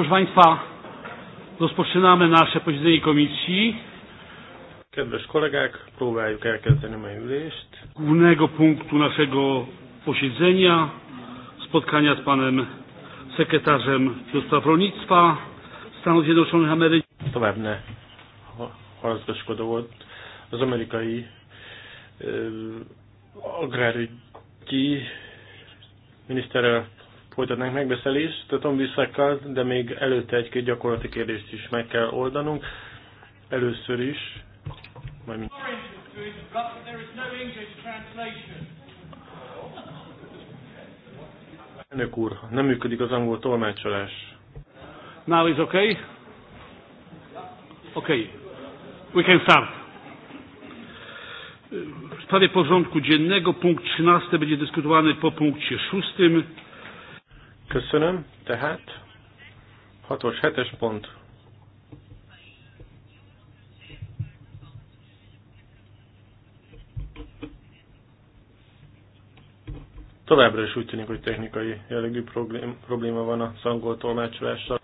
Proszę Państwa, rozpoczynamy nasze posiedzenie komisji. Kedves kollégák, próbáljuk elkezdeni mai ülést. Głównego punktu naszego posiedzenia, spotkania z panem sekretarzem do spraw rolnictwa Stanów Zjednoczonych Ameryki. Tovább ne halaszgaskodó volt az amerikai agrárügyi miniszterrel folytatnánk megbeszélést a Tomviszákkal, de még előtte egy-két gyakorlati kérdést is meg kell oldanunk. Először is... Majd mind... Elnök úr, nem működik az angol tolmácsolás. Now is okay? Okay. We can start. W sprawie porządku dziennego punkt 13 będzie dyskutowany po punkcie 6. Köszönöm. Tehát 6-os, 7-es pont. Továbbra is úgy tűnik, hogy technikai jellegű probléma van a szangol tolmácsolással.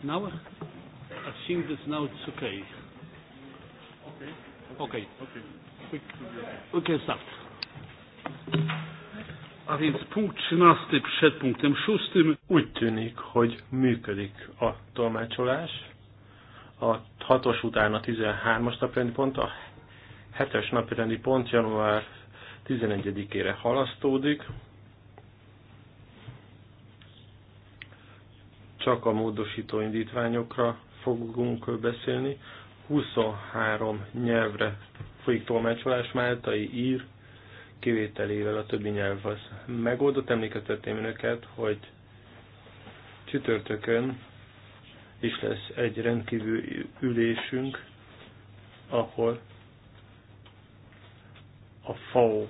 Now, I think that now it's okay. Okay. Okay. Okay. Okay, okay start. A więc punkt 13 przed punktem 6. Úgy tűnik, hogy működik a tolmácsolás. A 6-os után a 13-as napirendi pont, a 7-es napirendi pont január 11-ére halasztódik. Csak a módosító indítványokra fogunk beszélni. 23 nyelvre folyik tolmácsolás, máltai, ír, kivételével a többi nyelv az megoldott. Emlékeztetném önöket, hogy csütörtökön is lesz egy rendkívül ülésünk, ahol a FAO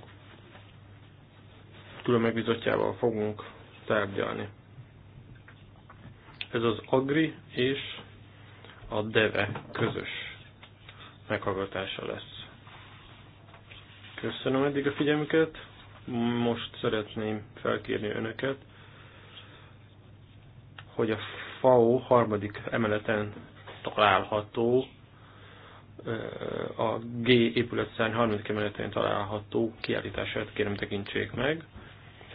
külön megbizottjával fogunk tárgyalni. Ez az Agri és a DEVE közös meghallgatása lesz. Köszönöm eddig a figyelmüket. Most szeretném felkérni önöket, hogy a FAO harmadik emeleten található, a G épületszárny harmadik emeletén található kiállítását kérem tekintsék meg.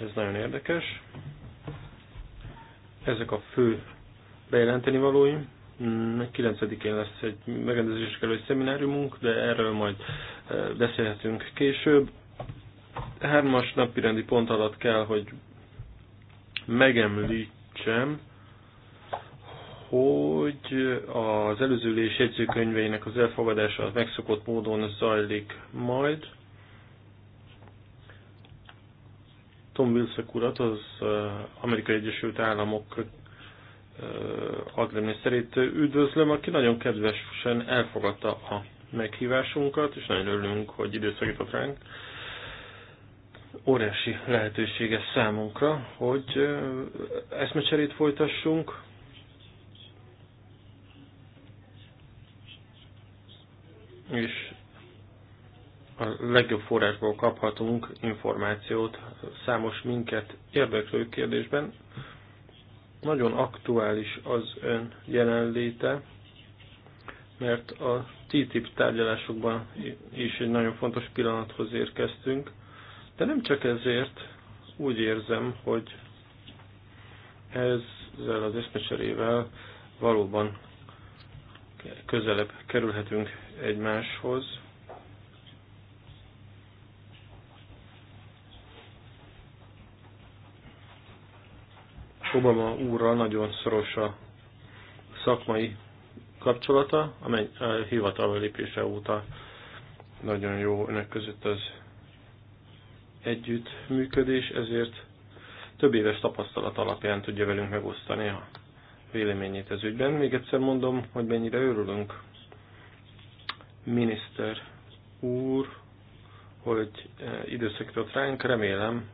Ez nagyon érdekes. Ezek a fő bejelenteni valóim. 9-én mm, lesz egy megrendezésre egy szemináriumunk, de erről majd beszélhetünk később. Hármas napirendi pont alatt kell, hogy megemlítsem, hogy az előző ülés jegyzőkönyveinek az elfogadása az megszokott módon zajlik majd. Tom Wilson urat, az Amerikai Egyesült Államok agrárminiszterét üdvözlöm, aki nagyon kedvesen elfogadta a meghívásunkat, és nagyon örülünk, hogy időszakított ránk. Óriási lehetősége számunkra, hogy eszmecserét folytassunk, és a legjobb forrásból kaphatunk információt számos minket érdeklő kérdésben. Nagyon aktuális az ön jelenléte, mert a TTIP tárgyalásokban is egy nagyon fontos pillanathoz érkeztünk, de nem csak ezért úgy érzem, hogy ezzel az eszmecserével valóban közelebb kerülhetünk egymáshoz. Obama úrral nagyon szoros a szakmai kapcsolata, amely a hivatalba lépése óta nagyon jó önök között az együttműködés, ezért több éves tapasztalat alapján tudja velünk megosztani a véleményét ez ügyben. Még egyszer mondom, hogy mennyire örülünk, miniszter úr, hogy e, időszakított ránk, remélem,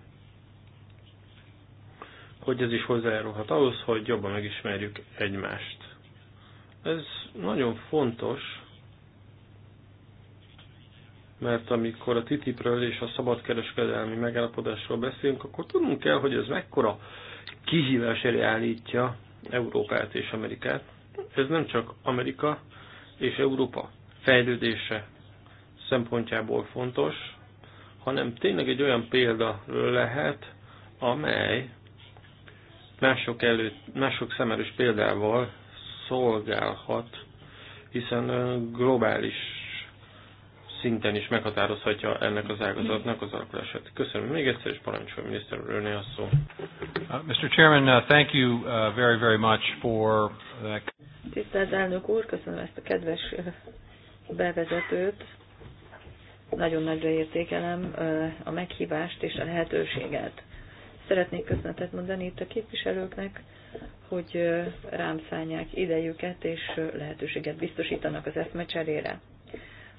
hogy ez is hozzájárulhat ahhoz, hogy jobban megismerjük egymást. Ez nagyon fontos, mert amikor a TTIP-ről és a szabadkereskedelmi megállapodásról beszélünk, akkor tudnunk kell, hogy ez mekkora kihívás elé állítja Európát és Amerikát. Ez nem csak Amerika és Európa fejlődése szempontjából fontos, hanem tényleg egy olyan példa lehet, amely mások, előtt, mások szemelős példával szolgálhat, hiszen globális szinten is meghatározhatja ennek az ágazatnak az alakulását. Köszönöm még egyszer, és parancsolja miniszter úrné a szó. Uh, Mr. Chairman, uh, thank you uh, very, very much for that. Tisztelt elnök úr, köszönöm ezt a kedves bevezetőt. Nagyon nagyra értékelem a meghívást és a lehetőséget. Szeretnék köszönetet mondani itt a képviselőknek, hogy rám szállják idejüket, és lehetőséget biztosítanak az eszmecserére.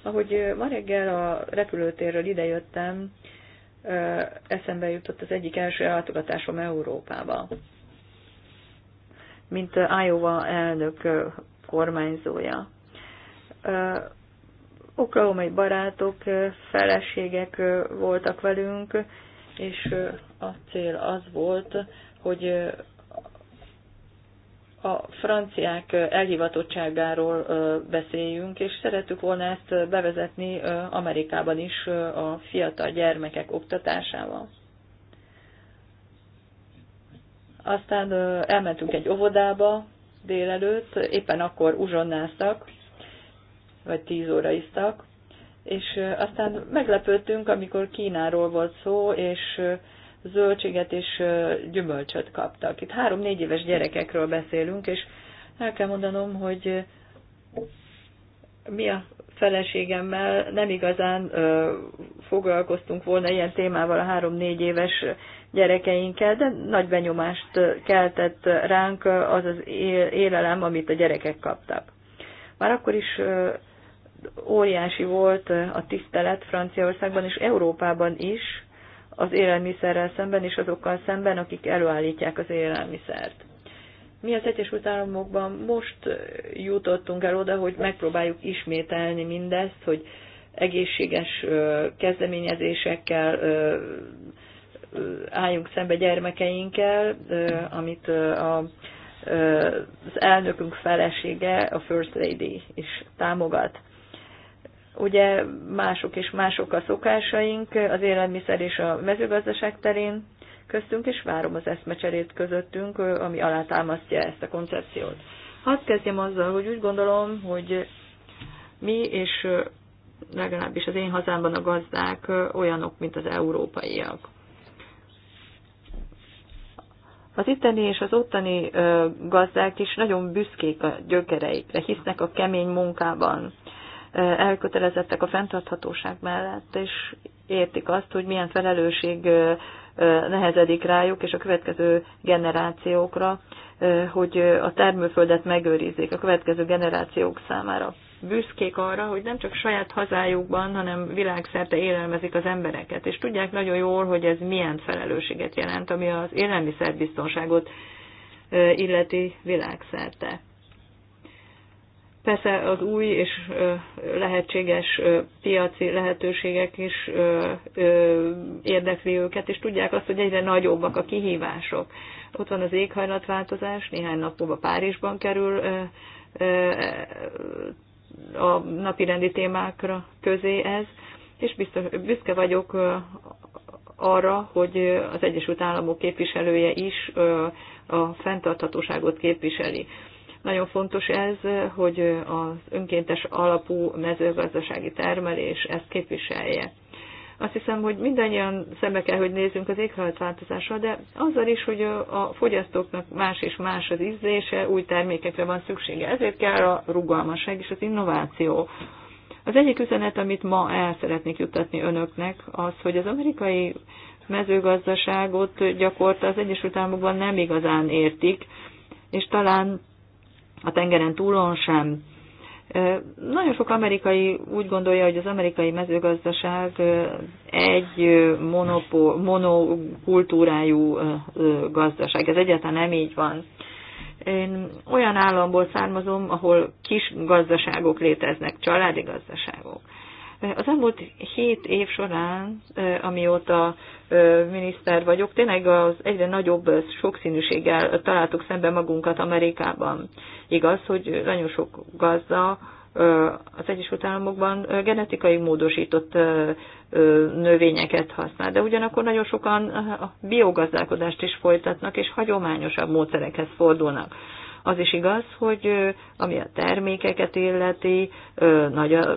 Ahogy ma reggel a repülőtérről idejöttem, eszembe jutott az egyik első látogatásom Európába. Mint Iowa elnök kormányzója. Oklahomai barátok, feleségek voltak velünk, és a cél az volt, hogy a franciák elhivatottságáról beszéljünk, és szerettük volna ezt bevezetni Amerikában is a fiatal gyermekek oktatásával. Aztán elmentünk egy óvodába délelőtt, éppen akkor uzsonnáztak, vagy tíz isztak, és aztán meglepődtünk, amikor Kínáról volt szó, és zöldséget és gyümölcsöt kaptak. Itt három-négy éves gyerekekről beszélünk, és el kell mondanom, hogy mi a feleségemmel nem igazán ö, foglalkoztunk volna ilyen témával a három-négy éves gyerekeinkkel, de nagy benyomást keltett ránk az az élelem, amit a gyerekek kaptak. Már akkor is ö, óriási volt a tisztelet Franciaországban és Európában is, az élelmiszerrel szemben és azokkal szemben, akik előállítják az élelmiszert. Mi az Egyesült Államokban most jutottunk el oda, hogy megpróbáljuk ismételni mindezt, hogy egészséges kezdeményezésekkel álljunk szembe gyermekeinkkel, amit a az elnökünk felesége, a First Lady is támogat. Ugye mások és mások a szokásaink az élelmiszer és a mezőgazdaság terén köztünk, és várom az eszmecserét közöttünk, ami alátámasztja ezt a koncepciót. Hadd kezdjem azzal, hogy úgy gondolom, hogy mi és legalábbis az én hazámban a gazdák olyanok, mint az európaiak. Az itteni és az ottani gazdák is nagyon büszkék a gyökereikre, hisznek a kemény munkában, elkötelezettek a fenntarthatóság mellett, és értik azt, hogy milyen felelősség nehezedik rájuk, és a következő generációkra, hogy a termőföldet megőrizzék a következő generációk számára. Büszkék arra, hogy nem csak saját hazájukban, hanem világszerte élelmezik az embereket, és tudják nagyon jól, hogy ez milyen felelősséget jelent, ami az élelmiszerbiztonságot illeti világszerte. Persze az új és lehetséges piaci lehetőségek is érdekli őket, és tudják azt, hogy egyre nagyobbak a kihívások. Ott van az éghajlatváltozás, néhány nap múlva Párizsban kerül a napirendi témákra közé ez, és biztos, büszke vagyok arra, hogy az Egyesült Államok képviselője is a fenntarthatóságot képviseli. Nagyon fontos ez, hogy az önkéntes alapú mezőgazdasági termelés ezt képviselje. Azt hiszem, hogy mindannyian szembe kell, hogy nézzünk az éghajlatváltozással, de azzal is, hogy a fogyasztóknak más és más az ízlése, új termékekre van szüksége. Ezért kell a rugalmasság és az innováció. Az egyik üzenet, amit ma el szeretnék juttatni önöknek, az, hogy az amerikai mezőgazdaságot gyakorta az Egyesült Államokban nem igazán értik, és talán a tengeren túlon sem. Nagyon sok amerikai úgy gondolja, hogy az amerikai mezőgazdaság egy monopó, monokultúrájú gazdaság. Ez egyáltalán nem így van. Én olyan államból származom, ahol kis gazdaságok léteznek, családi gazdaságok. Az elmúlt hét év során, amióta miniszter vagyok, tényleg az egyre nagyobb sokszínűséggel találtuk szembe magunkat Amerikában. Igaz, hogy nagyon sok gazda az Egyesült Államokban genetikai módosított növényeket használ, de ugyanakkor nagyon sokan a biogazdálkodást is folytatnak, és hagyományosabb módszerekhez fordulnak. Az is igaz, hogy ami a termékeket illeti, nagy a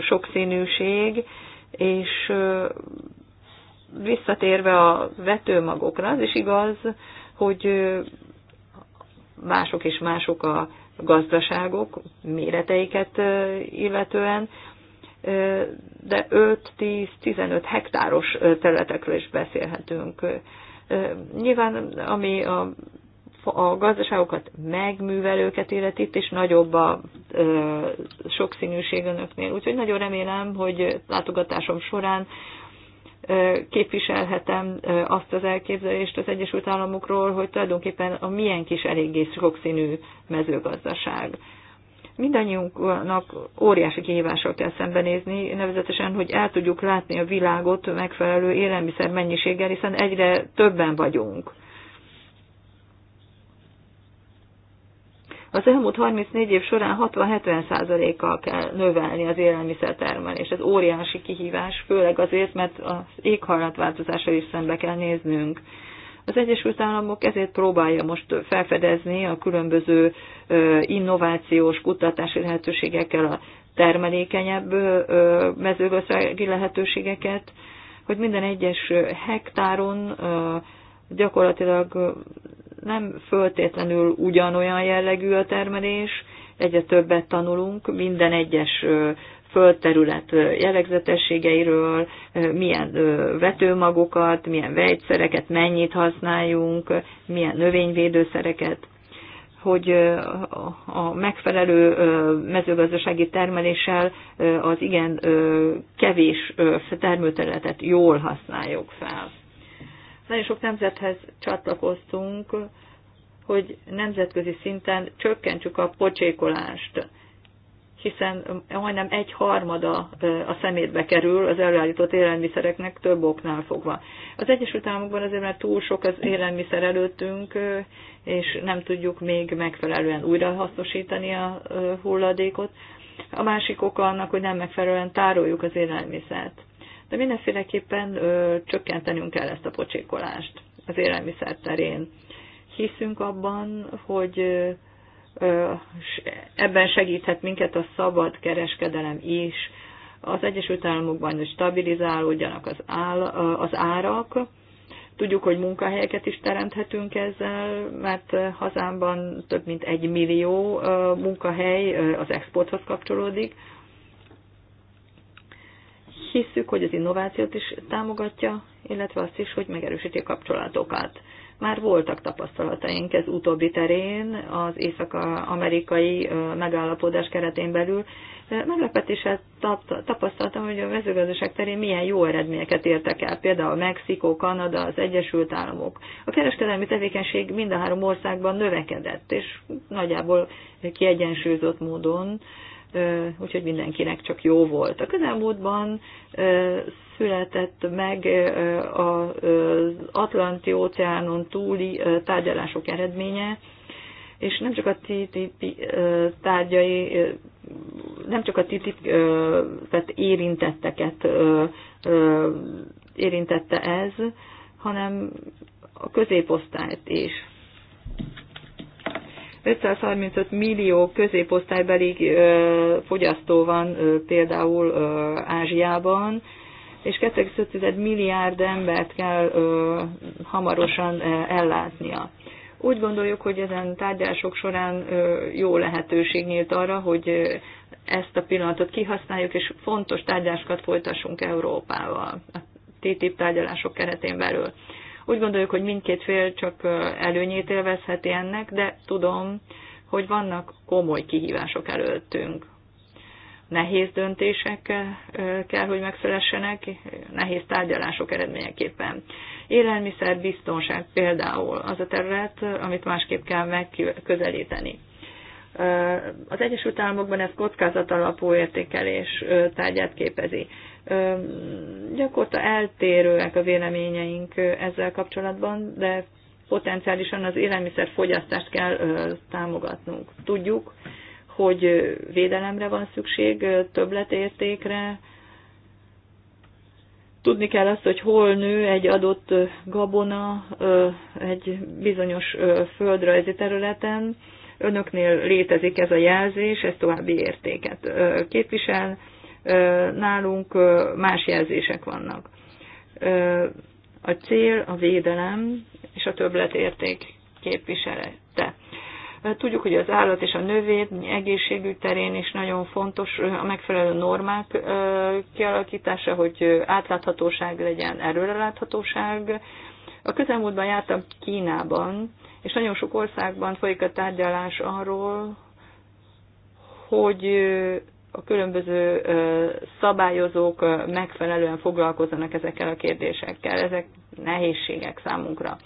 sokszínűség, és visszatérve a vetőmagokra, az is igaz, hogy mások és mások a gazdaságok méreteiket illetően, de 5-10-15 hektáros területekről is beszélhetünk. Nyilván, ami a, a gazdaságokat megművelőket illeti, itt is nagyobb a sokszínűség önöknél. Úgyhogy nagyon remélem, hogy látogatásom során képviselhetem azt az elképzelést az Egyesült Államokról, hogy tulajdonképpen a milyen kis eléggé sokszínű mezőgazdaság. Mindannyiunknak óriási kihívással kell szembenézni, nevezetesen, hogy el tudjuk látni a világot megfelelő élelmiszer mennyiséggel, hiszen egyre többen vagyunk Az elmúlt 34 év során 60-70%-kal kell növelni az élelmiszertermelést. Ez óriási kihívás, főleg azért, mert az éghajlatváltozással is szembe kell néznünk. Az Egyesült Államok ezért próbálja most felfedezni a különböző innovációs kutatási lehetőségekkel a termelékenyebb mezőgazdasági lehetőségeket, hogy minden egyes hektáron gyakorlatilag nem föltétlenül ugyanolyan jellegű a termelés, egyre többet tanulunk minden egyes földterület jellegzetességeiről, milyen vetőmagokat, milyen vegyszereket, mennyit használjunk, milyen növényvédőszereket, hogy a megfelelő mezőgazdasági termeléssel az igen kevés termőterületet jól használjuk fel. Nagyon sok nemzethez csatlakoztunk, hogy nemzetközi szinten csökkentsük a pocsékolást, hiszen majdnem egy harmada a szemétbe kerül az előállított élelmiszereknek több oknál fogva. Az Egyesült Államokban azért már túl sok az élelmiszer előttünk, és nem tudjuk még megfelelően újrahasznosítani a hulladékot. A másik oka annak, hogy nem megfelelően tároljuk az élelmiszert de mindenféleképpen ö, csökkentenünk kell ezt a pocsékolást az élelmiszer terén. Hiszünk abban, hogy ö, ebben segíthet minket a szabad kereskedelem is. Az Egyesült Államokban hogy stabilizálódjanak az, áll, az árak, Tudjuk, hogy munkahelyeket is teremthetünk ezzel, mert hazámban több mint egy millió munkahely az exporthoz kapcsolódik hiszük, hogy az innovációt is támogatja, illetve azt is, hogy megerősíti a kapcsolatokat. Már voltak tapasztalataink ez utóbbi terén, az észak-amerikai megállapodás keretén belül. Meglepetéssel hát tapasztaltam, hogy a mezőgazdaság terén milyen jó eredményeket értek el, például Mexikó, Kanada, az Egyesült Államok. A kereskedelmi tevékenység mind a három országban növekedett, és nagyjából kiegyensúlyozott módon úgyhogy mindenkinek csak jó volt. A közelmúltban született meg az Atlanti óceánon túli tárgyalások eredménye, és nem csak a TTIP tárgyai, nem csak a TTIP-et érintetteket érintette ez, hanem a középosztályt is. 535 millió középosztálybeli fogyasztó van például Ázsiában, és 2,5 milliárd embert kell hamarosan ellátnia. Úgy gondoljuk, hogy ezen tárgyások során jó lehetőség nyílt arra, hogy ezt a pillanatot kihasználjuk, és fontos tárgyásokat folytassunk Európával a TTIP tárgyalások keretén belül. Úgy gondoljuk, hogy mindkét fél csak előnyét élvezheti ennek, de tudom, hogy vannak komoly kihívások előttünk. Nehéz döntések kell, hogy megszülessenek, nehéz tárgyalások eredményeképpen. Élelmiszer biztonság például az a terület, amit másképp kell megközelíteni. Az Egyesült Államokban ez kockázat alapú értékelés tárgyát képezi. Gyakorta eltérőek a véleményeink ezzel kapcsolatban, de potenciálisan az élelmiszerfogyasztást kell támogatnunk. Tudjuk, hogy védelemre van szükség, többletértékre, tudni kell azt, hogy hol nő egy adott gabona egy bizonyos földrajzi területen. Önöknél létezik ez a jelzés, ez további értéket képvisel nálunk más jelzések vannak. A cél, a védelem és a többletérték képviselete. Tudjuk, hogy az állat és a növény egészségű terén is nagyon fontos a megfelelő normák kialakítása, hogy átláthatóság legyen, előreláthatóság. A közelmúltban jártam Kínában, és nagyon sok országban folyik a tárgyalás arról, hogy a különböző szabályozók megfelelően foglalkozzanak ezekkel a kérdésekkel. Ezek nehézségek számunkra.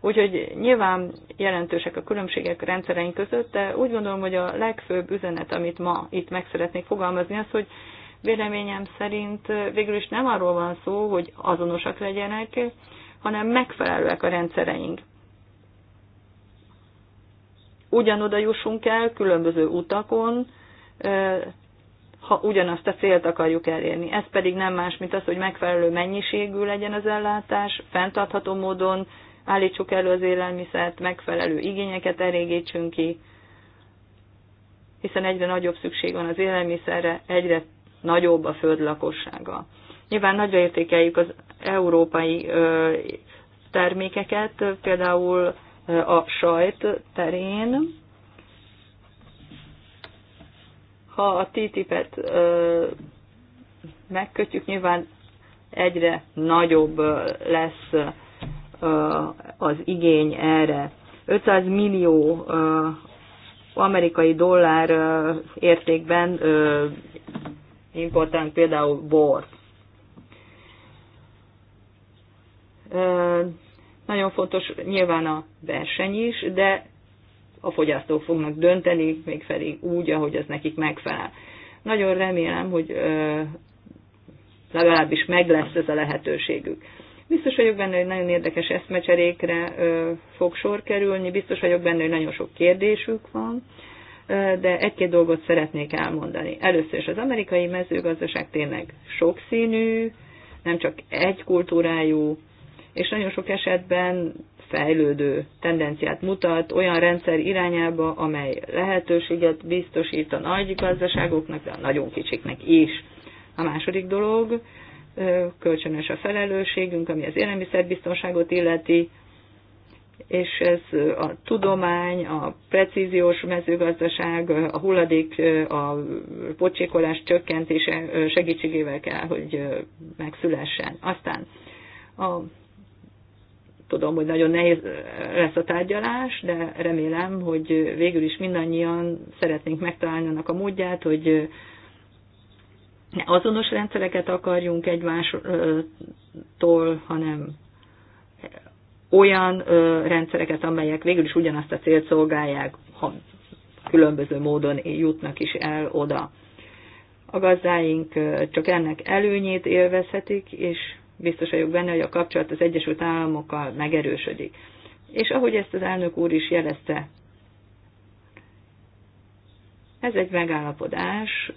Úgyhogy nyilván jelentősek a különbségek rendszereink között, de úgy gondolom, hogy a legfőbb üzenet, amit ma itt meg szeretnék fogalmazni, az, hogy véleményem szerint végül is nem arról van szó, hogy azonosak legyenek, hanem megfelelőek a rendszereink. Ugyanoda jussunk el különböző utakon, ha ugyanazt a célt akarjuk elérni. Ez pedig nem más, mint az, hogy megfelelő mennyiségű legyen az ellátás, fenntartható módon állítsuk elő az élelmiszert, megfelelő igényeket elégítsünk ki, hiszen egyre nagyobb szükség van az élelmiszerre, egyre nagyobb a föld lakossága. Nyilván nagyra értékeljük az európai termékeket, például a sajt terén, Ha a TTIP-et megkötjük, nyilván egyre nagyobb lesz az igény erre. 500 millió amerikai dollár értékben importálunk például bort. Nagyon fontos nyilván a verseny is, de a fogyasztók fognak dönteni, még pedig úgy, ahogy ez nekik megfelel. Nagyon remélem, hogy legalábbis meg lesz ez a lehetőségük. Biztos vagyok benne, hogy nagyon érdekes eszmecserékre ö, fog sor kerülni, biztos vagyok benne, hogy nagyon sok kérdésük van, ö, de egy-két dolgot szeretnék elmondani. Először is az amerikai mezőgazdaság tényleg sokszínű, nem csak egy kultúrájú, és nagyon sok esetben fejlődő tendenciát mutat olyan rendszer irányába, amely lehetőséget biztosít a nagy gazdaságoknak, de a nagyon kicsiknek is. A második dolog, kölcsönös a felelősségünk, ami az élelmiszerbiztonságot illeti, és ez a tudomány, a precíziós mezőgazdaság, a hulladék, a pocsékolás csökkentése segítségével kell, hogy megszülessen. Aztán a Tudom, hogy nagyon nehéz lesz a tárgyalás, de remélem, hogy végül is mindannyian szeretnénk megtalálni annak a módját, hogy ne azonos rendszereket akarjunk egymástól, hanem olyan rendszereket, amelyek végül is ugyanazt a célt szolgálják, ha különböző módon jutnak is el oda. A gazdáink csak ennek előnyét élvezhetik, és biztos vagyok benne, hogy a kapcsolat az Egyesült Államokkal megerősödik. És ahogy ezt az elnök úr is jelezte, ez egy megállapodás,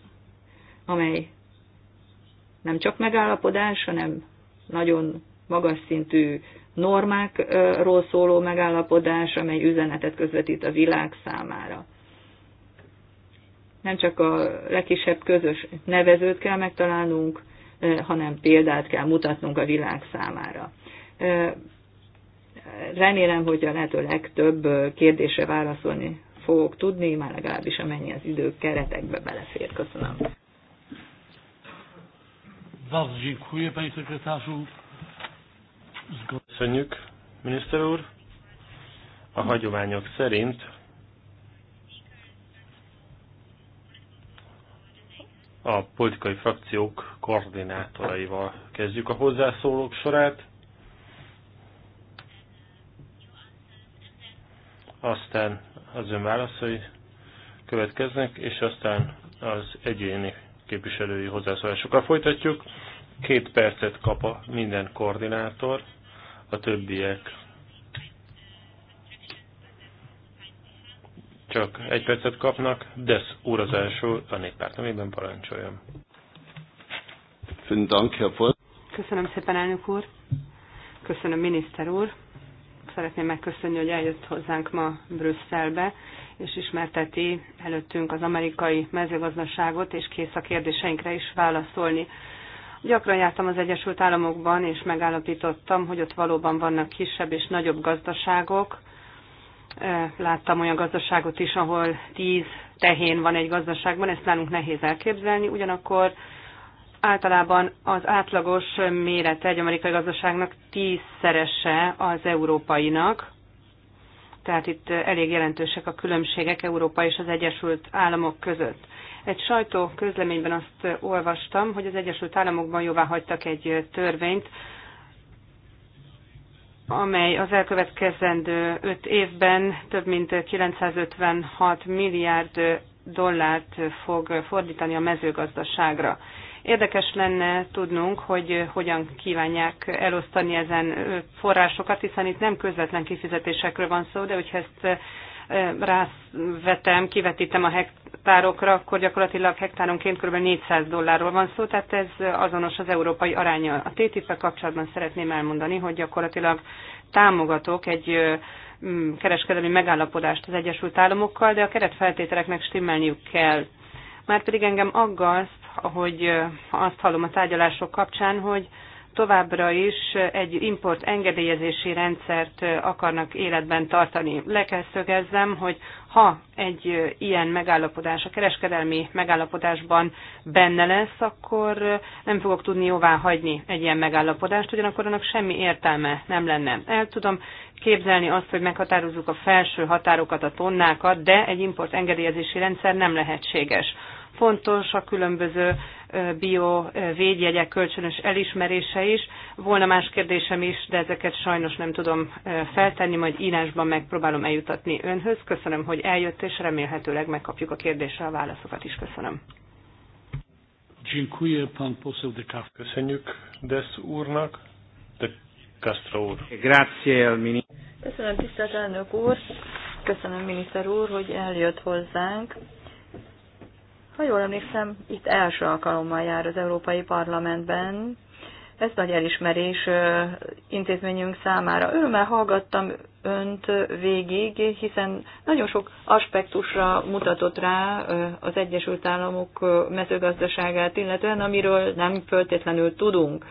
amely nem csak megállapodás, hanem nagyon magas szintű normákról szóló megállapodás, amely üzenetet közvetít a világ számára. Nem csak a legkisebb közös nevezőt kell megtalálnunk, hanem példát kell mutatnunk a világ számára. Remélem, hogy a lehető legtöbb kérdésre válaszolni fogok tudni, már legalábbis amennyi az idő keretekbe belefér. Köszönöm. Köszönjük, miniszter úr. A hagyományok szerint a politikai frakciók koordinátoraival kezdjük a hozzászólók sorát. Aztán az ön válaszai következnek, és aztán az egyéni képviselői hozzászólásokkal folytatjuk. Két percet kap a minden koordinátor, a többiek csak egy percet kapnak, Desz úr az első, a néppárt, amiben parancsoljon. Köszönöm szépen, elnök úr. Köszönöm, miniszter úr. Szeretném megköszönni, hogy eljött hozzánk ma Brüsszelbe, és ismerteti előttünk az amerikai mezőgazdaságot, és kész a kérdéseinkre is válaszolni. Gyakran jártam az Egyesült Államokban, és megállapítottam, hogy ott valóban vannak kisebb és nagyobb gazdaságok, Láttam olyan gazdaságot is, ahol tíz tehén van egy gazdaságban, ezt nálunk nehéz elképzelni, ugyanakkor általában az átlagos mérete egy amerikai gazdaságnak tízszerese az európainak, tehát itt elég jelentősek a különbségek Európa és az Egyesült Államok között. Egy sajtó közleményben azt olvastam, hogy az Egyesült Államokban jóvá hagytak egy törvényt, amely az elkövetkezendő 5 évben több mint 956 milliárd dollárt fog fordítani a mezőgazdaságra. Érdekes lenne tudnunk, hogy hogyan kívánják elosztani ezen forrásokat, hiszen itt nem közvetlen kifizetésekről van szó, de hogyha ezt rávetem, kivetítem a hektárokra, akkor gyakorlatilag hektáronként kb. 400 dollárról van szó, tehát ez azonos az európai aránya. A ttip kapcsolatban szeretném elmondani, hogy gyakorlatilag támogatok egy kereskedelmi megállapodást az Egyesült Államokkal, de a keretfeltételeknek stimmelniük kell. Márpedig engem aggaszt, hogy azt hallom a tárgyalások kapcsán, hogy továbbra is egy import engedélyezési rendszert akarnak életben tartani. Le kell szögezzem, hogy ha egy ilyen megállapodás a kereskedelmi megállapodásban benne lesz, akkor nem fogok tudni jóvá hagyni egy ilyen megállapodást, ugyanakkor annak semmi értelme nem lenne. El tudom képzelni azt, hogy meghatározzuk a felső határokat, a tonnákat, de egy import engedélyezési rendszer nem lehetséges. Fontos a különböző bio védjegyek kölcsönös elismerése is. Volna más kérdésem is, de ezeket sajnos nem tudom feltenni, majd írásban megpróbálom eljutatni önhöz. Köszönöm, hogy eljött, és remélhetőleg megkapjuk a kérdésre a válaszokat is. Köszönöm. de Köszönjük Desz úrnak. De Castro úr. Grazie, Köszönöm, tisztelt elnök úr. Köszönöm, miniszter úr, hogy eljött hozzánk. Ha jól emlékszem, itt első alkalommal jár az Európai Parlamentben. Ez nagy elismerés intézményünk számára. Örömmel hallgattam önt végig, hiszen nagyon sok aspektusra mutatott rá az Egyesült Államok mezőgazdaságát, illetően amiről nem föltétlenül tudunk.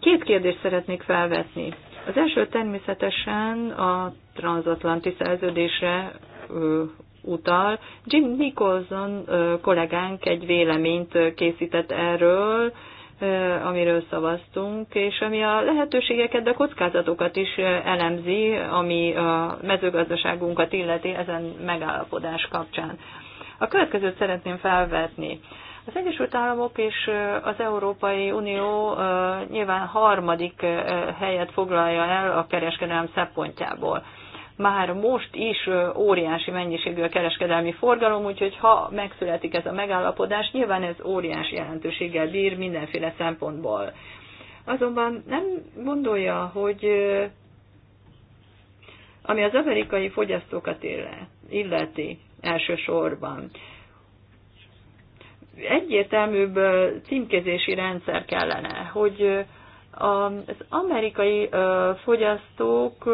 Két kérdést szeretnék felvetni. Az első természetesen a transatlanti szerződésre utal. Jim Nicholson kollégánk egy véleményt készített erről, amiről szavaztunk, és ami a lehetőségeket, de kockázatokat is elemzi, ami a mezőgazdaságunkat illeti ezen megállapodás kapcsán. A következőt szeretném felvetni. Az Egyesült Államok és az Európai Unió nyilván harmadik helyet foglalja el a kereskedelem szempontjából már most is óriási mennyiségű a kereskedelmi forgalom, úgyhogy ha megszületik ez a megállapodás, nyilván ez óriási jelentőséggel bír mindenféle szempontból. Azonban nem gondolja, hogy ami az amerikai fogyasztókat illeti elsősorban, egyértelműbb címkézési rendszer kellene, hogy az amerikai fogyasztók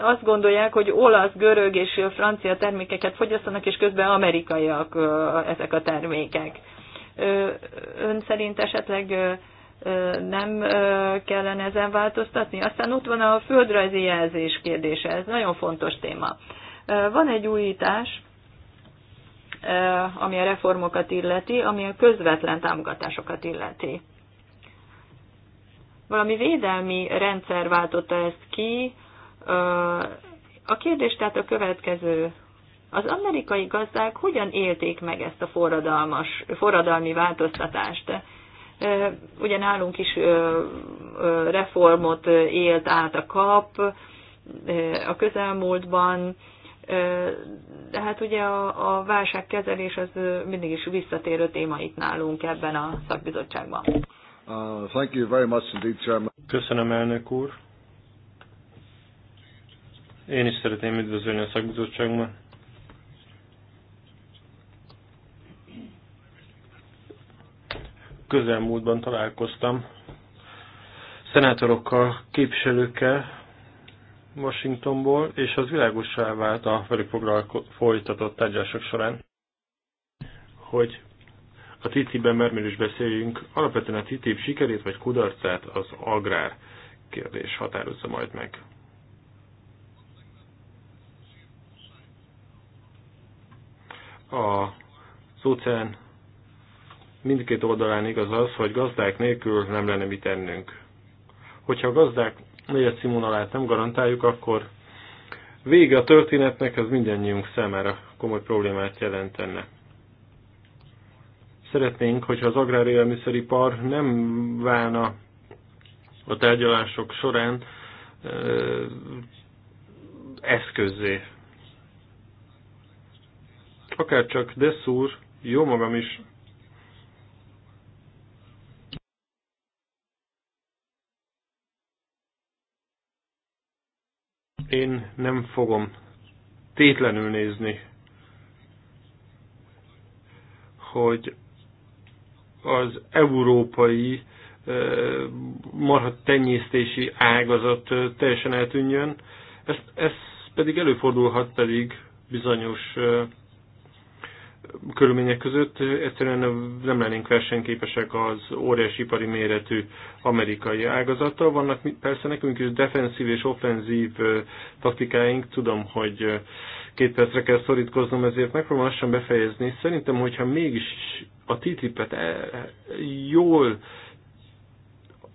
azt gondolják, hogy olasz, görög és francia termékeket fogyasztanak, és közben amerikaiak ezek a termékek. Ön szerint esetleg nem kellene ezen változtatni? Aztán ott van a földrajzi jelzés kérdése, ez nagyon fontos téma. Van egy újítás, ami a reformokat illeti, ami a közvetlen támogatásokat illeti valami védelmi rendszer váltotta ezt ki. A kérdés tehát a következő. Az amerikai gazdák hogyan élték meg ezt a forradalmas, forradalmi változtatást? Ugye nálunk is reformot élt át a kap a közelmúltban, de hát ugye a, a válságkezelés az mindig is visszatérő téma itt nálunk ebben a szakbizottságban. Uh, thank you very much indeed, Chairman. Köszönöm, elnök úr. Én is szeretném üdvözölni a szakbizottságban. Közelmúltban találkoztam szenátorokkal, képviselőkkel Washingtonból, és az világosá vált a velük folytatott tárgyalások során, hogy a TTIP-ben mert is beszéljünk. Alapvetően a TTIP sikerét vagy kudarcát az agrár kérdés határozza majd meg. A óceán mindkét oldalán igaz az, hogy gazdák nélkül nem lenne mit ennünk. Hogyha a gazdák négyes színvonalát nem garantáljuk, akkor vége a történetnek, ez mindannyiunk számára komoly problémát jelentene. Szeretnénk, hogyha az agrárélelmiszeripar nem válna a tárgyalások során eszközzé. Akárcsak Dessúr, jó magam is én nem fogom tétlenül nézni, hogy az európai marha tenyésztési ágazat teljesen eltűnjön. Ez, ez pedig előfordulhat pedig bizonyos körülmények között egyszerűen nem lennénk versenyképesek az óriási ipari méretű amerikai ágazattal. Vannak persze nekünk is defenszív és offenzív taktikáink, tudom, hogy két percre kell szorítkoznom, ezért megpróbálom lassan befejezni. Szerintem, hogyha mégis a TTIP-et e, jól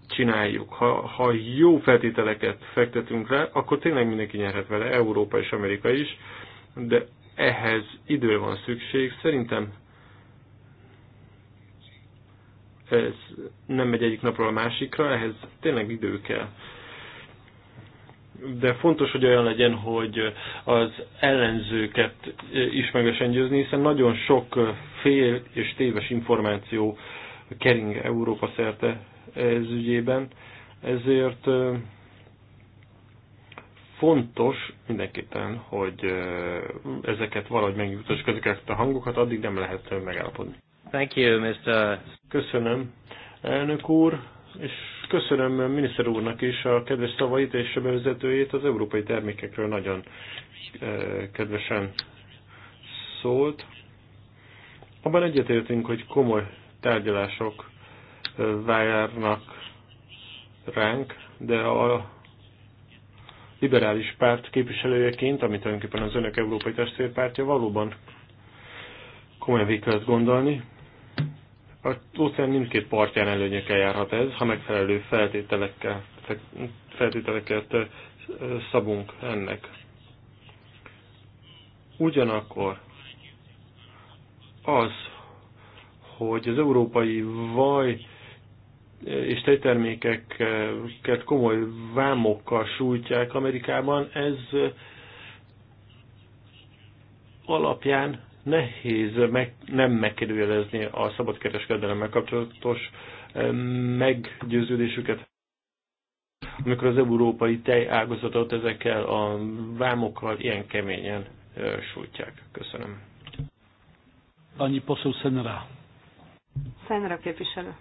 csináljuk, ha, ha jó feltételeket fektetünk rá, akkor tényleg mindenki nyerhet vele, Európa és Amerika is, de ehhez idő van szükség. Szerintem ez nem megy egyik napról a másikra, ehhez tényleg idő kell de fontos, hogy olyan legyen, hogy az ellenzőket is meg győzni, hiszen nagyon sok fél és téves információ kering Európa szerte ez ügyében, ezért fontos mindenképpen, hogy ezeket valahogy megjutassuk ezeket a hangokat, addig nem lehet megállapodni. Thank you, Mr. Köszönöm, elnök úr, és Köszönöm miniszter úrnak is a kedves szavait és a bevezetőjét. Az európai termékekről nagyon eh, kedvesen szólt. Abban egyetértünk, hogy komoly tárgyalások eh, várnak ránk, de a liberális párt képviselőjeként, amit tulajdonképpen az önök európai testvérpártja valóban komolyan végig kellett gondolni. A óceán mindkét partján előnyökkel járhat ez, ha megfelelő feltételekkel, feltételeket szabunk ennek. Ugyanakkor az, hogy az európai vaj és tejtermékeket komoly vámokkal sújtják Amerikában, ez alapján Nehéz meg, nem megkérdőjelezni a szabadkereskedelemmel kapcsolatos eh, meggyőződésüket, amikor az európai ágazatot ezekkel a vámokkal ilyen keményen eh, sújtják. Köszönöm. Annyi poszó Szenra. Szenra képviselő.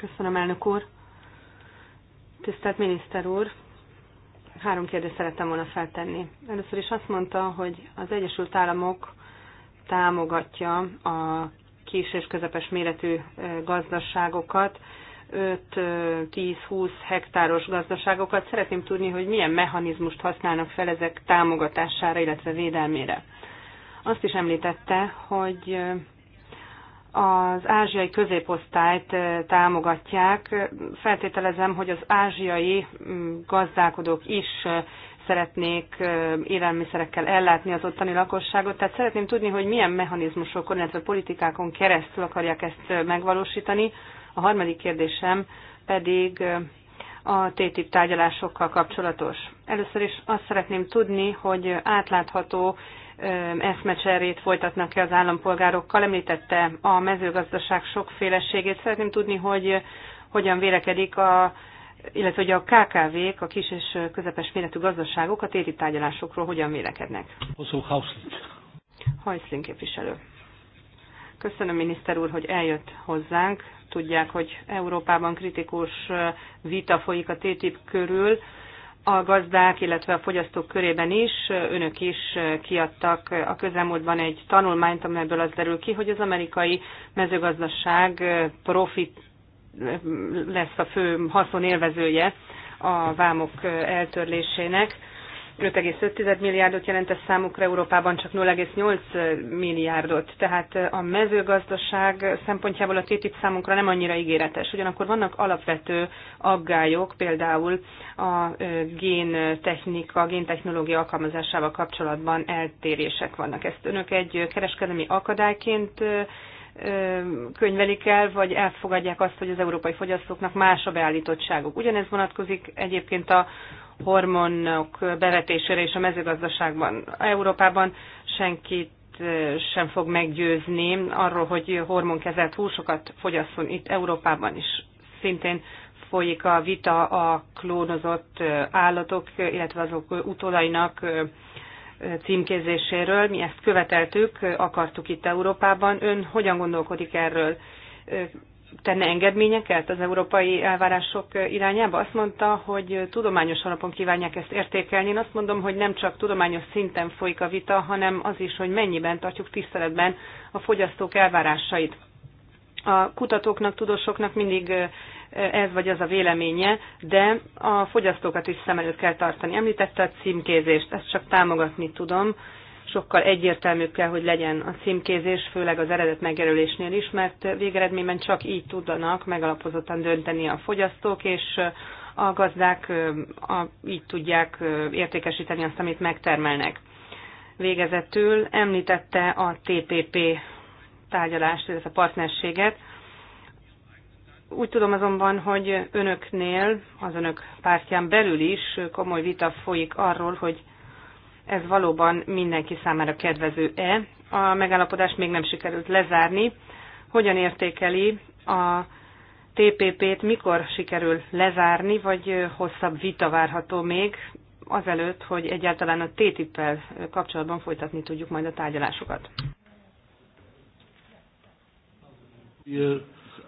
Köszönöm, elnök úr. Tisztelt miniszter úr, Három kérdést szerettem volna feltenni. Először is azt mondta, hogy az Egyesült Államok támogatja a kis és közepes méretű gazdaságokat, 5-10-20 hektáros gazdaságokat. Szeretném tudni, hogy milyen mechanizmust használnak fel ezek támogatására, illetve védelmére. Azt is említette, hogy az ázsiai középosztályt támogatják. Feltételezem, hogy az ázsiai mm, gazdálkodók is szeretnék élelmiszerekkel ellátni az ottani lakosságot. Tehát szeretném tudni, hogy milyen mechanizmusokon, illetve politikákon keresztül akarják ezt megvalósítani. A harmadik kérdésem pedig a TTIP tárgyalásokkal kapcsolatos. Először is azt szeretném tudni, hogy átlátható eszmecserét folytatnak ki az állampolgárokkal. Említette a mezőgazdaság sokféleségét. Szeretném tudni, hogy hogyan vélekedik a illetve hogy a KKV-k, a kis és közepes méretű gazdaságok a téli tárgyalásokról hogyan vélekednek. Hajszlin képviselő. Köszönöm, miniszter úr, hogy eljött hozzánk. Tudják, hogy Európában kritikus vita folyik a TTIP körül a gazdák, illetve a fogyasztók körében is, önök is kiadtak a közelmúltban egy tanulmányt, amelyből az derül ki, hogy az amerikai mezőgazdaság profit lesz a fő haszonélvezője a vámok eltörlésének. 5,5 milliárdot jelent ez számukra, Európában csak 0,8 milliárdot. Tehát a mezőgazdaság szempontjából a TTIP számunkra nem annyira ígéretes. Ugyanakkor vannak alapvető aggályok, például a géntechnika, géntechnológia alkalmazásával kapcsolatban eltérések vannak. Ezt önök egy kereskedelmi akadályként könyvelik el, vagy elfogadják azt, hogy az európai fogyasztóknak más a beállítottságuk. Ugyanez vonatkozik egyébként a hormonok bevetésére és a mezőgazdaságban. Európában senkit sem fog meggyőzni arról, hogy hormonkezelt húsokat fogyasszon itt Európában is. Szintén folyik a vita a klónozott állatok, illetve azok utolainak címkézéséről. Mi ezt követeltük, akartuk itt Európában. Ön hogyan gondolkodik erről? tenne engedményeket az európai elvárások irányába? Azt mondta, hogy tudományos alapon kívánják ezt értékelni. Én azt mondom, hogy nem csak tudományos szinten folyik a vita, hanem az is, hogy mennyiben tartjuk tiszteletben a fogyasztók elvárásait. A kutatóknak, tudósoknak mindig ez vagy az a véleménye, de a fogyasztókat is szem előtt kell tartani. Említette a címkézést, ezt csak támogatni tudom sokkal egyértelműbb kell, hogy legyen a címkézés, főleg az eredet megjelölésnél is, mert végeredményben csak így tudnak megalapozottan dönteni a fogyasztók, és a gazdák a, így tudják értékesíteni azt, amit megtermelnek. Végezetül említette a TPP tárgyalást, illetve a partnerséget. Úgy tudom azonban, hogy önöknél, az önök pártján belül is komoly vita folyik arról, hogy ez valóban mindenki számára kedvező-e. A megállapodást még nem sikerült lezárni. Hogyan értékeli a TPP-t, mikor sikerül lezárni, vagy hosszabb vita várható még azelőtt, hogy egyáltalán a TTIP-el kapcsolatban folytatni tudjuk majd a tárgyalásokat.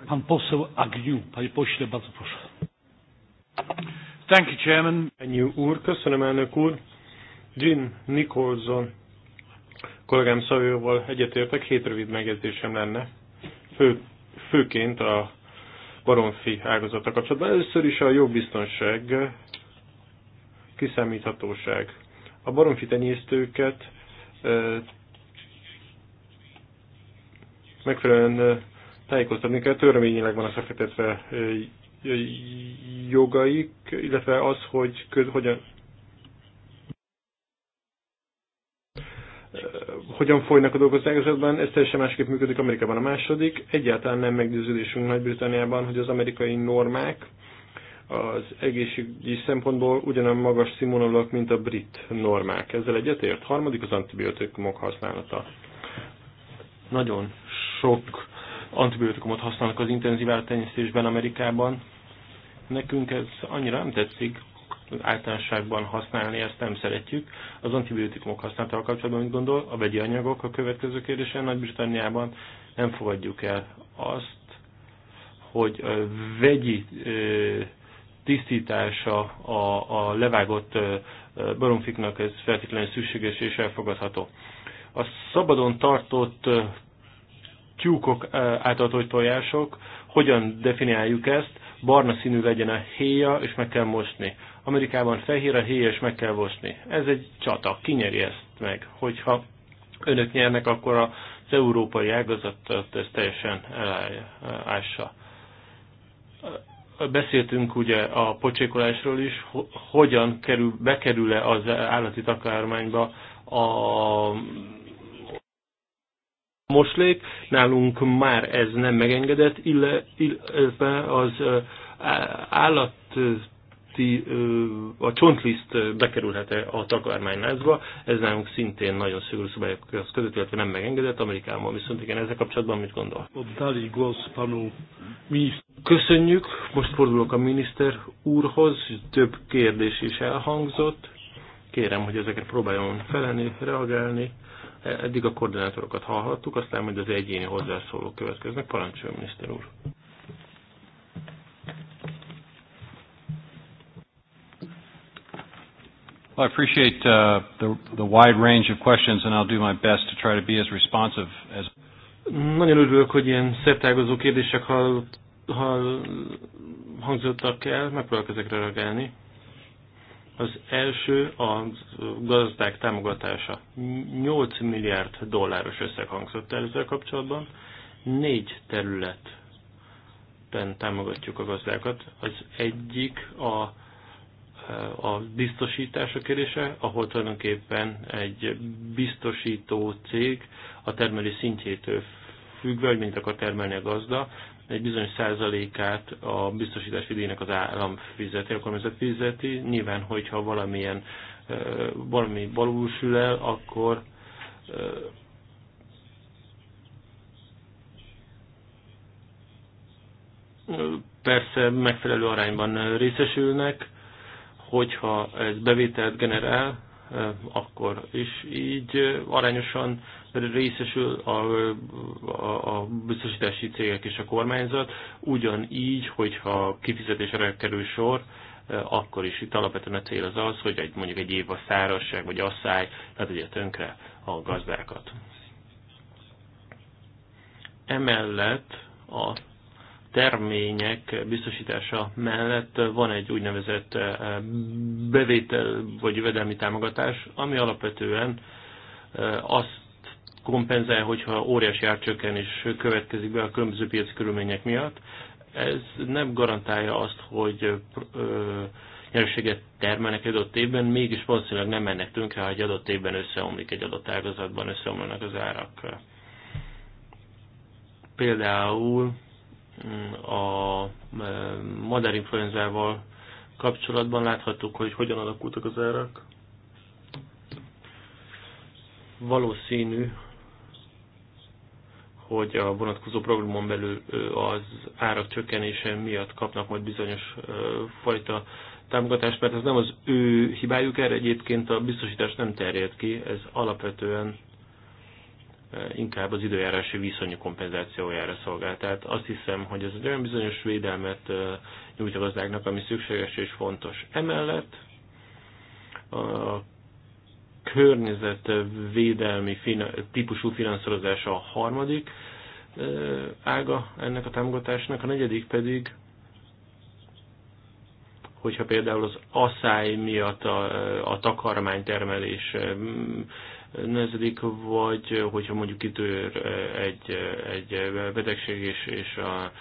Pan poseł Agniu, panie pośle, bardzo proszę. Thank you, Chairman. Agniu úr, köszönöm elnök úr. Jim Nicholson kollégám szavőval egyetértek, hét rövid megjegyzésem lenne, Fő, főként a baromfi ágazata kapcsolatban. Először is a biztonság, kiszámíthatóság. A baromfi tenyésztőket megfelelően tájékoztatni kell, törvényileg van a szakértetve jogaik, illetve az, hogy köz, hogyan, hogyan folynak a dolgok az ágazatban, ez teljesen másképp működik Amerikában a második. Egyáltalán nem meggyőződésünk Nagy-Britanniában, hogy az amerikai normák az egészségügyi szempontból ugyanolyan magas színvonalak, mint a brit normák. Ezzel egyetért? Harmadik az antibiotikumok használata. Nagyon sok antibiotikumot használnak az intenzív állattenyésztésben Amerikában. Nekünk ez annyira nem tetszik, általánosságban használni, ezt nem szeretjük. Az antibiotikumok használatával kapcsolatban mit gondol? A vegyi anyagok a következő kérdése Nagy-Britanniában nem fogadjuk el azt, hogy vegyi tisztítása a, a levágott baromfiknak ez feltétlenül szükséges és elfogadható. A szabadon tartott tyúkok által tojások, hogyan definiáljuk ezt? Barna színű legyen a héja, és meg kell mosni. Amerikában fehér a héjes meg kell vosni. Ez egy csata, kinyeri ezt meg. Hogyha önök nyernek, akkor az európai ágazatot ez teljesen elássa. Beszéltünk ugye a pocsékolásról is, hogyan kerül, bekerül-e az állati takármányba a moslék, nálunk már ez nem megengedett, illetve az állat a csontliszt bekerülhet-e a takarmánylázba, ez nálunk szintén nagyon szigorú szabályok között, illetve nem megengedett Amerikában. Viszont igen, ezzel kapcsolatban mit gondol? Köszönjük, most fordulok a miniszter úrhoz, több kérdés is elhangzott. Kérem, hogy ezeket próbáljon felelni, reagálni. Eddig a koordinátorokat hallhattuk, aztán majd az egyéni hozzászólók következnek. Parancsoljon, miniszter úr! Well, I appreciate uh, the, the wide range of questions, and I'll do my best to try to be as responsive as. Nagyon örülök, hogy ilyen szertágozó kérdések hall, hall, hangzottak el, megpróbálok ezekre reagálni. Az első a gazdák támogatása. 8 milliárd dolláros összeg hangzott el ezzel kapcsolatban. Négy területen támogatjuk a gazdákat. Az egyik a a biztosítások kérdése, ahol tulajdonképpen egy biztosító cég a termelés szintjétől függve, hogy mint akar termelni a gazda, egy bizonyos százalékát a biztosítás idejének az állam fizeti, a fizeti. Nyilván, hogyha valamilyen valami valósul el, akkor persze megfelelő arányban részesülnek, hogyha ez bevételt generál, eh, akkor is így eh, arányosan részesül a, a, a biztosítási cégek és a kormányzat, ugyanígy, hogyha kifizetésre kerül sor, eh, akkor is itt alapvetően a cél az az, hogy egy, mondjuk egy év a szárazság vagy asszály ne tegye tönkre a gazdákat. Emellett a termények biztosítása mellett van egy úgynevezett eh, bevétel vagy jövedelmi támogatás, ami alapvetően eh, azt kompenzál, hogyha óriási árcsökkenés következik be a különböző piaci körülmények miatt. Ez nem garantálja azt, hogy eh, nyerességet termelnek egy adott évben, mégis valószínűleg nem mennek tönkre, ha egy adott évben összeomlik egy adott ágazatban, összeomlanak az árak. Például a e, madárinfluenzával kapcsolatban láthattuk, hogy hogyan alakultak az árak. Valószínű, hogy a vonatkozó programon belül e, az árak csökkenése miatt kapnak majd bizonyos e, fajta támogatást, mert ez nem az ő hibájuk, erre egyébként a biztosítás nem terjed ki, ez alapvetően inkább az időjárási viszonyú kompenzációjára szolgál. Tehát azt hiszem, hogy ez egy olyan bizonyos védelmet nyújt a gazdáknak, ami szükséges és fontos. Emellett a környezetvédelmi típusú finanszírozása a harmadik ága ennek a támogatásnak, a negyedik pedig hogyha például az asszály miatt a, a takarmánytermelés Nezedik, vagy hogyha mondjuk kitör egy, egy betegség és, és a,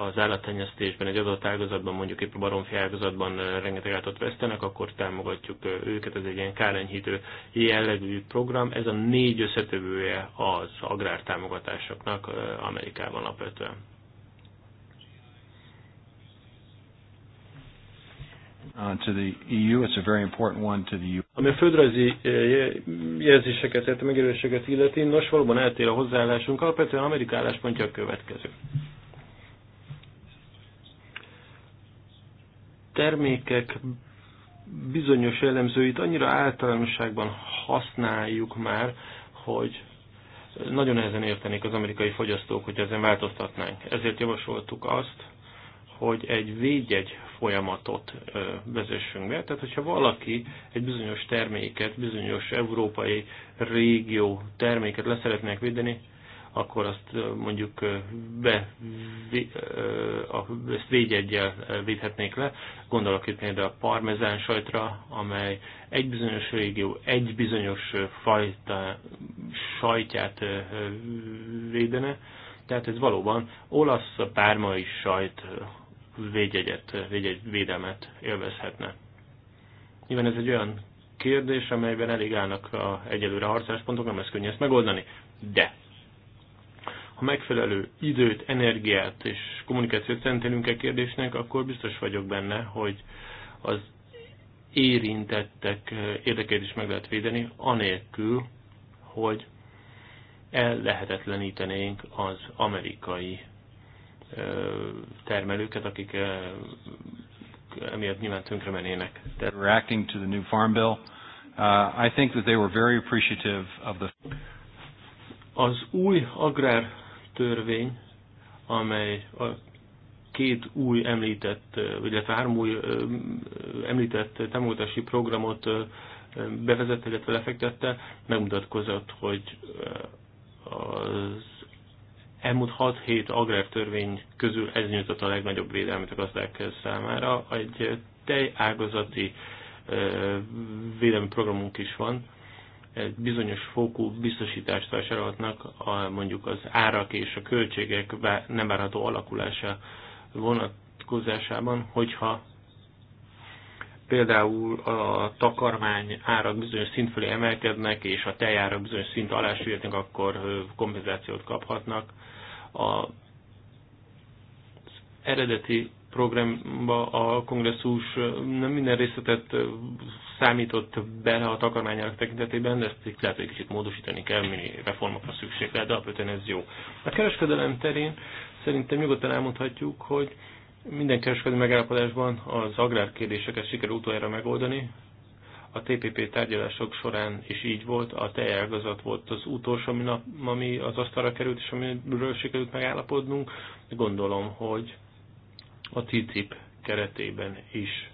az állattenyésztésben, egy adott ágazatban, mondjuk épp a baromfi ágazatban eh, rengeteg állatot vesztenek, akkor támogatjuk eh, őket, ez egy ilyen kárenyhítő jellegű program. Ez a négy összetevője az agrártámogatásoknak eh, Amerikában alapvetően. Uh, to the EU. It's a very important one to the EU. Ami a földrajzi eh, jelzéseket, tehát a megjelöléseket illeti, nos valóban eltér a hozzáállásunk. Alapvetően Amerika álláspontja a következő. Termékek bizonyos jellemzőit annyira általánosságban használjuk már, hogy nagyon ezen értenék az amerikai fogyasztók, hogy ezen változtatnánk. Ezért javasoltuk azt, hogy egy védjegy folyamatot vezessünk be. Tehát, hogyha valaki egy bizonyos terméket, bizonyos európai régió terméket leszeretnék védeni, akkor azt mondjuk be, ezt védjegyel védhetnék le. Gondolok itt például a parmezán sajtra, amely egy bizonyos régió, egy bizonyos fajta sajtját védene. Tehát ez valóban olasz pármai sajt védjegyet, védjegy védelmet élvezhetne. Nyilván ez egy olyan kérdés, amelyben elég állnak a egyelőre harcáspontok, nem lesz könnyű ezt megoldani, de ha megfelelő időt, energiát és kommunikációt szentelünk e kérdésnek, akkor biztos vagyok benne, hogy az érintettek érdekét is meg lehet védeni, anélkül, hogy ellehetetlenítenénk az amerikai termelőket, akik emiatt nyilván tönkre mennének. Reacting to the new farm bill, uh, I think that they were very appreciative of the az új agrár törvény, amely a két új említett, illetve három új említett támogatási programot bevezette, illetve lefektette, megmutatkozott, hogy az elmúlt 6-7 agrártörvény közül ez nyújtott a legnagyobb védelmet a gazdák számára. Egy tej ágazati védelmi programunk is van, bizonyos fokú biztosítást vásárolhatnak a, mondjuk az árak és a költségek nem várható alakulása vonatkozásában, hogyha például a takarmány árak bizonyos szint fölé emelkednek, és a tejárak bizonyos szint alá akkor kompenzációt kaphatnak. Az eredeti programba a kongresszus nem minden részletet számított bele a takarmányának tekintetében, de ezt lehet, hogy kicsit módosítani kell, mini reformokra szükség lehet, de alapvetően ez jó. A kereskedelem terén szerintem nyugodtan elmondhatjuk, hogy minden kereskedő megállapodásban az agrárkérdéseket sikerült utoljára megoldani, a TPP tárgyalások során is így volt, a tejágazat volt az utolsó, ami, nap, ami az asztalra került, és amiről sikerült megállapodnunk. Gondolom, hogy a TTIP keretében is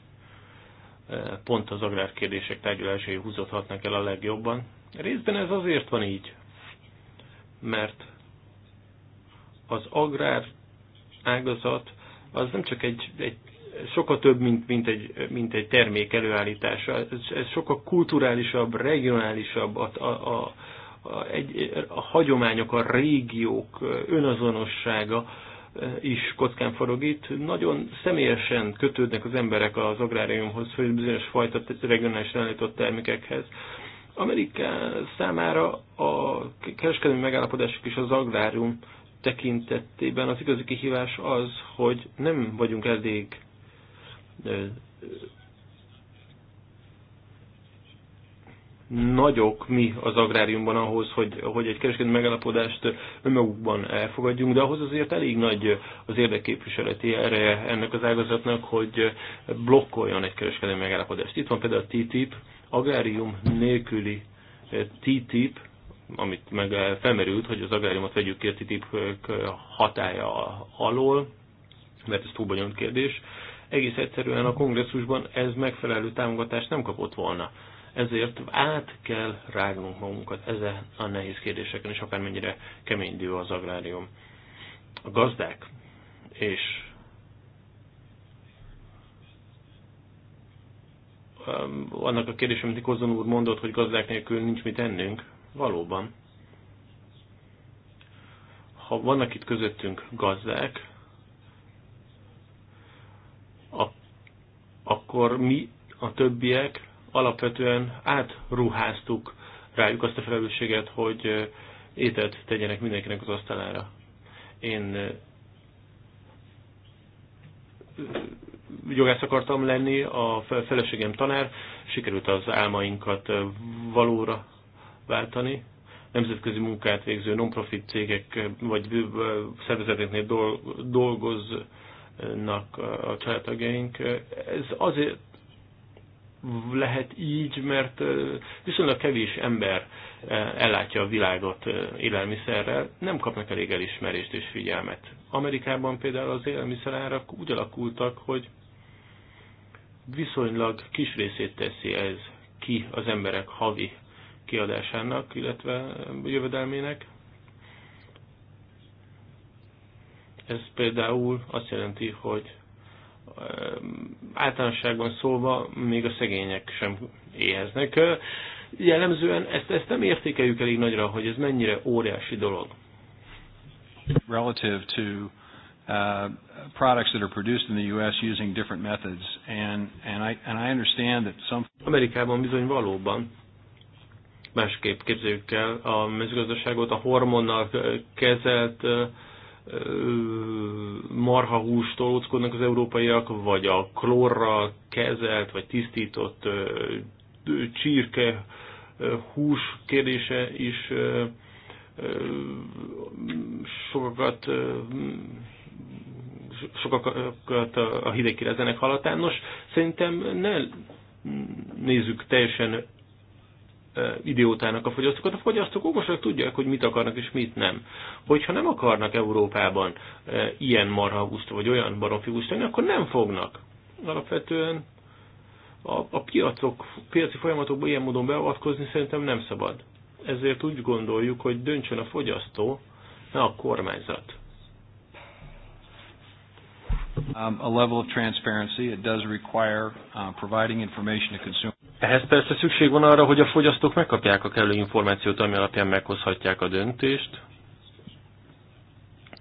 e, pont az agrárkérdések tárgyalásai húzódhatnak el a legjobban. Részben ez azért van így, mert az agrár ágazat az nem csak egy, egy sokkal több, mint, mint, egy, mint egy termék előállítása. Ez, ez sokkal kulturálisabb, regionálisabb, a, a, a, a, egy, a hagyományok, a régiók önazonossága e, is kockán forog itt. Nagyon személyesen kötődnek az emberek az agráriumhoz, hogy bizonyos fajta regionális előállított termékekhez. Amerika számára a kereskedelmi megállapodások és az agrárium tekintetében az igazi kihívás az, hogy nem vagyunk elég nagyok mi az agráriumban ahhoz, hogy, hogy egy kereskedelmi megállapodást önmagukban elfogadjunk, de ahhoz azért elég nagy az érdekképviseleti ereje ennek az ágazatnak, hogy blokkoljon egy kereskedelmi megállapodást. Itt van például a TTIP, agrárium nélküli eh, TTIP, amit meg eh, felmerült, hogy az agráriumot vegyük ki a TTIP eh, hatája alól, mert ez túl bonyolult kérdés egész egyszerűen a kongresszusban ez megfelelő támogatást nem kapott volna. Ezért át kell rágnunk magunkat ezen a nehéz kérdéseken, és akármennyire kemény dió az agrárium. A gazdák és annak a kérdés, amit Kozon úr mondott, hogy gazdák nélkül nincs mit ennünk, valóban. Ha vannak itt közöttünk gazdák, akkor mi, a többiek alapvetően átruháztuk rájuk azt a felelősséget, hogy ételt tegyenek mindenkinek az asztalára. Én jogász akartam lenni, a feleségem tanár, sikerült az álmainkat valóra váltani. Nemzetközi munkát végző non-profit cégek vagy szervezeteknél dolgoz, nak a családtagjaink. Ez azért lehet így, mert viszonylag kevés ember ellátja a világot élelmiszerrel, nem kapnak elég elismerést és figyelmet. Amerikában például az élelmiszerárak úgy alakultak, hogy viszonylag kis részét teszi ez ki az emberek havi kiadásának, illetve jövedelmének. Ez például azt jelenti, hogy általánosságban szólva még a szegények sem éheznek. Jellemzően ezt, ezt nem értékeljük elég nagyra, hogy ez mennyire óriási dolog. Relative to uh, products that are produced in the U.S. using different methods, and and I and I understand that some. Amerikában bizony valóban másképp képzeljük el a mezőgazdaságot, a hormonnal kezelt uh, marhahústól óckodnak az európaiak, vagy a klórral kezelt, vagy tisztított csirke hús kérdése is sokakat sokakat a hideg kirezenek halatán. Nos, szerintem ne nézzük teljesen idiótának a fogyasztókat, a fogyasztók okosak tudják, hogy mit akarnak és mit nem. Hogyha nem akarnak Európában ilyen marhahúst vagy olyan baromfihúst tenni, akkor nem fognak. Alapvetően a, a piacok, piaci folyamatokba ilyen módon beavatkozni szerintem nem szabad. Ezért úgy gondoljuk, hogy döntsön a fogyasztó, ne a kormányzat. Um, a level of transparency, it does require uh, providing information to consumers. Ehhez persze szükség van arra, hogy a fogyasztók megkapják a kellő információt, ami alapján meghozhatják a döntést.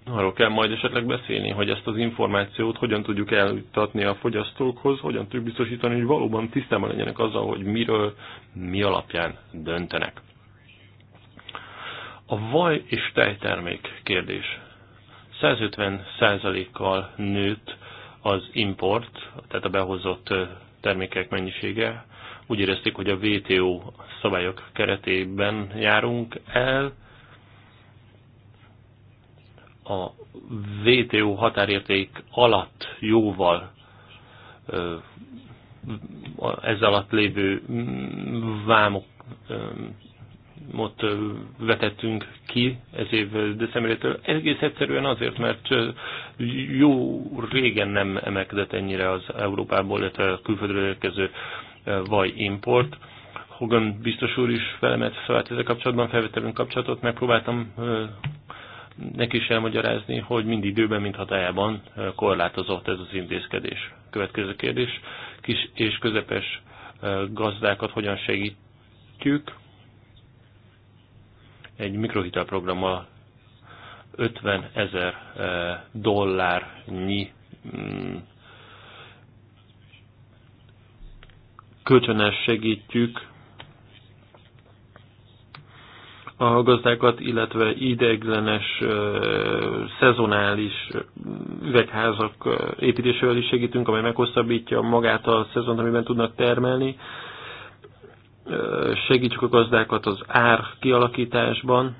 Arról kell majd esetleg beszélni, hogy ezt az információt hogyan tudjuk eljutatni a fogyasztókhoz, hogyan tudjuk biztosítani, hogy valóban tisztában legyenek azzal, hogy miről, mi alapján döntenek. A vaj és tejtermék kérdés. 150%-kal nőtt az import, tehát a behozott termékek mennyisége úgy érezték, hogy a WTO szabályok keretében járunk el. A WTO határérték alatt jóval ez alatt lévő mm, vámok ott vetettünk ki ez év decemberétől. Egész egyszerűen azért, mert jó régen nem emelkedett ennyire az Európából, illetve a külföldről érkező vagy import. Hogan biztos úr is felemet felállt ezzel kapcsolatban, felvételünk kapcsolatot, megpróbáltam neki is elmagyarázni, hogy mind időben, mind hatájában korlátozott ez az intézkedés. Következő kérdés, kis és közepes gazdákat hogyan segítjük? Egy mikrohitelprogrammal 50 ezer dollárnyi mm, kölcsönös segítjük a gazdákat, illetve ideiglenes, szezonális üvegházak építésével is segítünk, amely meghosszabbítja magát a szezont, amiben tudnak termelni. Segítjük a gazdákat az ár kialakításban,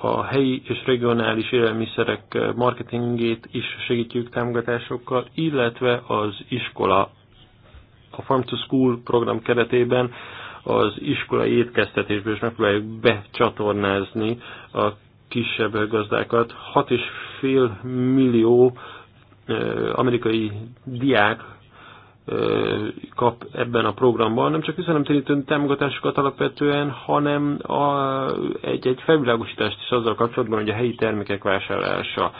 a helyi és regionális élelmiszerek marketingét is segítjük támogatásokkal, illetve az iskola, a Farm to School program keretében az iskolai étkeztetésből is megpróbáljuk becsatornázni a kisebb gazdákat. 6,5 millió amerikai diák kap ebben a programban, nem csak üzenemtérítő támogatásokat alapvetően, hanem a, egy, egy felvilágosítást is azzal kapcsolatban, hogy a helyi termékek vásárlása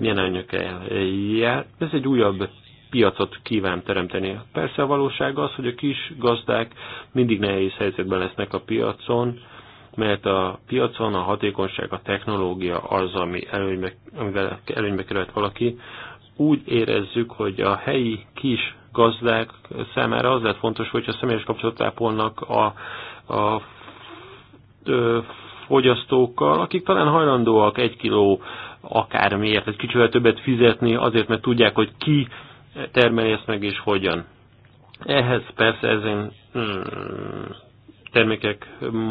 milyen előnyökkel jár. Ez egy újabb piacot kíván teremteni. Persze a valóság az, hogy a kis gazdák mindig nehéz helyzetben lesznek a piacon, mert a piacon a hatékonyság, a technológia az, ami előnybe, amivel előnybe került valaki. Úgy érezzük, hogy a helyi kis gazdák számára az lett fontos, hogyha személyes kapcsolatot ápolnak a, a ö, fogyasztókkal, akik talán hajlandóak egy kiló akármiért, egy kicsivel többet fizetni azért, mert tudják, hogy ki termeli ezt meg és hogyan. Ehhez persze ezen hmm, termékek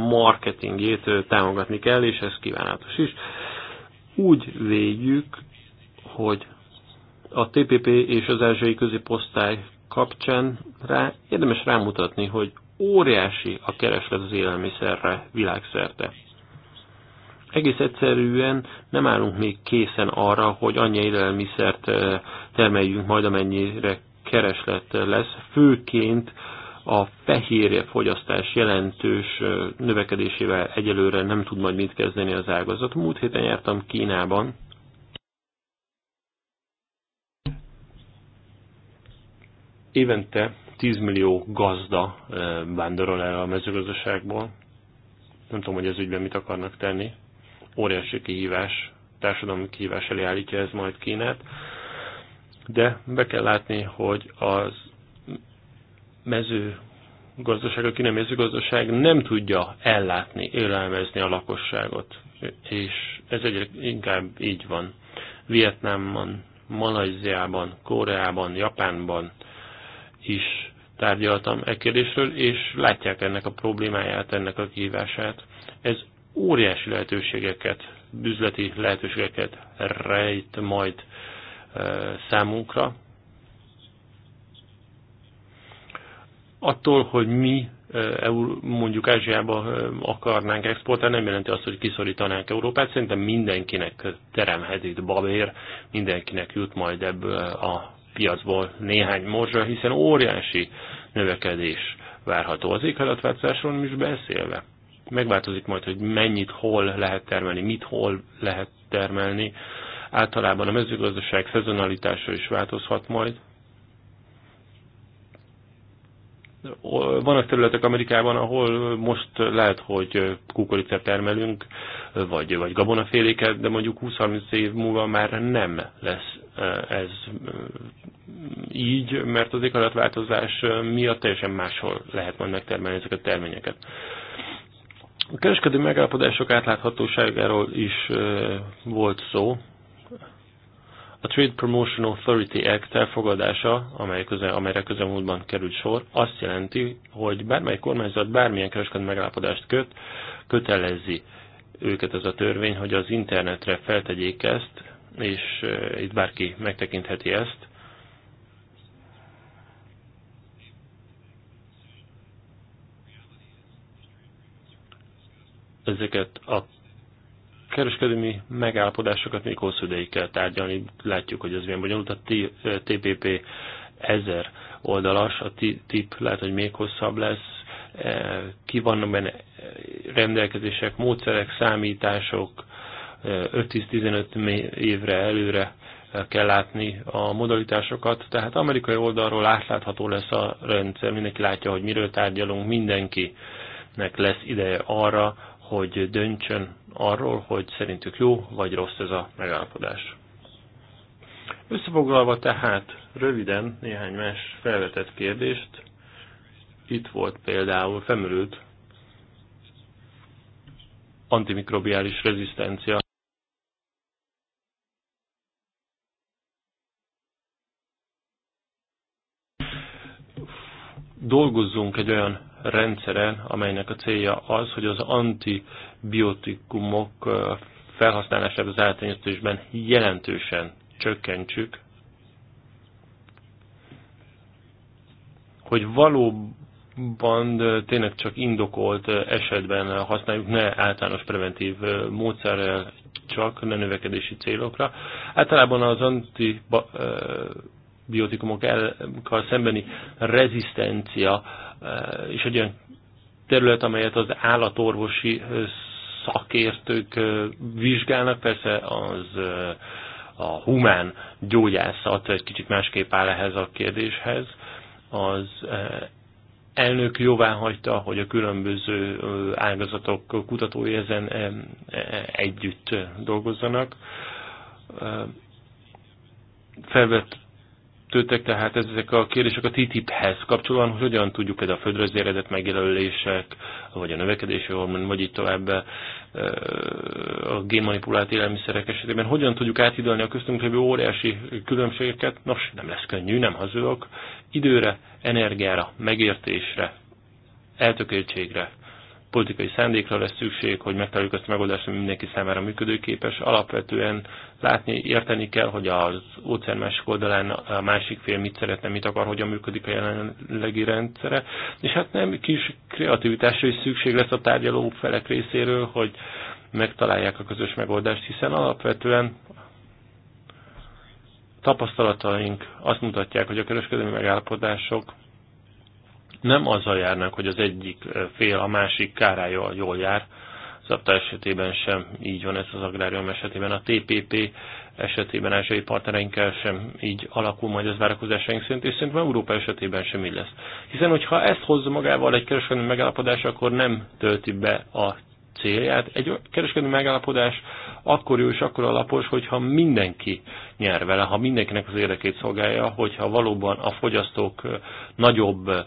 marketingét támogatni kell, és ez kívánatos is. Úgy védjük, hogy a TPP és az ázsiai középosztály kapcsán rá, érdemes rámutatni, hogy óriási a kereslet az élelmiszerre világszerte. Egész egyszerűen nem állunk még készen arra, hogy annyi élelmiszert eh, termeljünk majd, amennyire kereslet lesz, főként a fehérje fogyasztás jelentős eh, növekedésével egyelőre nem tud majd mit kezdeni az ágazat. Múlt héten jártam Kínában, Évente 10 millió gazda eh, vándorol el a mezőgazdaságból. Nem tudom, hogy ez ügyben mit akarnak tenni. Óriási kihívás, társadalmi kihívás elé állítja ez majd Kínát. De be kell látni, hogy az mező gazdaság, a kínai mezőgazdaság nem tudja ellátni, élelmezni a lakosságot. És ez egyre inkább így van. Vietnámban, Malajziában, Koreában, Japánban, is tárgyaltam e kérdésről, és látják ennek a problémáját, ennek a kihívását. Ez óriási lehetőségeket, üzleti lehetőségeket rejt majd e, számunkra. Attól, hogy mi e, mondjuk Ázsiába e, akarnánk exportálni, nem jelenti azt, hogy kiszorítanánk Európát. Szerintem mindenkinek teremhet itt babér, mindenkinek jut majd ebből a piacból néhány morzsa, hiszen óriási növekedés várható az éghajlatváltozásról is beszélve. Megváltozik majd, hogy mennyit, hol lehet termelni, mit, hol lehet termelni. Általában a mezőgazdaság szezonalitása is változhat majd. vannak területek Amerikában, ahol most lehet, hogy kukoricát termelünk, vagy, vagy gabonaféléket, de mondjuk 20-30 év múlva már nem lesz ez így, mert az éghajlatváltozás miatt teljesen máshol lehet majd megtermelni ezeket a terményeket. A kereskedő megállapodások átláthatóságáról is volt szó, a Trade Promotion Authority Act elfogadása, amely közel, amelyre közelmúltban került sor, azt jelenti, hogy bármely kormányzat bármilyen kereskedelmi megállapodást köt, kötelezi őket az a törvény, hogy az internetre feltegyék ezt, és e, itt bárki megtekintheti ezt. Ezeket a kereskedelmi megállapodásokat még hosszú ideig kell tárgyalni. Látjuk, hogy ez milyen bonyolult. A TPP eh, 1000 oldalas, a TIP lehet, hogy még hosszabb lesz. Eh, ki vannak benne eh, rendelkezések, módszerek, számítások, 5-10-15 évre előre kell látni a modalitásokat, tehát amerikai oldalról átlátható lesz a rendszer, mindenki látja, hogy miről tárgyalunk, mindenkinek lesz ideje arra, hogy döntsön arról, hogy szerintük jó vagy rossz ez a megállapodás. Összefoglalva tehát röviden néhány más felvetett kérdést, itt volt például felmerült antimikrobiális rezisztencia. Dolgozzunk egy olyan rendszere, amelynek a célja az, hogy az antibiotikumok felhasználását az állattenyésztésben jelentősen csökkentsük, hogy valóban tényleg csak indokolt esetben használjuk, ne általános preventív módszerrel, csak ne növekedési célokra. Általában az anti antibiotikumokkal szembeni rezisztencia e, és egy olyan terület, amelyet az állatorvosi e, szakértők e, vizsgálnak, persze az a humán gyógyászat egy kicsit másképp áll ehhez a kérdéshez. Az elnök jóvá hagyta, hogy a különböző ágazatok kutatói ezen együtt dolgozzanak. Felvett tőtek, tehát ezek a kérdések a TTIP-hez kapcsolóan, hogy hogyan tudjuk például a földrajzi eredet megjelölések, vagy a növekedési hormon, vagy itt tovább eh, a génmanipulált élelmiszerek esetében, hogyan tudjuk áthidalni a köztünk lévő óriási különbségeket? Nos, nem lesz könnyű, nem hazudok. Időre, energiára, megértésre, eltökéltségre politikai szándékra lesz szükség, hogy megtaláljuk ezt a megoldást, ami mindenki számára működőképes. Alapvetően látni, érteni kell, hogy az óceán másik oldalán a másik fél mit szeretne, mit akar, hogyan működik a jelenlegi rendszere. És hát nem kis kreativitásra is szükség lesz a tárgyaló felek részéről, hogy megtalálják a közös megoldást, hiszen alapvetően tapasztalataink azt mutatják, hogy a kereskedelmi megállapodások nem azzal járnak, hogy az egyik fél a másik kárája jól jár, Zapta esetében sem így van ez az agrárium esetében. A TPP esetében ázsiai partnereinkkel sem így alakul majd az várakozásaink szerint, és szerintem Európa esetében sem így lesz. Hiszen, hogyha ezt hozza magával egy kereskedő megállapodás, akkor nem tölti be a célját. Egy kereskedő megállapodás akkor jó és akkor alapos, hogyha mindenki nyer vele, ha mindenkinek az érdekét szolgálja, hogyha valóban a fogyasztók nagyobb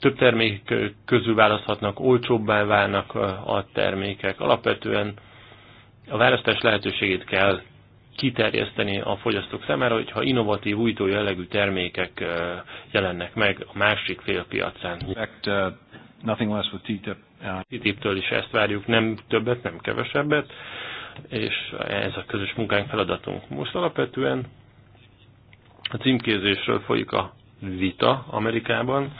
több termék közül választhatnak, olcsóbbá válnak a termékek. Alapvetően a választás lehetőségét kell kiterjeszteni a fogyasztók számára, hogyha innovatív, újtó jellegű termékek jelennek meg a másik fél piacán. Uh, uh, TTIP-től is ezt várjuk, nem többet, nem kevesebbet, és ez a közös munkánk feladatunk. Most alapvetően a címkézésről folyik a vita Amerikában.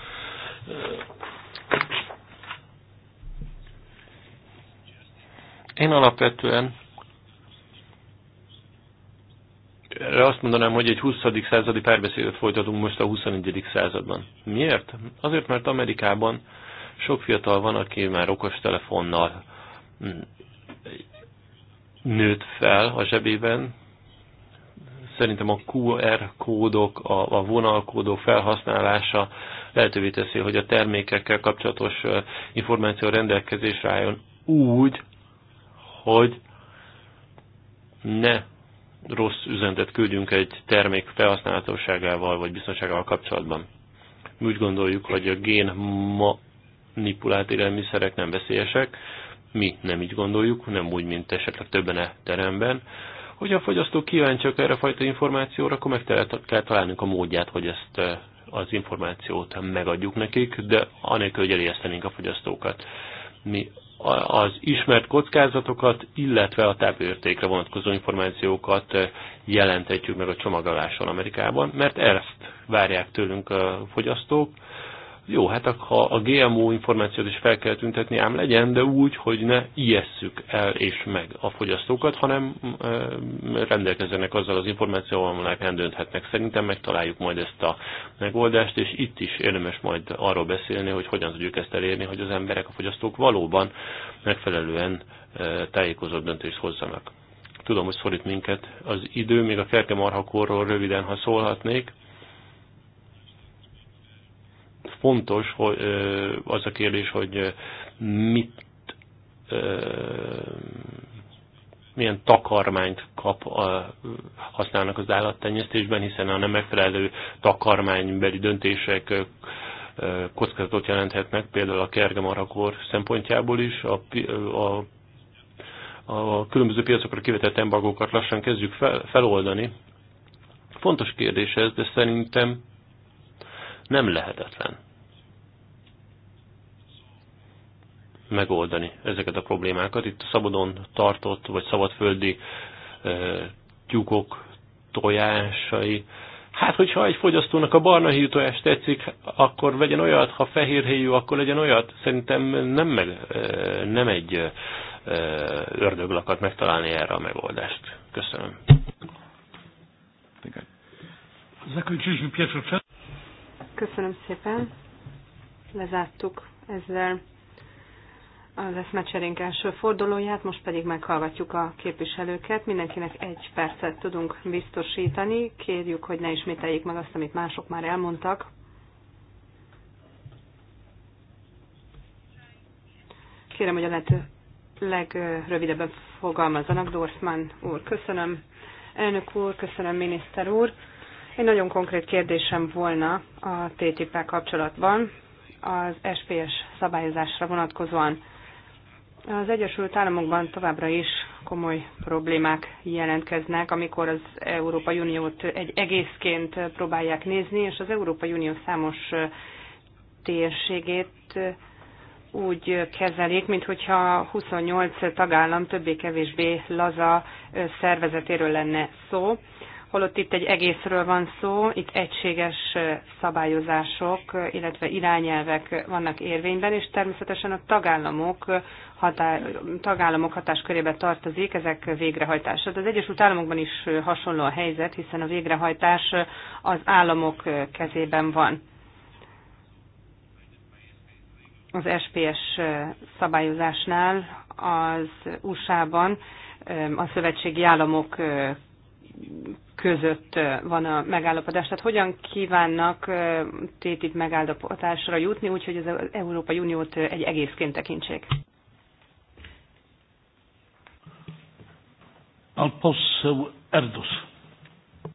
Én alapvetően erre azt mondanám, hogy egy 20. századi párbeszédet folytatunk most a 21. században. Miért? Azért, mert Amerikában sok fiatal van, aki már okos telefonnal mm, nőtt fel a zsebében. Szerintem a QR kódok, a, a vonalkódok felhasználása lehetővé teszi, hogy a termékekkel kapcsolatos információ rendelkezésre álljon úgy, hogy ne rossz üzenetet küldjünk egy termék felhasználhatóságával vagy biztonságával kapcsolatban. Mi úgy gondoljuk, hogy a gén manipulált élelmiszerek nem veszélyesek, mi nem így gondoljuk, nem úgy, mint esetleg többen e a teremben. Hogy a fogyasztók kíváncsiak erre a fajta információra, akkor meg kell találnunk a módját, hogy ezt az információt megadjuk nekik, de anélkül, hogy a fogyasztókat. Mi az ismert kockázatokat, illetve a tápértékre vonatkozó információkat eh, jelentetjük meg a csomagoláson Amerikában, mert ezt várják tőlünk a fogyasztók, jó, hát ha a GMO információt is fel kell tüntetni, ám legyen, de úgy, hogy ne ijesszük el és meg a fogyasztókat, hanem rendelkezzenek azzal az információval, amelyeken dönthetnek. Szerintem megtaláljuk majd ezt a megoldást, és itt is érdemes majd arról beszélni, hogy hogyan tudjuk ezt elérni, hogy az emberek, a fogyasztók valóban megfelelően tájékozott döntést hozzanak. Tudom, hogy szorít minket az idő, még a kerkemarhakorról röviden, ha szólhatnék fontos hogy, az a kérdés, hogy mit, milyen takarmányt kap, használnak az állattenyésztésben, hiszen a nem megfelelő takarmánybeli döntések kockázatot jelenthetnek, például a kergemarakor szempontjából is, a, a a különböző piacokra kivetett embargókat lassan kezdjük fel, feloldani. Fontos kérdés ez, de szerintem nem lehetetlen. megoldani ezeket a problémákat. Itt a szabadon tartott vagy szabadföldi tyúkok tojásai. Hát, hogyha egy fogyasztónak a barna híjú tojás tetszik, akkor vegyen olyat, ha fehér híjú, akkor legyen olyat. Szerintem nem, meg, nem egy ördöglakat megtalálni erre a megoldást. Köszönöm. Köszönöm szépen. Lezártuk ezzel az eszmecserénk első fordulóját, most pedig meghallgatjuk a képviselőket. Mindenkinek egy percet tudunk biztosítani. Kérjük, hogy ne ismételjék meg azt, amit mások már elmondtak. Kérem, hogy a lehető legrövidebben fogalmazzanak. Dorfman úr, köszönöm. Elnök úr, köszönöm, miniszter úr. Egy nagyon konkrét kérdésem volna a TTIP-el kapcsolatban, az SPS szabályozásra vonatkozóan. Az Egyesült Államokban továbbra is komoly problémák jelentkeznek, amikor az Európai Uniót egy egészként próbálják nézni, és az Európai Unió számos térségét úgy kezelik, mint hogyha 28 tagállam többé-kevésbé laza szervezetéről lenne szó holott itt egy egészről van szó, itt egységes szabályozások, illetve irányelvek vannak érvényben, és természetesen a tagállamok, hatá, tagállamok hatáskörébe tartozik ezek végrehajtása. De az Egyesült Államokban is hasonló a helyzet, hiszen a végrehajtás az államok kezében van. Az SPS szabályozásnál az USA-ban a szövetségi államok között van a megállapodás. Tehát hogyan kívánnak TTIP megállapodásra jutni, úgyhogy az Európai Uniót egy egészként tekintsék? Alposzeu Erdos.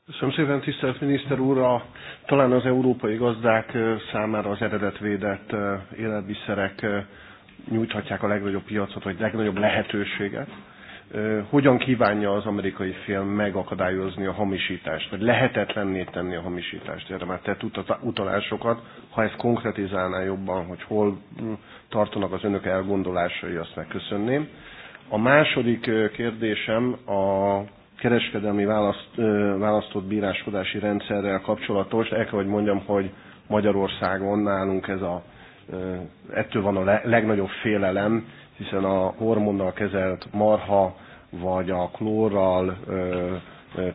Köszönöm szépen, tisztelt miniszter úr! A, talán az európai gazdák számára az eredetvédett élelmiszerek nyújthatják a legnagyobb piacot, vagy legnagyobb lehetőséget hogyan kívánja az amerikai fél megakadályozni a hamisítást, vagy lehetetlenné tenni a hamisítást. Erre már tett utalásokat, ha ezt konkretizálná jobban, hogy hol mm, tartanak az önök elgondolásai, azt megköszönném. A második kérdésem a kereskedelmi választ, választott bíráskodási rendszerrel kapcsolatos. El kell, hogy mondjam, hogy Magyarországon nálunk ez a, ettől van a legnagyobb félelem, hiszen a hormonnal kezelt marha, vagy a klórral ö,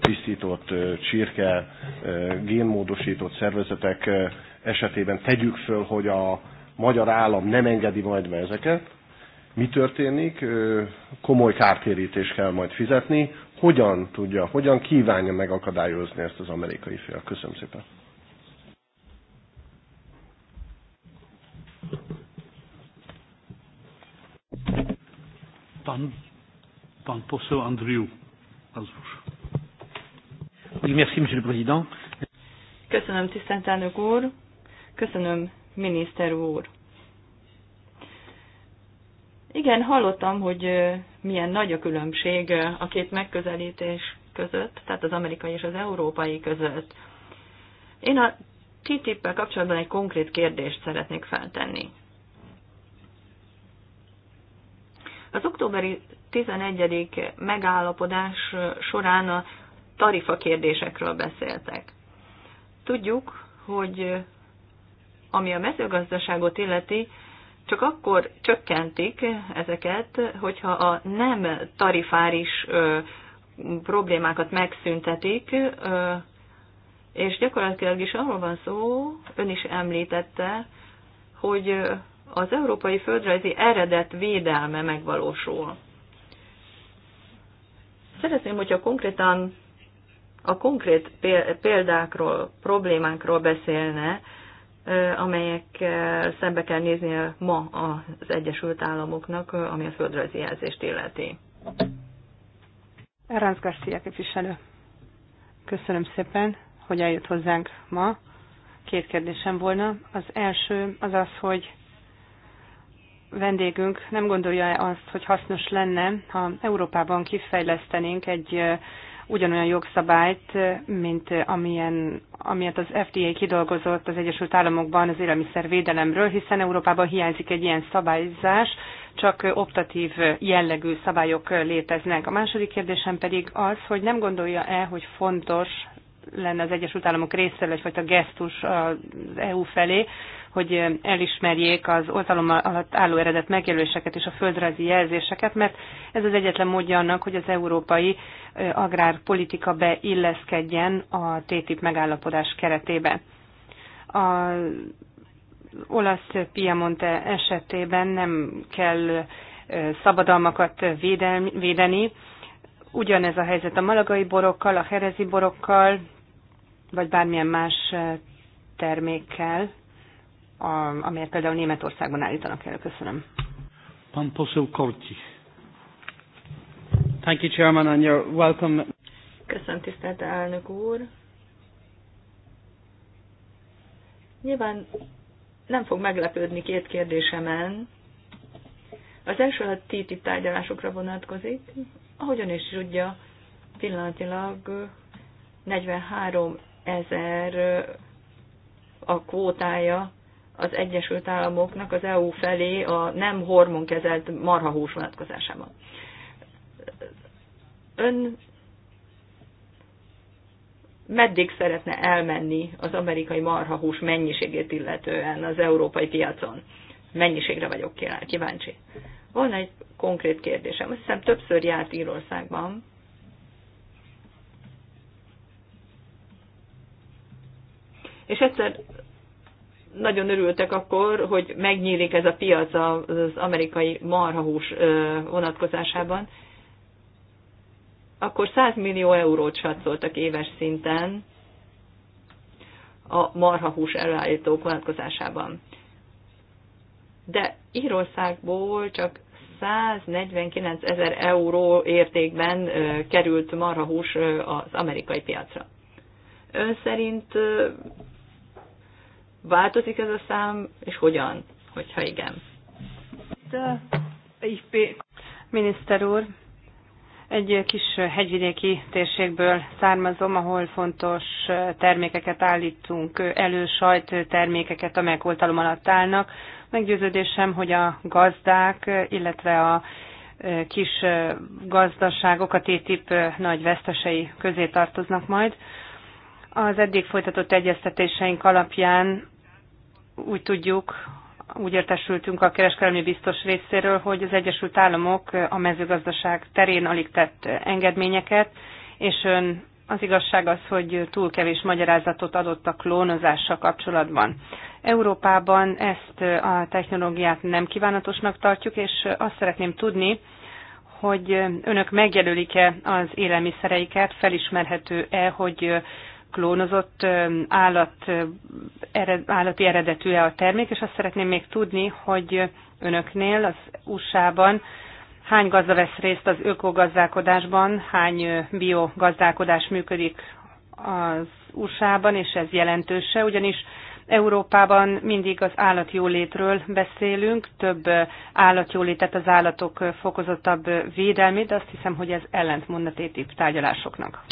tisztított csirke, génmódosított szervezetek esetében tegyük föl, hogy a magyar állam nem engedi majd be ezeket, mi történik, komoly kártérítést kell majd fizetni, hogyan tudja, hogyan kívánja megakadályozni ezt az amerikai fél. Köszönöm szépen. Pan, pan poseł Andriu. Oui, merci, monsieur le président. Köszönöm, tisztelt elnök úr. Köszönöm, miniszter úr. Igen, hallottam, hogy milyen nagy a különbség a két megközelítés között, tehát az amerikai és az európai között. Én a TTIP-pel kapcsolatban egy konkrét kérdést szeretnék feltenni. Az októberi 11. megállapodás során a tarifa kérdésekről beszéltek. Tudjuk, hogy ami a mezőgazdaságot illeti, csak akkor csökkentik ezeket, hogyha a nem tarifáris problémákat megszüntetik, és gyakorlatilag is arról van szó, ön is említette, hogy az európai földrajzi eredet védelme megvalósul. Szeretném, hogyha konkrétan a konkrét példákról, problémákról beszélne, amelyekkel szembe kell néznie ma az Egyesült Államoknak, ami a földrajzi jelzést illeti. Ránc Garcia képviselő. Köszönöm szépen, hogy eljött hozzánk ma. Két kérdésem volna. Az első az az, hogy vendégünk nem gondolja azt, hogy hasznos lenne, ha Európában kifejlesztenénk egy ugyanolyan jogszabályt, mint amilyen, amilyet az FDA kidolgozott az Egyesült Államokban az védelemről, hiszen Európában hiányzik egy ilyen szabályzás, csak optatív jellegű szabályok léteznek. A második kérdésem pedig az, hogy nem gondolja-e, hogy fontos lenne az Egyesült Államok részéről egyfajta gesztus az EU felé, hogy elismerjék az oltalom alatt álló eredet megjelöléseket és a földrajzi jelzéseket, mert ez az egyetlen módja annak, hogy az európai agrárpolitika beilleszkedjen a TTIP megállapodás keretébe. A olasz Piemonte esetében nem kell szabadalmakat védeni, ugyanez a helyzet a malagai borokkal, a herezi borokkal, vagy bármilyen más eh, termékkel, amelyet például Németországban állítanak elő. Köszönöm. Pan poseł Korci. Thank you, Chairman, and you're welcome. Köszönöm, tisztelt elnök úr. Nyilván nem fog meglepődni két kérdésemen. Az első a TTIP tárgyalásokra vonatkozik. Ahogyan is tudja, pillanatilag 43 ezer a kvótája az Egyesült Államoknak az EU felé a nem hormonkezelt marhahús vonatkozásában. Ön meddig szeretne elmenni az amerikai marhahús mennyiségét illetően az európai piacon? Mennyiségre vagyok kíváncsi. Van egy konkrét kérdésem. Azt hiszem többször járt Írországban, és egyszer nagyon örültek akkor, hogy megnyílik ez a piac az amerikai marhahús vonatkozásában, akkor 100 millió eurót satszoltak éves szinten a marhahús előállítók vonatkozásában. De Írországból csak 149 ezer euró értékben került marhahús az amerikai piacra. Ön szerint Változik ez a szám, és hogyan, hogyha igen? Miniszter úr, egy kis hegyvidéki térségből származom, ahol fontos termékeket állítunk elő, sajt termékeket, amelyek oltalom alatt állnak. Meggyőződésem, hogy a gazdák, illetve a e, kis e, gazdaságok a TTIP e, nagy vesztesei közé tartoznak majd. Az eddig folytatott egyeztetéseink alapján úgy tudjuk, úgy értesültünk a kereskedelmi biztos részéről, hogy az Egyesült Államok a mezőgazdaság terén alig tett engedményeket, és ön az igazság az, hogy túl kevés magyarázatot adott a klónozással kapcsolatban. Európában ezt a technológiát nem kívánatosnak tartjuk, és azt szeretném tudni, hogy önök megjelölik-e az élelmiszereiket, felismerhető-e, hogy klónozott állat, ered, állati eredetű-e a termék, és azt szeretném még tudni, hogy önöknél az USA-ban hány gazda vesz részt az ökogazdálkodásban, hány biogazdálkodás működik az USA-ban, és ez jelentőse, ugyanis Európában mindig az állatjólétről beszélünk, több állatjólétet, az állatok fokozottabb védelmét, de azt hiszem, hogy ez ellentmond a tárgyalásoknak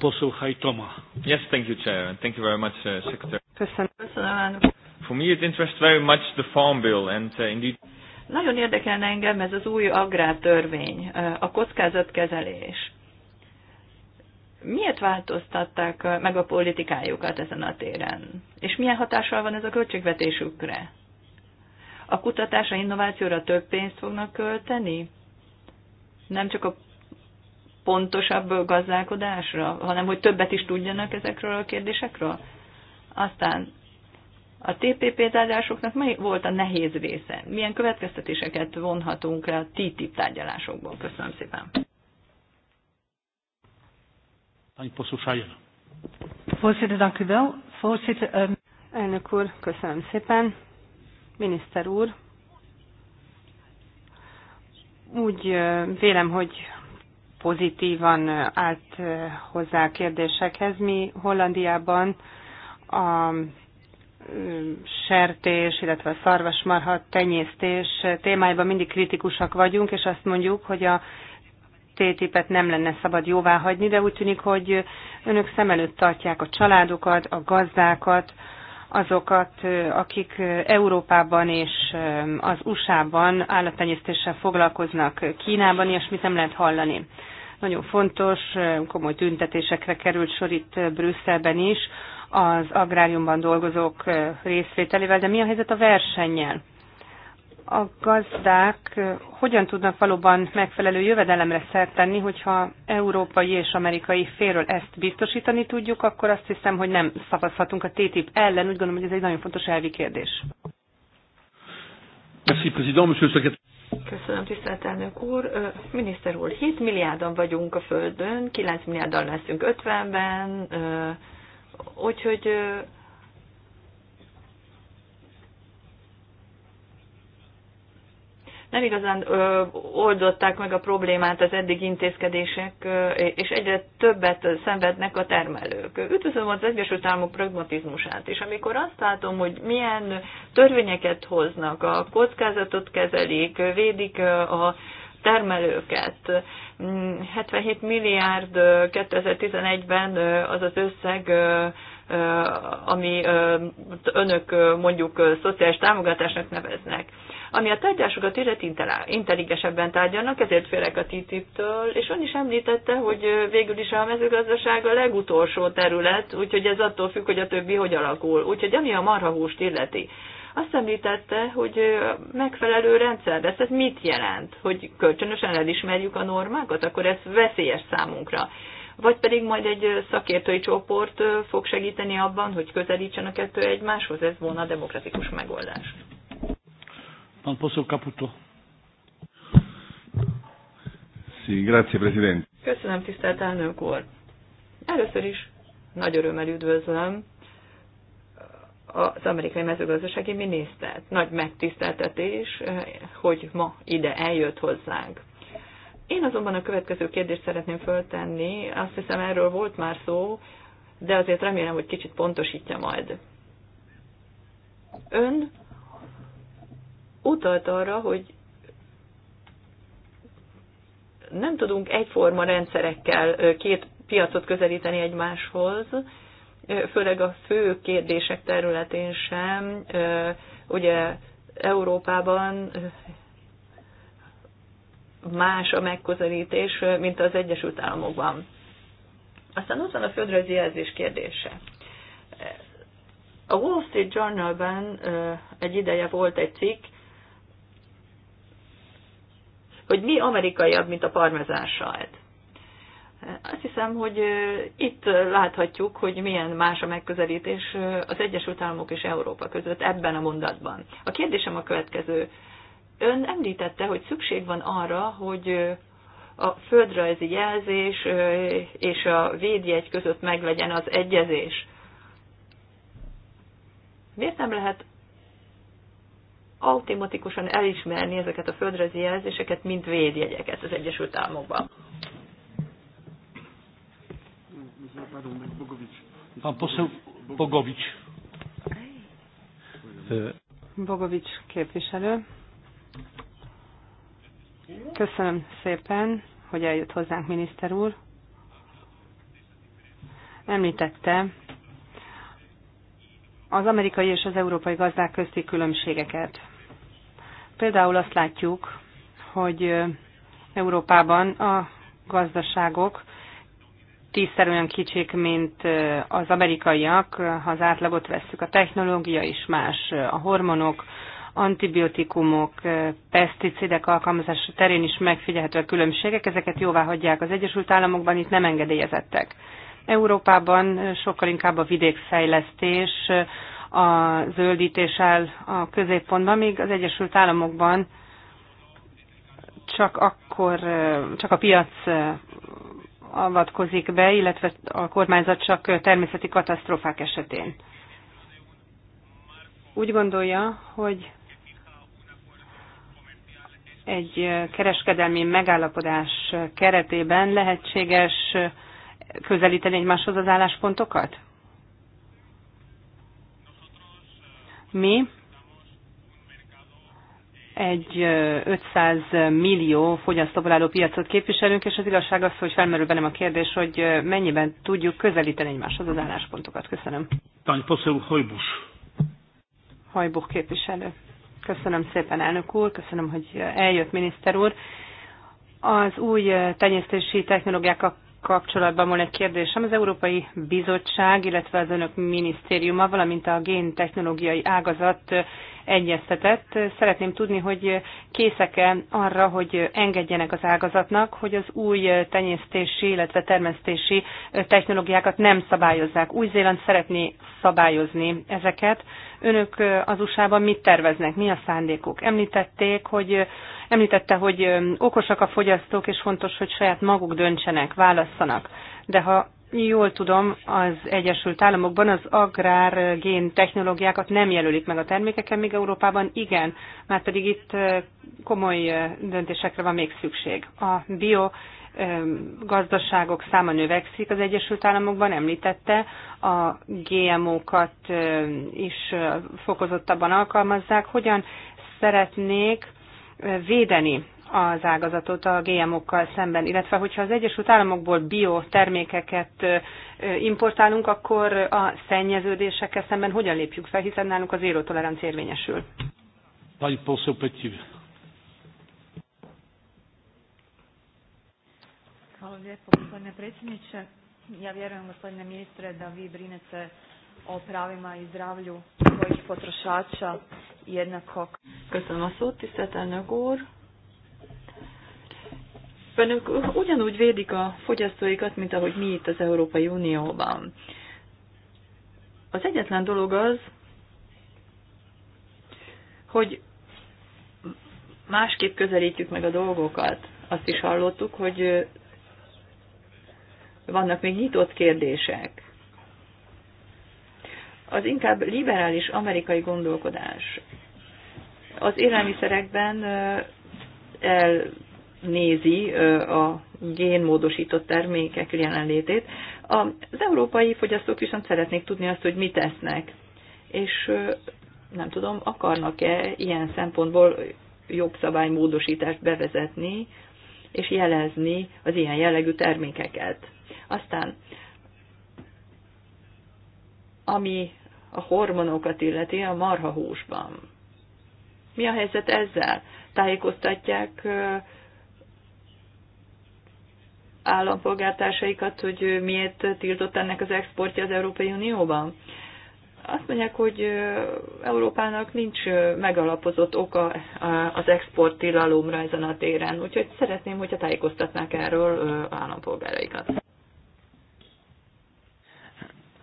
poseł Toma. Yes, thank you, Chair, thank you very much, uh, Secretary. Köszönöm. Köszönöm. For me it interests very much the Farm Bill, and uh, indeed... Nagyon érdekelne engem ez az új agrártörvény, uh, a kockázatkezelés. Miért változtatták uh, meg a politikájukat ezen a téren? És milyen hatással van ez a költségvetésükre? A a innovációra több pénzt fognak költeni? Nem csak a pontosabb gazdálkodásra, hanem hogy többet is tudjanak ezekről a kérdésekről? Aztán a TPP tárgyalásoknak mely volt a nehéz része? Milyen következtetéseket vonhatunk le a TTIP tárgyalásokból? Köszönöm szépen. Ehm, Elnök úr, köszönöm szépen. Miniszter úr, úgy ehm, vélem, hogy pozitívan állt hozzá a kérdésekhez. Mi Hollandiában a sertés, illetve a szarvasmarha tenyésztés témájában mindig kritikusak vagyunk, és azt mondjuk, hogy a tétipet nem lenne szabad jóvá hagyni, de úgy tűnik, hogy önök szem előtt tartják a családokat, a gazdákat, azokat, akik Európában és az USA-ban állattenyésztéssel foglalkoznak, Kínában ilyesmit nem lehet hallani. Nagyon fontos, komoly tüntetésekre került sor itt Brüsszelben is, az agráriumban dolgozók részvételével, de mi a helyzet a versennyel? a gazdák hogyan tudnak valóban megfelelő jövedelemre szert tenni, hogyha európai és amerikai félről ezt biztosítani tudjuk, akkor azt hiszem, hogy nem szavazhatunk a TTIP ellen. Úgy gondolom, hogy ez egy nagyon fontos elvi kérdés. Köszönöm, tisztelt elnök úr. Miniszter úr, 7 milliárdan vagyunk a Földön, 9 milliárdan leszünk 50-ben, úgyhogy nem igazán ö, oldották meg a problémát az eddig intézkedések, ö, és egyre többet szenvednek a termelők. Üdvözlöm az Egyesült Államok pragmatizmusát, és amikor azt látom, hogy milyen törvényeket hoznak, a kockázatot kezelik, védik a termelőket. Mm, 77 milliárd 2011-ben az az összeg ami önök mondjuk szociális támogatásnak neveznek. Ami a tárgyásokat illeti intelligesebben tárgyalnak, ezért félek a TTIP-től, és ön is említette, hogy végül is a mezőgazdaság a legutolsó terület, úgyhogy ez attól függ, hogy a többi hogy alakul. Úgyhogy ami a marhahúst illeti, azt említette, hogy megfelelő rendszer lesz. Ez mit jelent? Hogy kölcsönösen elismerjük a normákat? Akkor ez veszélyes számunkra vagy pedig majd egy szakértői csoport fog segíteni abban, hogy közelítsen a kettő egymáshoz, ez volna a demokratikus megoldás. Pan Caputo. Sí, grazie, Presidente. Köszönöm, tisztelt elnök úr. Először is nagy örömmel üdvözlöm az amerikai mezőgazdasági minisztert. Nagy megtiszteltetés, hogy ma ide eljött hozzánk. Én azonban a következő kérdést szeretném föltenni, azt hiszem erről volt már szó, de azért remélem, hogy kicsit pontosítja majd. Ön utalt arra, hogy nem tudunk egyforma rendszerekkel két piacot közelíteni egymáshoz, főleg a fő kérdések területén sem. Ugye Európában más a megközelítés, mint az Egyesült Államokban. Aztán ott van a földrajzi jelzés kérdése. A Wall Street Journalban egy ideje volt egy cikk, hogy mi amerikaiabb, mint a parmezán sajt. Azt hiszem, hogy itt láthatjuk, hogy milyen más a megközelítés az Egyesült Államok és Európa között ebben a mondatban. A kérdésem a következő. Ön említette, hogy szükség van arra, hogy a földrajzi jelzés és a védjegy között meglegyen az egyezés. Miért nem lehet automatikusan elismerni ezeket a földrajzi jelzéseket, mint védjegyeket az Egyesült Államokban? Pan poszol Bogovics. Bogovics képviselő. Köszönöm szépen, hogy eljött hozzánk, miniszter úr. Említette az amerikai és az európai gazdák közti különbségeket. Például azt látjuk, hogy Európában a gazdaságok tízszer olyan kicsik, mint az amerikaiak, ha az átlagot vesszük. A technológia is más, a hormonok, antibiotikumok, eh, peszticidek alkalmazása terén is a különbségek, ezeket jóvá hagyják az Egyesült Államokban, itt nem engedélyezettek. Európában eh, sokkal inkább a vidékfejlesztés, eh, a zöldítés áll a középpontban, míg az Egyesült Államokban csak akkor, csak a piac avatkozik be, illetve a kormányzat csak természeti katasztrófák esetén. Úgy gondolja, hogy egy kereskedelmi megállapodás keretében lehetséges közelíteni egymáshoz az álláspontokat? Mi egy 500 millió fogyasztóból álló piacot képviselünk, és az igazság az, hogy felmerül bennem a kérdés, hogy mennyiben tudjuk közelíteni egymáshoz az álláspontokat. Köszönöm. Pani Hajbus. Hojbusz. Hajbuch képviselő. Köszönöm szépen, elnök úr, köszönöm, hogy eljött, miniszter úr. Az új tenyésztési technológiák kapcsolatban van egy kérdésem. Az Európai Bizottság, illetve az önök minisztériuma, valamint a géntechnológiai ágazat egyeztetett. Szeretném tudni, hogy készek-e arra, hogy engedjenek az ágazatnak, hogy az új tenyésztési, illetve termesztési technológiákat nem szabályozzák. Új-Zéland szeretné szabályozni ezeket. Önök az USA-ban mit terveznek? Mi a szándékuk? Említették, hogy, említette, hogy okosak a fogyasztók, és fontos, hogy saját maguk döntsenek, válasszanak. De ha jól tudom, az Egyesült Államokban az agrár gén technológiákat nem jelölik meg a termékeken, míg Európában igen, mert pedig itt komoly döntésekre van még szükség. A bio gazdaságok száma növekszik az Egyesült Államokban, említette, a GMO-kat is fokozottabban alkalmazzák. Hogyan szeretnék védeni az ágazatot a GMO-kkal szemben, illetve hogyha az Egyesült Államokból biotermékeket importálunk, akkor a szennyeződésekkel szemben hogyan lépjük fel, hiszen nálunk az zéró tolerancia érvényesül. Hvala lijepo gospodine predsjedniče. Ja vjerujem gospodine ministre da vi brinete o pravima i zdravlju svojih potrošača jednako. Köszönöm a szót, tisztelt elnök úr! tulajdonképpen ők ugyanúgy védik a fogyasztóikat, mint ahogy mi itt az Európai Unióban. Az egyetlen dolog az, hogy másképp közelítjük meg a dolgokat. Azt is hallottuk, hogy vannak még nyitott kérdések. Az inkább liberális amerikai gondolkodás. Az élelmiszerekben el nézi a génmódosított termékek jelenlétét. Az európai fogyasztók viszont szeretnék tudni azt, hogy mit esznek. És nem tudom, akarnak-e ilyen szempontból jogszabálymódosítást bevezetni, és jelezni az ilyen jellegű termékeket. Aztán, ami a hormonokat illeti a marhahúsban. Mi a helyzet ezzel? Tájékoztatják állampolgártársaikat, hogy miért tiltott ennek az exportja az Európai Unióban? Azt mondják, hogy Európának nincs megalapozott oka az export tilalomra ezen a téren, úgyhogy szeretném, hogyha tájékoztatnák erről állampolgáraikat.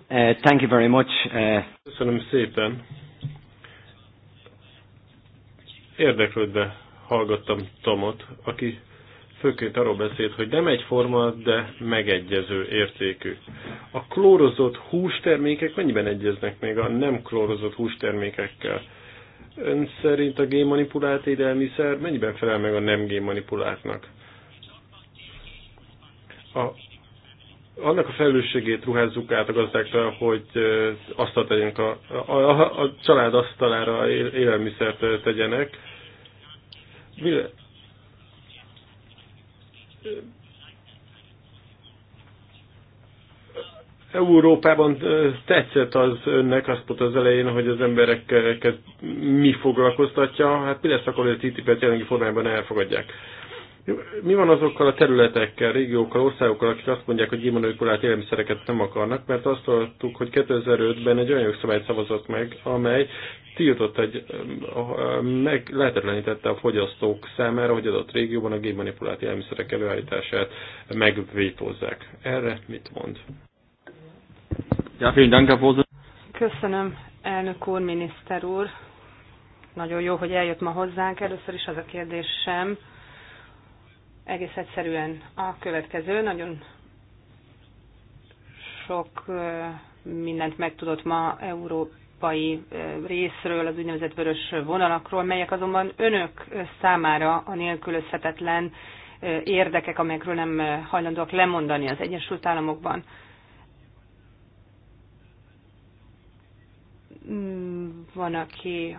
Uh, thank you very much. Uh... Köszönöm szépen. Érdeklődve hallgattam Tomot, aki főként arról beszélt, hogy nem egyforma, de megegyező értékű. A klórozott hústermékek mennyiben egyeznek még a nem klórozott hústermékekkel? Ön szerint a génmanipulált édelmiszer mennyiben felel meg a nem génmanipuláltnak? A, annak a felelősségét ruházzuk át a gazdákra, hogy azt tegyenek a, a, a, a család asztalára élelmiszert tegyenek. Európában tetszett az önnek, azt mondta az elején, hogy az embereket mi foglalkoztatja, hát mi lesz akkor, hogy a TTIP-et jelenlegi formájában elfogadják. Mi van azokkal a területekkel, régiókkal, országokkal, akik azt mondják, hogy immunikulált élelmiszereket nem akarnak, mert azt hallottuk, hogy 2005-ben egy olyan jogszabályt szavazott meg, amely tiltott egy, meg lehetetlenítette a fogyasztók számára, hogy adott régióban a génmanipulált élelmiszerek előállítását megvétózzák. Erre mit mond? Ja, Köszönöm, elnök úr, miniszter úr. Nagyon jó, hogy eljött ma hozzánk. Először is az a kérdésem, egész egyszerűen a következő. Nagyon sok mindent megtudott ma európai részről, az úgynevezett vörös vonalakról, melyek azonban önök számára a nélkülözhetetlen érdekek, amelyekről nem hajlandóak lemondani az Egyesült Államokban. Van, aki,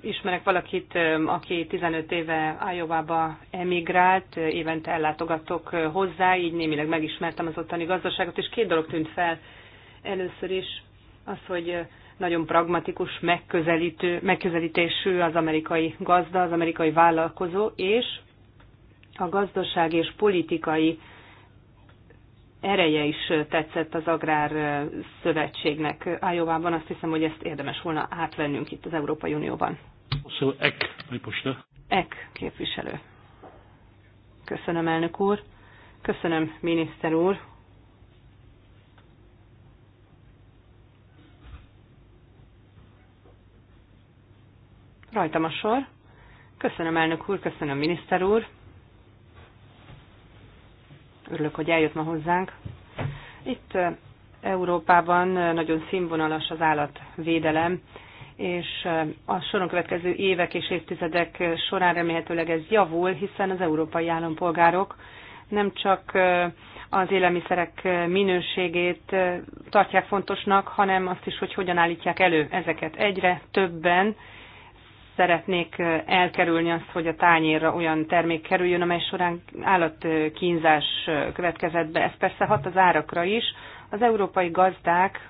ismerek valakit, aki 15 éve Ájovába emigrált, évente ellátogatok hozzá, így némileg megismertem az ottani gazdaságot, és két dolog tűnt fel. Először is az, hogy nagyon pragmatikus megközelítő, megközelítésű az amerikai gazda, az amerikai vállalkozó, és a gazdaság és politikai ereje is tetszett az Agrár Szövetségnek Ájovában. Azt hiszem, hogy ezt érdemes volna átvennünk itt az Európai Unióban. Ek, Ek képviselő. Köszönöm, elnök úr. Köszönöm, miniszter úr. Rajtam a sor. Köszönöm, elnök úr, köszönöm, miniszter úr. Örülök, hogy eljött ma hozzánk. Itt Európában nagyon színvonalas az állatvédelem, és a soron következő évek és évtizedek során remélhetőleg ez javul, hiszen az európai állampolgárok nem csak az élelmiszerek minőségét tartják fontosnak, hanem azt is, hogy hogyan állítják elő ezeket. Egyre többen szeretnék elkerülni azt, hogy a tányérra olyan termék kerüljön, amely során állatkínzás következett be. Ez persze hat az árakra is. Az európai gazdák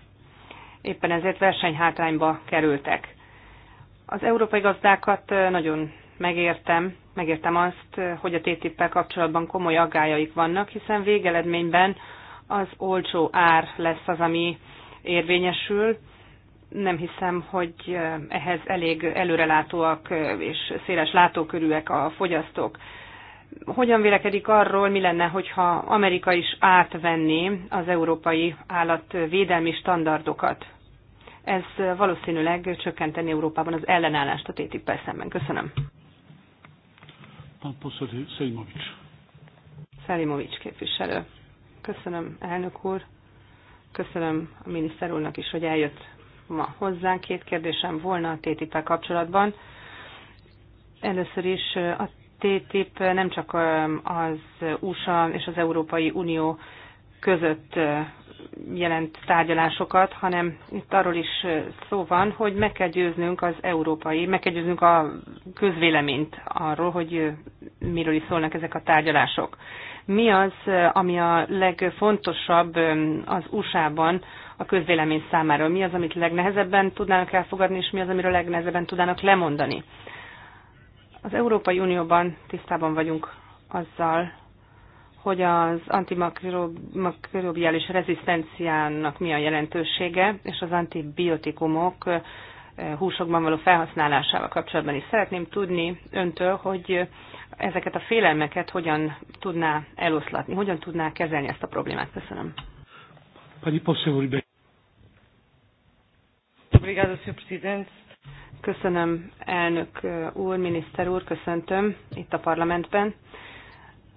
éppen ezért versenyhátrányba kerültek. Az európai gazdákat nagyon megértem, megértem azt, hogy a TTIP-pel kapcsolatban komoly aggájaik vannak, hiszen végeledményben az olcsó ár lesz az, ami érvényesül, nem hiszem, hogy ehhez elég előrelátóak és széles látókörűek a fogyasztók. Hogyan vélekedik arról, mi lenne, hogyha Amerika is átvenné az európai állatvédelmi standardokat? Ez valószínűleg csökkenteni Európában az ellenállást a ttip szemben. Köszönöm. Pán Szelimovics. Szelimovics képviselő. Köszönöm, elnök úr. Köszönöm a miniszter úrnak is, hogy eljött ma hozzánk. Két kérdésem volna a ttip kapcsolatban. Először is a TTIP nem csak az USA és az Európai Unió között jelent tárgyalásokat, hanem itt arról is szó van, hogy meg kell győznünk az európai, meg kell győznünk a közvéleményt arról, hogy miről is szólnak ezek a tárgyalások. Mi az, ami a legfontosabb az USA-ban a közvélemény számára? Mi az, amit legnehezebben tudnának elfogadni, és mi az, amiről legnehezebben tudnának lemondani? Az Európai Unióban tisztában vagyunk azzal, hogy az antimikrobiális rezisztenciának mi a jelentősége, és az antibiotikumok eh, húsokban való felhasználásával kapcsolatban is. Szeretném tudni öntől, hogy ezeket a félelmeket hogyan tudná eloszlatni, hogyan tudná kezelni ezt a problémát. Köszönöm. Pani poseł Ribeiro. Obrigada, Sr. Presidente. Köszönöm, elnök uh, úr, miniszter úr, köszöntöm itt a parlamentben.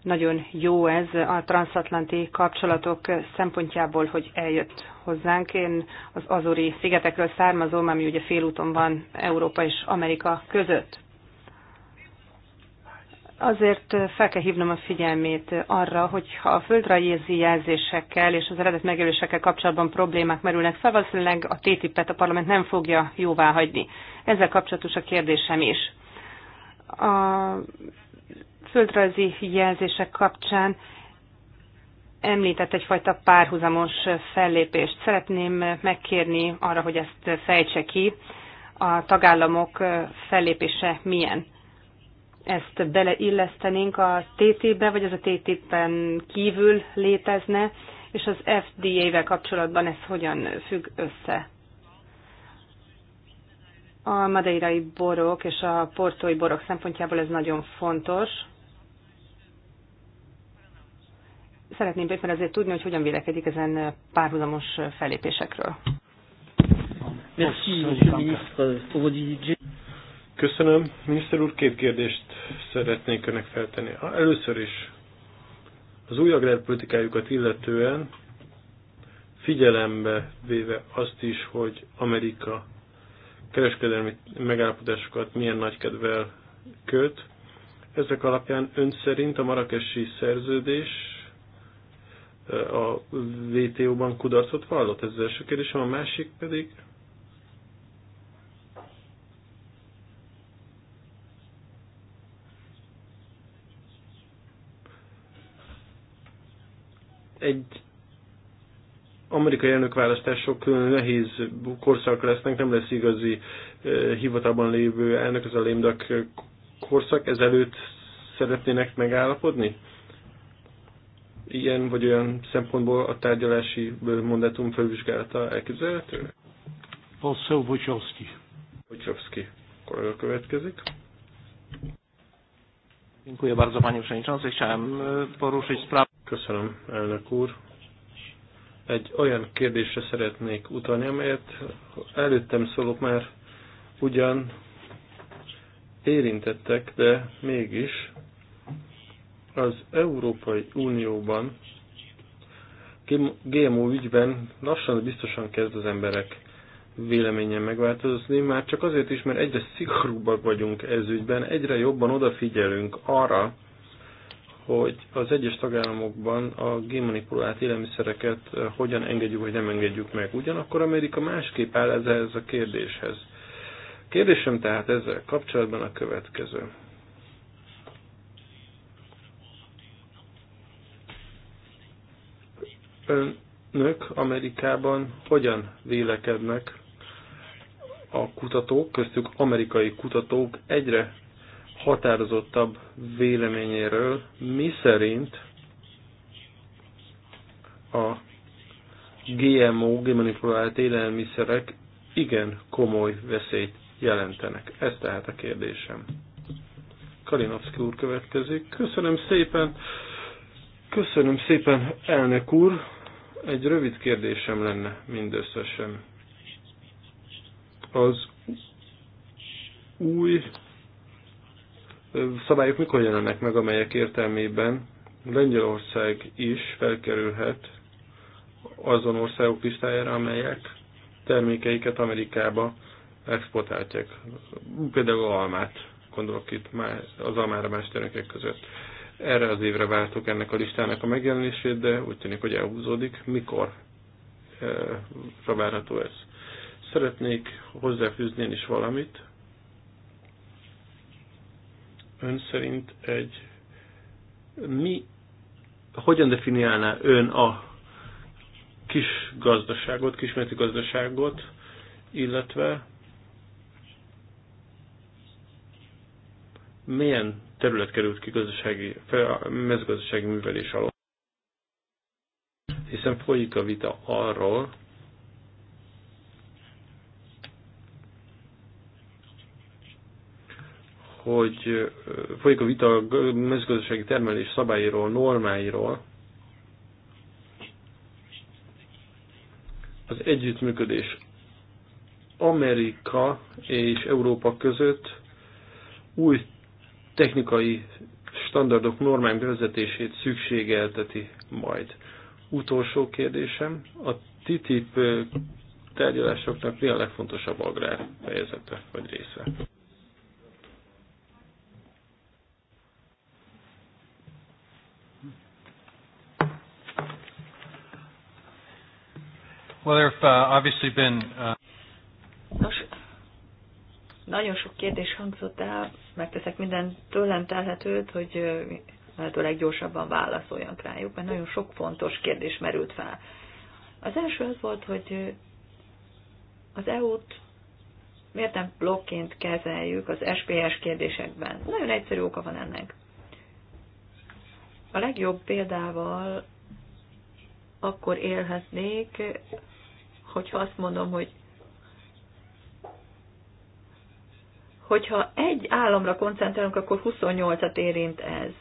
Nagyon jó ez a transatlanti kapcsolatok szempontjából, hogy eljött hozzánk. Én az Azori szigetekről származom, ami ugye félúton van Európa és Amerika között. Azért fel kell hívnom a figyelmét arra, hogy ha a földrajzi jelzésekkel és az eredet megjelölésekkel kapcsolatban problémák merülnek fel, valószínűleg a TTIP-et a parlament nem fogja jóvá hagyni. Ezzel kapcsolatos a kérdésem is. A földrajzi jelzések kapcsán említett egyfajta párhuzamos fellépést. Szeretném megkérni arra, hogy ezt fejtse ki, a tagállamok fellépése milyen ezt beleillesztenénk a tt be vagy ez a TT-ben kívül létezne, és az FDA-vel kapcsolatban ez hogyan függ össze? A madeirai borok és a portói borok szempontjából ez nagyon fontos. Szeretném éppen azért tudni, hogy hogyan vélekedik ezen párhuzamos fellépésekről. Köszönöm. Köszönöm. Miniszter úr, két kérdést szeretnék önnek feltenni. Először is az új agrárpolitikájukat illetően figyelembe véve azt is, hogy Amerika kereskedelmi megállapodásokat milyen nagy kedvel köt, ezek alapján ön szerint a marakesi szerződés eh, a WTO-ban kudarcot vallott? Ez az első kérdésem, a másik pedig egy amerikai elnökválasztások nehéz korszak lesznek, nem lesz igazi eh, hivatalban lévő elnök, ez a lémdak korszak, ezelőtt szeretnének megállapodni? Ilyen vagy olyan szempontból a tárgyalási mondatum felvizsgálata elképzelhető? Poseł Wojciechowski. Wojciechowski. Kolega következik. Dziękuję bardzo Panie Przewodniczący. Chciałem e, poruszyć sprawę. Köszönöm, elnök úr. Egy olyan kérdésre szeretnék utalni, amelyet előttem szólok már ugyan érintettek, de mégis az Európai Unióban GMO ügyben lassan, biztosan kezd az emberek véleménye megváltozni, már csak azért is, mert egyre szigorúbbak vagyunk ez ügyben, egyre jobban odafigyelünk arra, hogy az egyes tagállamokban a génmanipulált élelmiszereket eh, hogyan engedjük, vagy nem engedjük meg. Ugyanakkor Amerika másképp áll ez a kérdéshez. Kérdésem tehát ezzel kapcsolatban a következő. Önök Amerikában hogyan vélekednek a kutatók, köztük amerikai kutatók egyre határozottabb véleményéről, mi szerint a GMO, genmanipulált élelmiszerek igen komoly veszélyt jelentenek. Ez tehát a kérdésem. Kalinowski úr következik. Köszönöm szépen, köszönöm szépen, elnök úr. Egy rövid kérdésem lenne mindösszesen. Az új szabályok mikor jelennek meg, amelyek értelmében Lengyelország is felkerülhet azon országok listájára, amelyek termékeiket Amerikába exportálják. Például almát, gondolok itt az almára más termékek között. Erre az évre vártuk ennek a listának a megjelenését, de úgy tűnik, hogy elhúzódik. Mikor e, várható ez? Szeretnék hozzáfűzni én is valamit ön szerint egy mi, hogyan definiálná ön a kis gazdaságot, kismértű gazdaságot, illetve milyen terület került ki gazdasági, mezőgazdasági művelés alól? Hiszen folyik a vita arról, hogy folyik a vita a mezőgazdasági termelés szabályról, normáiról, az együttműködés Amerika és Európa között új technikai standardok, normák vezetését szükségelteti majd. Utolsó kérdésem, a TTIP tárgyalásoknak mi a legfontosabb agrár fejezete vagy része? Well, there have uh, obviously been. Uh... Nos, nagyon sok kérdés hangzott el, megteszek minden tőlem telhetőt, hogy lehetőleg gyorsabban válaszoljak rájuk, mert nagyon sok fontos kérdés merült fel. Az első az volt, hogy az EU-t miért nem blokként kezeljük az SPS kérdésekben. Nagyon egyszerű oka van ennek. A legjobb példával akkor élhetnék, hogyha azt mondom, hogy hogyha egy államra koncentrálunk, akkor 28-at érint ez.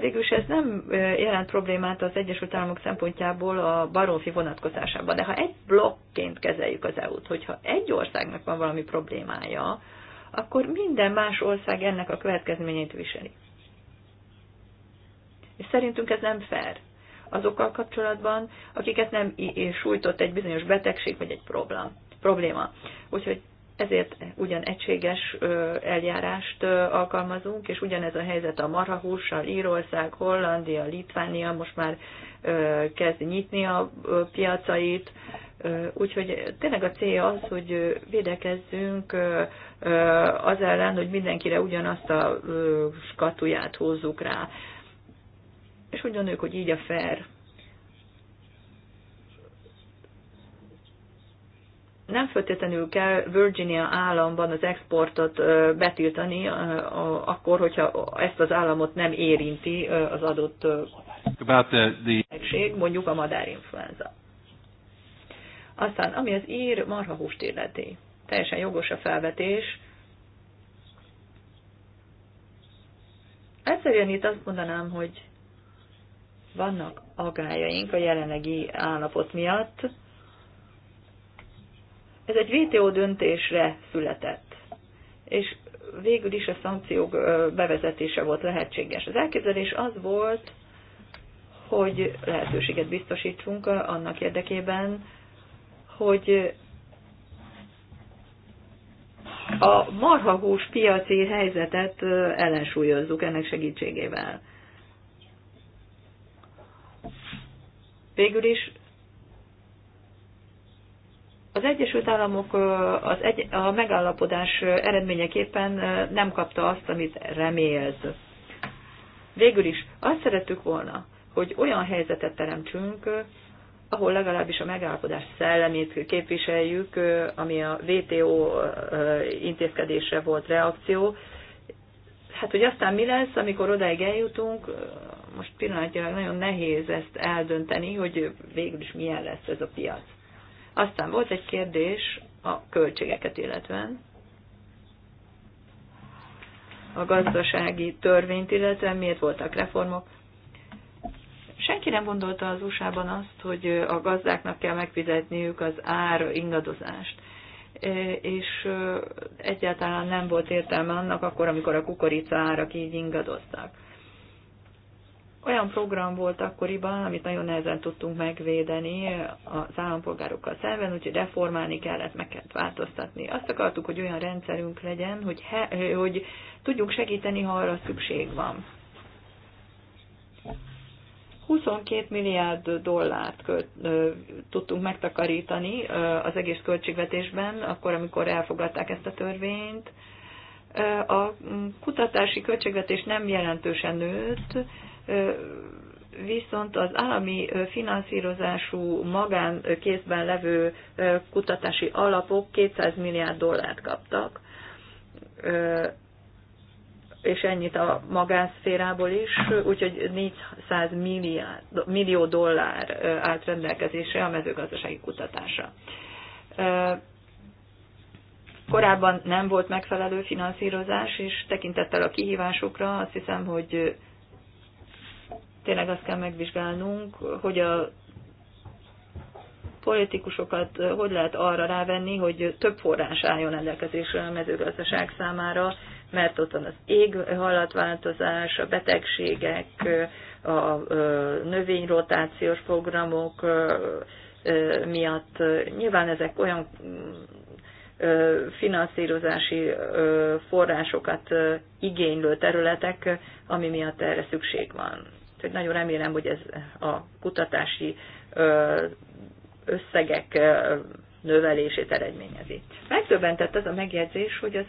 Végülis ez nem jelent problémát az Egyesült Államok szempontjából a baromfi vonatkozásában, de ha egy blokként kezeljük az EU-t, hogyha egy országnak van valami problémája, akkor minden más ország ennek a következményét viseli. És szerintünk ez nem fair azokkal kapcsolatban, akiket nem sújtott egy bizonyos betegség vagy egy probléma. Úgyhogy ezért ugyan egységes eljárást alkalmazunk, és ugyanez a helyzet a marhahússal, Írország, Hollandia, Litvánia most már kezd nyitni a piacait, úgyhogy tényleg a célja az, hogy védekezzünk az ellen, hogy mindenkire ugyanazt a skatuját hozzuk rá és úgy gondoljuk, hogy így a fair. Nem feltétlenül kell Virginia államban az exportot betiltani, akkor, hogyha ezt az államot nem érinti az adott egység mondjuk a madárinfluenza. Aztán, ami az ír marhahúst illeti. Teljesen jogos a felvetés. Egyszerűen itt azt mondanám, hogy vannak agályaink a jelenlegi állapot miatt. Ez egy VTO döntésre született, és végül is a szankciók bevezetése volt lehetséges. Az elképzelés az volt, hogy lehetőséget biztosítsunk annak érdekében, hogy a marhahús piaci helyzetet ellensúlyozzuk ennek segítségével. Végül is az Egyesült Államok az egy, a megállapodás eredményeképpen nem kapta azt, amit remélt. Végül is azt szerettük volna, hogy olyan helyzetet teremtsünk, ahol legalábbis a megállapodás szellemét képviseljük, ami a WTO intézkedésre volt reakció. Hát, hogy aztán mi lesz, amikor odáig eljutunk, most pillanatilag nagyon nehéz ezt eldönteni, hogy végül is milyen lesz ez a piac. Aztán volt egy kérdés a költségeket illetően, a gazdasági törvényt illetően, miért voltak reformok. Senki nem gondolta az USA-ban azt, hogy a gazdáknak kell megfizetniük az ár ingadozást e, és egyáltalán nem volt értelme annak akkor, amikor a kukorica árak így ingadoztak olyan program volt akkoriban, amit nagyon nehezen tudtunk megvédeni az állampolgárokkal szemben, úgyhogy reformálni kellett, meg kellett változtatni. Azt akartuk, hogy olyan rendszerünk legyen, hogy, he, hogy tudjuk segíteni, ha arra szükség van. 22 milliárd dollárt költ, ö, tudtunk megtakarítani ö, az egész költségvetésben, akkor, amikor elfogadták ezt a törvényt. a kutatási költségvetés nem jelentősen nőtt, viszont az állami finanszírozású kézben levő kutatási alapok 200 milliárd dollárt kaptak, és ennyit a magánszférából is, úgyhogy 400 milliárd, millió dollár állt rendelkezésre a mezőgazdasági kutatásra. Korábban nem volt megfelelő finanszírozás, és tekintettel a kihívásokra azt hiszem, hogy tényleg azt kell megvizsgálnunk, hogy a politikusokat eh, hogy lehet arra rávenni, hogy több forrás álljon rendelkezésre a mezőgazdaság számára, mert ott van az éghalatváltozás, a betegségek, eh, a eh, növényrotációs programok miatt. Nyilván ezek olyan mm, finanszírozási forrásokat igénylő területek, ami miatt erre szükség van. Úgyhogy nagyon remélem, hogy ez a kutatási összegek növelését eredményezi. Megdöbbentett az a megjegyzés, hogy az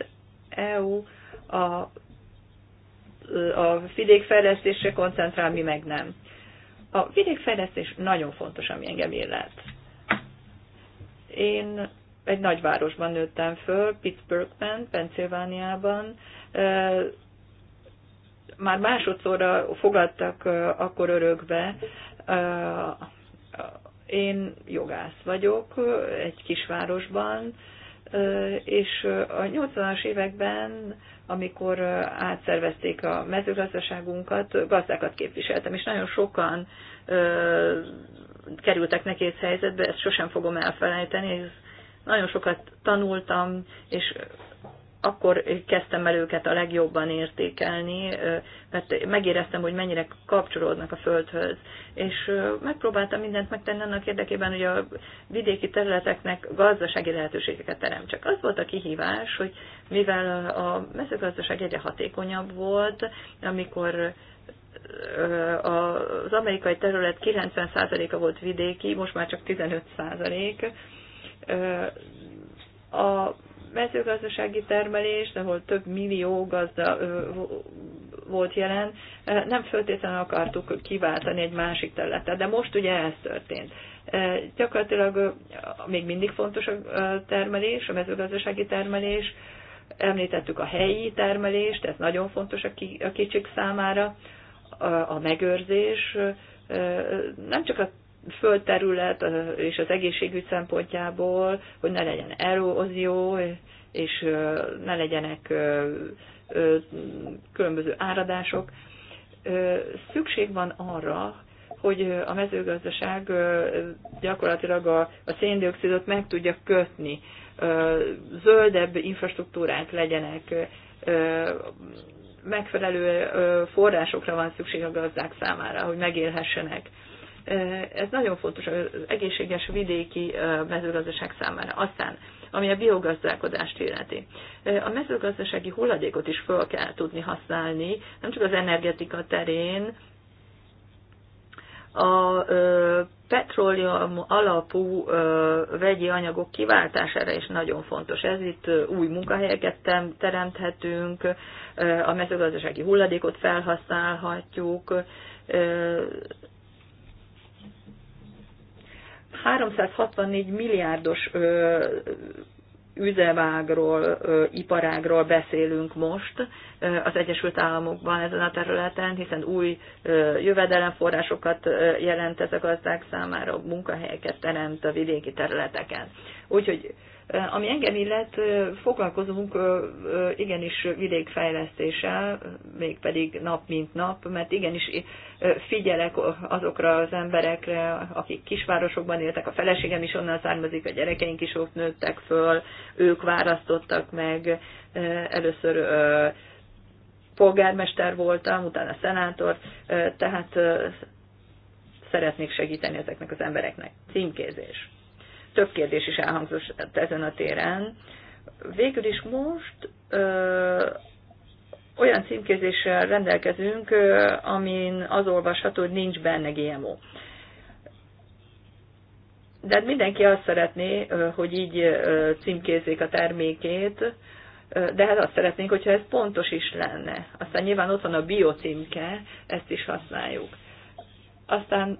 EU a a vidékfejlesztésre koncentrál, mi meg nem. A vidékfejlesztés nagyon fontos, ami engem illet. Én egy nagyvárosban nőttem föl, Pittsburghben, Pennsylvániában, már másodszorra fogadtak akkor örökbe. Én jogász vagyok egy kisvárosban, és a 80-as években, amikor átszervezték a mezőgazdaságunkat, gazdákat képviseltem, és nagyon sokan kerültek nekész helyzetbe, ezt sosem fogom elfelejteni, nagyon sokat tanultam, és akkor kezdtem el őket a legjobban értékelni, mert megéreztem, hogy mennyire kapcsolódnak a földhöz. És megpróbáltam mindent megtenni annak érdekében, hogy a vidéki területeknek gazdasági lehetőségeket teremtsek. Az volt a kihívás, hogy mivel a mezőgazdaság egyre hatékonyabb volt, amikor az amerikai terület 90%-a volt vidéki, most már csak 15%, a mezőgazdasági termelés, ahol több millió gazda volt jelen, nem föltétlenül akartuk kiváltani egy másik területet, de most ugye ez történt. Gyakorlatilag még mindig fontos a termelés, a mezőgazdasági termelés, említettük a helyi termelést, ez nagyon fontos a kicsik számára, a megőrzés, nem csak a földterület és az egészségügy szempontjából, hogy ne legyen erózió, és ne legyenek különböző áradások. Szükség van arra, hogy a mezőgazdaság gyakorlatilag a, a széndiokszidot meg tudja kötni, zöldebb infrastruktúrák legyenek, megfelelő forrásokra van szükség a gazdák számára, hogy megélhessenek. Eh, ez nagyon fontos az egészséges vidéki eh, mezőgazdaság számára. Aztán, ami a biogazdálkodást illeti. Eh, a mezőgazdasági hulladékot is föl kell tudni használni, nem csak az energetika terén, a ö, petróleum alapú ö, vegyi anyagok kiváltására is nagyon fontos. Ez itt új munkahelyeket teremthetünk, ö, a mezőgazdasági hulladékot felhasználhatjuk, ö, 364 milliárdos ö, iparágról beszélünk most az Egyesült Államokban ezen a területen, hiszen új jövedelemforrásokat jelent ez a gazdák számára, munkahelyeket teremt a vidéki területeken. Úgyhogy ami engem illet, foglalkozunk igenis vidékfejlesztéssel, mégpedig nap mint nap, mert igenis figyelek azokra az emberekre, akik kisvárosokban éltek, a feleségem is onnan származik, a gyerekeink is ott nőttek föl, ők választottak meg először polgármester voltam, utána szenátor, tehát szeretnék segíteni ezeknek az embereknek. Címkézés több kérdés is elhangzott ezen a téren. Végül is most ö, olyan címkézéssel rendelkezünk, ö, amin az olvasható, hogy nincs benne GMO. De hát mindenki azt szeretné, ö, hogy így ö, címkézzék a termékét, de hát azt szeretnénk, hogyha ez pontos is lenne. Aztán nyilván ott van a biocímke, ezt is használjuk. Aztán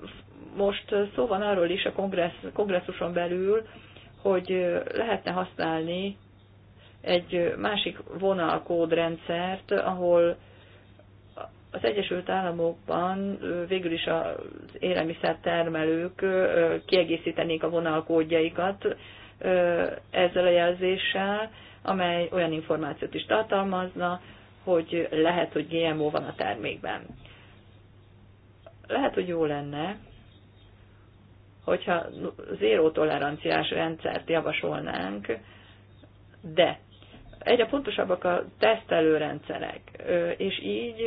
most szó van arról is a kongressz, kongresszuson belül, hogy lehetne használni egy másik vonalkódrendszert, ahol az Egyesült Államokban végül is az élelmiszertermelők kiegészítenék a vonalkódjaikat ezzel a jelzéssel, amely olyan információt is tartalmazna, hogy lehet, hogy GMO van a termékben. Lehet, hogy jó lenne, hogyha zéró toleranciás rendszert javasolnánk, de egyre pontosabbak a tesztelő rendszerek, és így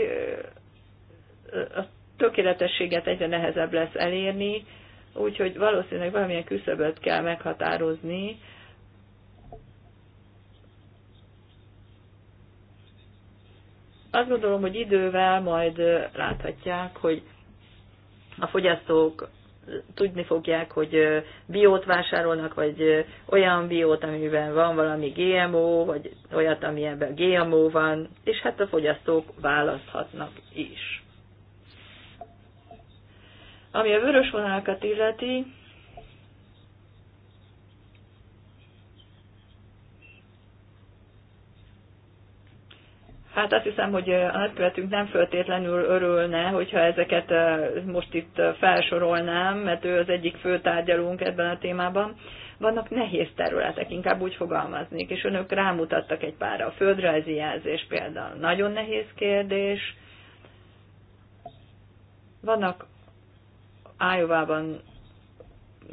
a tökéletességet egyre nehezebb lesz elérni, úgyhogy valószínűleg valamilyen küszöböt kell meghatározni, azt gondolom, hogy idővel majd láthatják, hogy a fogyasztók tudni fogják, hogy biót vásárolnak, vagy olyan biót, amiben van valami GMO, vagy olyat, amiben GMO van, és hát a fogyasztók választhatnak is. Ami a vörös vonalakat illeti, Hát azt hiszem, hogy a nagykövetünk nem föltétlenül örülne, hogyha ezeket most itt felsorolnám, mert ő az egyik fő tárgyalunk ebben a témában. Vannak nehéz területek, inkább úgy fogalmaznék, és önök rámutattak egy pár A földrajzi jelzés például nagyon nehéz kérdés. Vannak iowa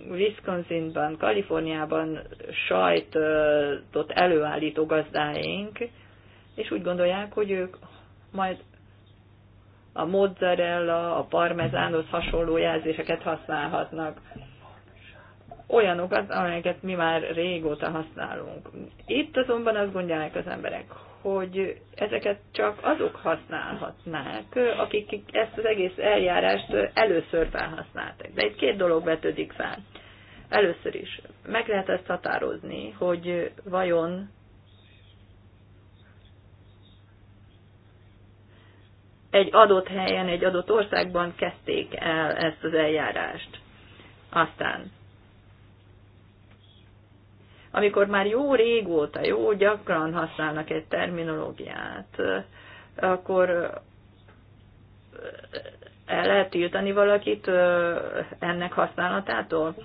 Wisconsinban, Kaliforniában sajtot előállító gazdáink, és úgy gondolják, hogy ők majd a mozzarella, a parmezánhoz hasonló jelzéseket használhatnak. Olyanokat, amelyeket mi már régóta használunk. Itt azonban azt gondolják az emberek, hogy ezeket csak azok használhatnák, akik ezt az egész eljárást először felhasználták. De itt két dolog vetődik fel. Először is meg lehet ezt határozni, hogy vajon egy adott helyen, egy adott országban kezdték el ezt az eljárást. Aztán, amikor már jó régóta, jó gyakran használnak egy terminológiát, akkor eh, el lehet tiltani valakit eh, ennek használatától?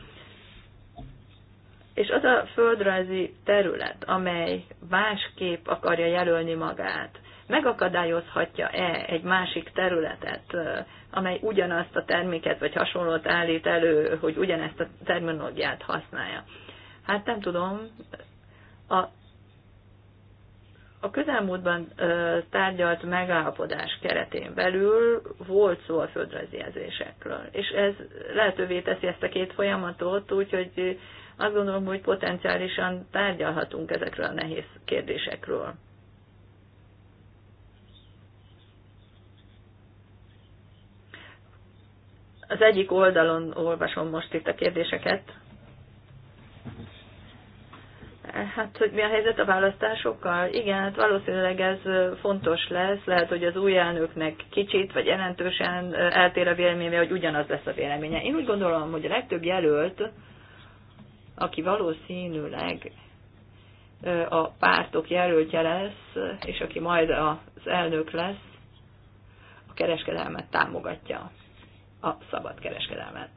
És az a földrajzi terület, amely másképp akarja jelölni magát, megakadályozhatja-e egy másik területet, amely ugyanazt a terméket vagy hasonlót állít elő, hogy ugyanezt a terminológiát használja. Hát nem tudom, a, a közelmúltban ö, tárgyalt megállapodás keretén belül volt szó a földrajzjelzésekről, és ez lehetővé teszi ezt a két folyamatot, úgyhogy azt gondolom, hogy potenciálisan tárgyalhatunk ezekről a nehéz kérdésekről. az egyik oldalon olvasom most itt a kérdéseket. Hát, hogy mi a helyzet a választásokkal? Igen, hát valószínűleg ez fontos lesz. Lehet, hogy az új elnöknek kicsit vagy jelentősen eltér a véleménye, hogy ugyanaz lesz a véleménye. Én úgy gondolom, hogy a legtöbb jelölt, aki valószínűleg a pártok jelöltje lesz, és aki majd az elnök lesz, a kereskedelmet támogatja a szabad kereskedelmet.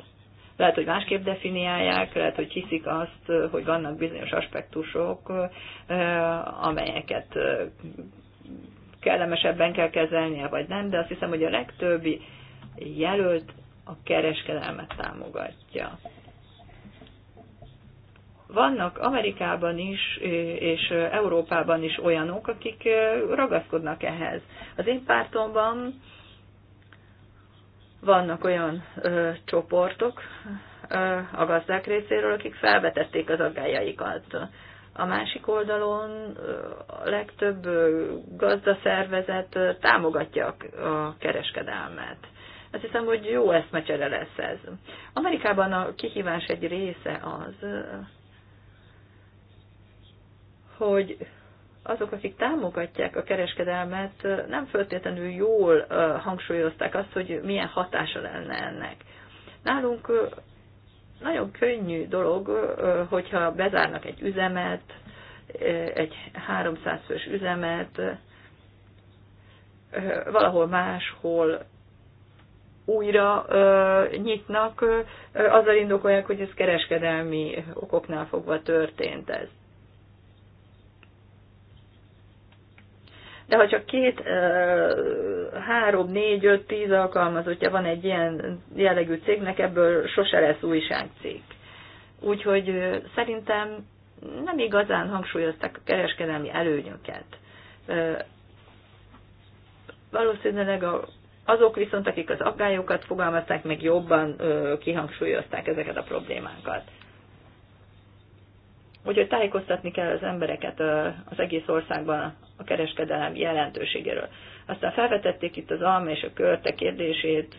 Lehet, hogy másképp definiálják, lehet, hogy hiszik azt, hogy vannak bizonyos aspektusok, amelyeket kellemesebben kell kezelnie, vagy nem, de azt hiszem, hogy a legtöbbi jelölt a kereskedelmet támogatja. Vannak Amerikában is, és Európában is olyanok, akik ragaszkodnak ehhez. Az én pártomban vannak olyan ö, csoportok ö, a gazdák részéről, akik felvetették az aggájaikat. A másik oldalon a legtöbb gazdaszervezet támogatja a kereskedelmet. Azt hiszem, hogy jó eszmecsere lesz ez. Amerikában a kihívás egy része az, hogy azok, akik támogatják a kereskedelmet, nem feltétlenül jól hangsúlyozták azt, hogy milyen hatása lenne ennek. Nálunk nagyon könnyű dolog, hogyha bezárnak egy üzemet, egy 300 fős üzemet, valahol máshol újra ö, nyitnak, ö, azzal indokolják, hogy ez kereskedelmi okoknál fogva történt ez. de ha csak két, három, négy, öt, tíz alkalmazottja van egy ilyen jellegű cégnek, ebből sose lesz újságcég. Úgyhogy szerintem nem igazán hangsúlyozták a kereskedelmi előnyöket. Valószínűleg azok viszont, akik az aggályokat fogalmazták, meg jobban kihangsúlyozták ezeket a problémákat. Úgyhogy tájékoztatni kell az embereket az egész országban a kereskedelem jelentőségéről. Aztán felvetették itt az alma és a körte kérdését.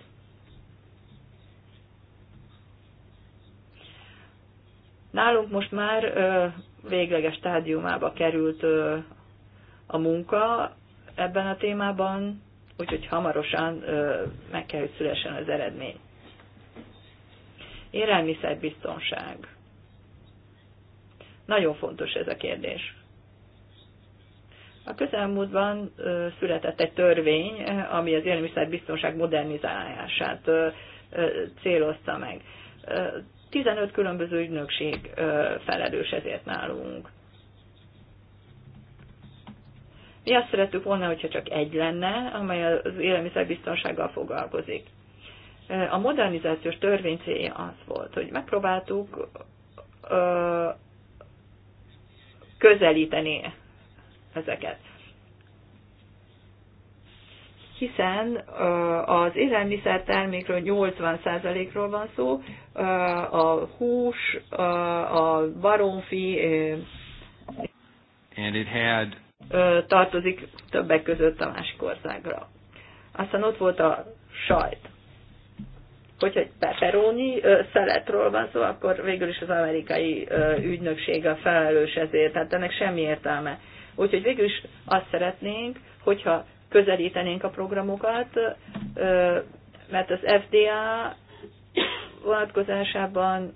Nálunk most már végleges stádiumába került a munka ebben a témában, úgyhogy hamarosan meg kell, hogy szülessen az eredmény. Élelmiszerbiztonság. Nagyon fontos ez a kérdés. A közelmúltban született egy törvény, ami az élelmiszerbiztonság modernizálását célozta meg. 15 különböző ügynökség felelős ezért nálunk. Mi azt szerettük volna, hogyha csak egy lenne, amely az élelmiszerbiztonsággal foglalkozik. A modernizációs törvény célja az volt, hogy megpróbáltuk közelíteni ezeket. Hiszen az élelmiszer termékről 80%-ról van szó, a hús, a baromfi tartozik többek között a másik országra. Aztán ott volt a sajt hogyha egy peperóni szeletről van szó, akkor végül is az amerikai ügynökség a felelős ezért, tehát ennek semmi értelme. Úgyhogy végül is azt szeretnénk, hogyha közelítenénk a programokat, mert az FDA vonatkozásában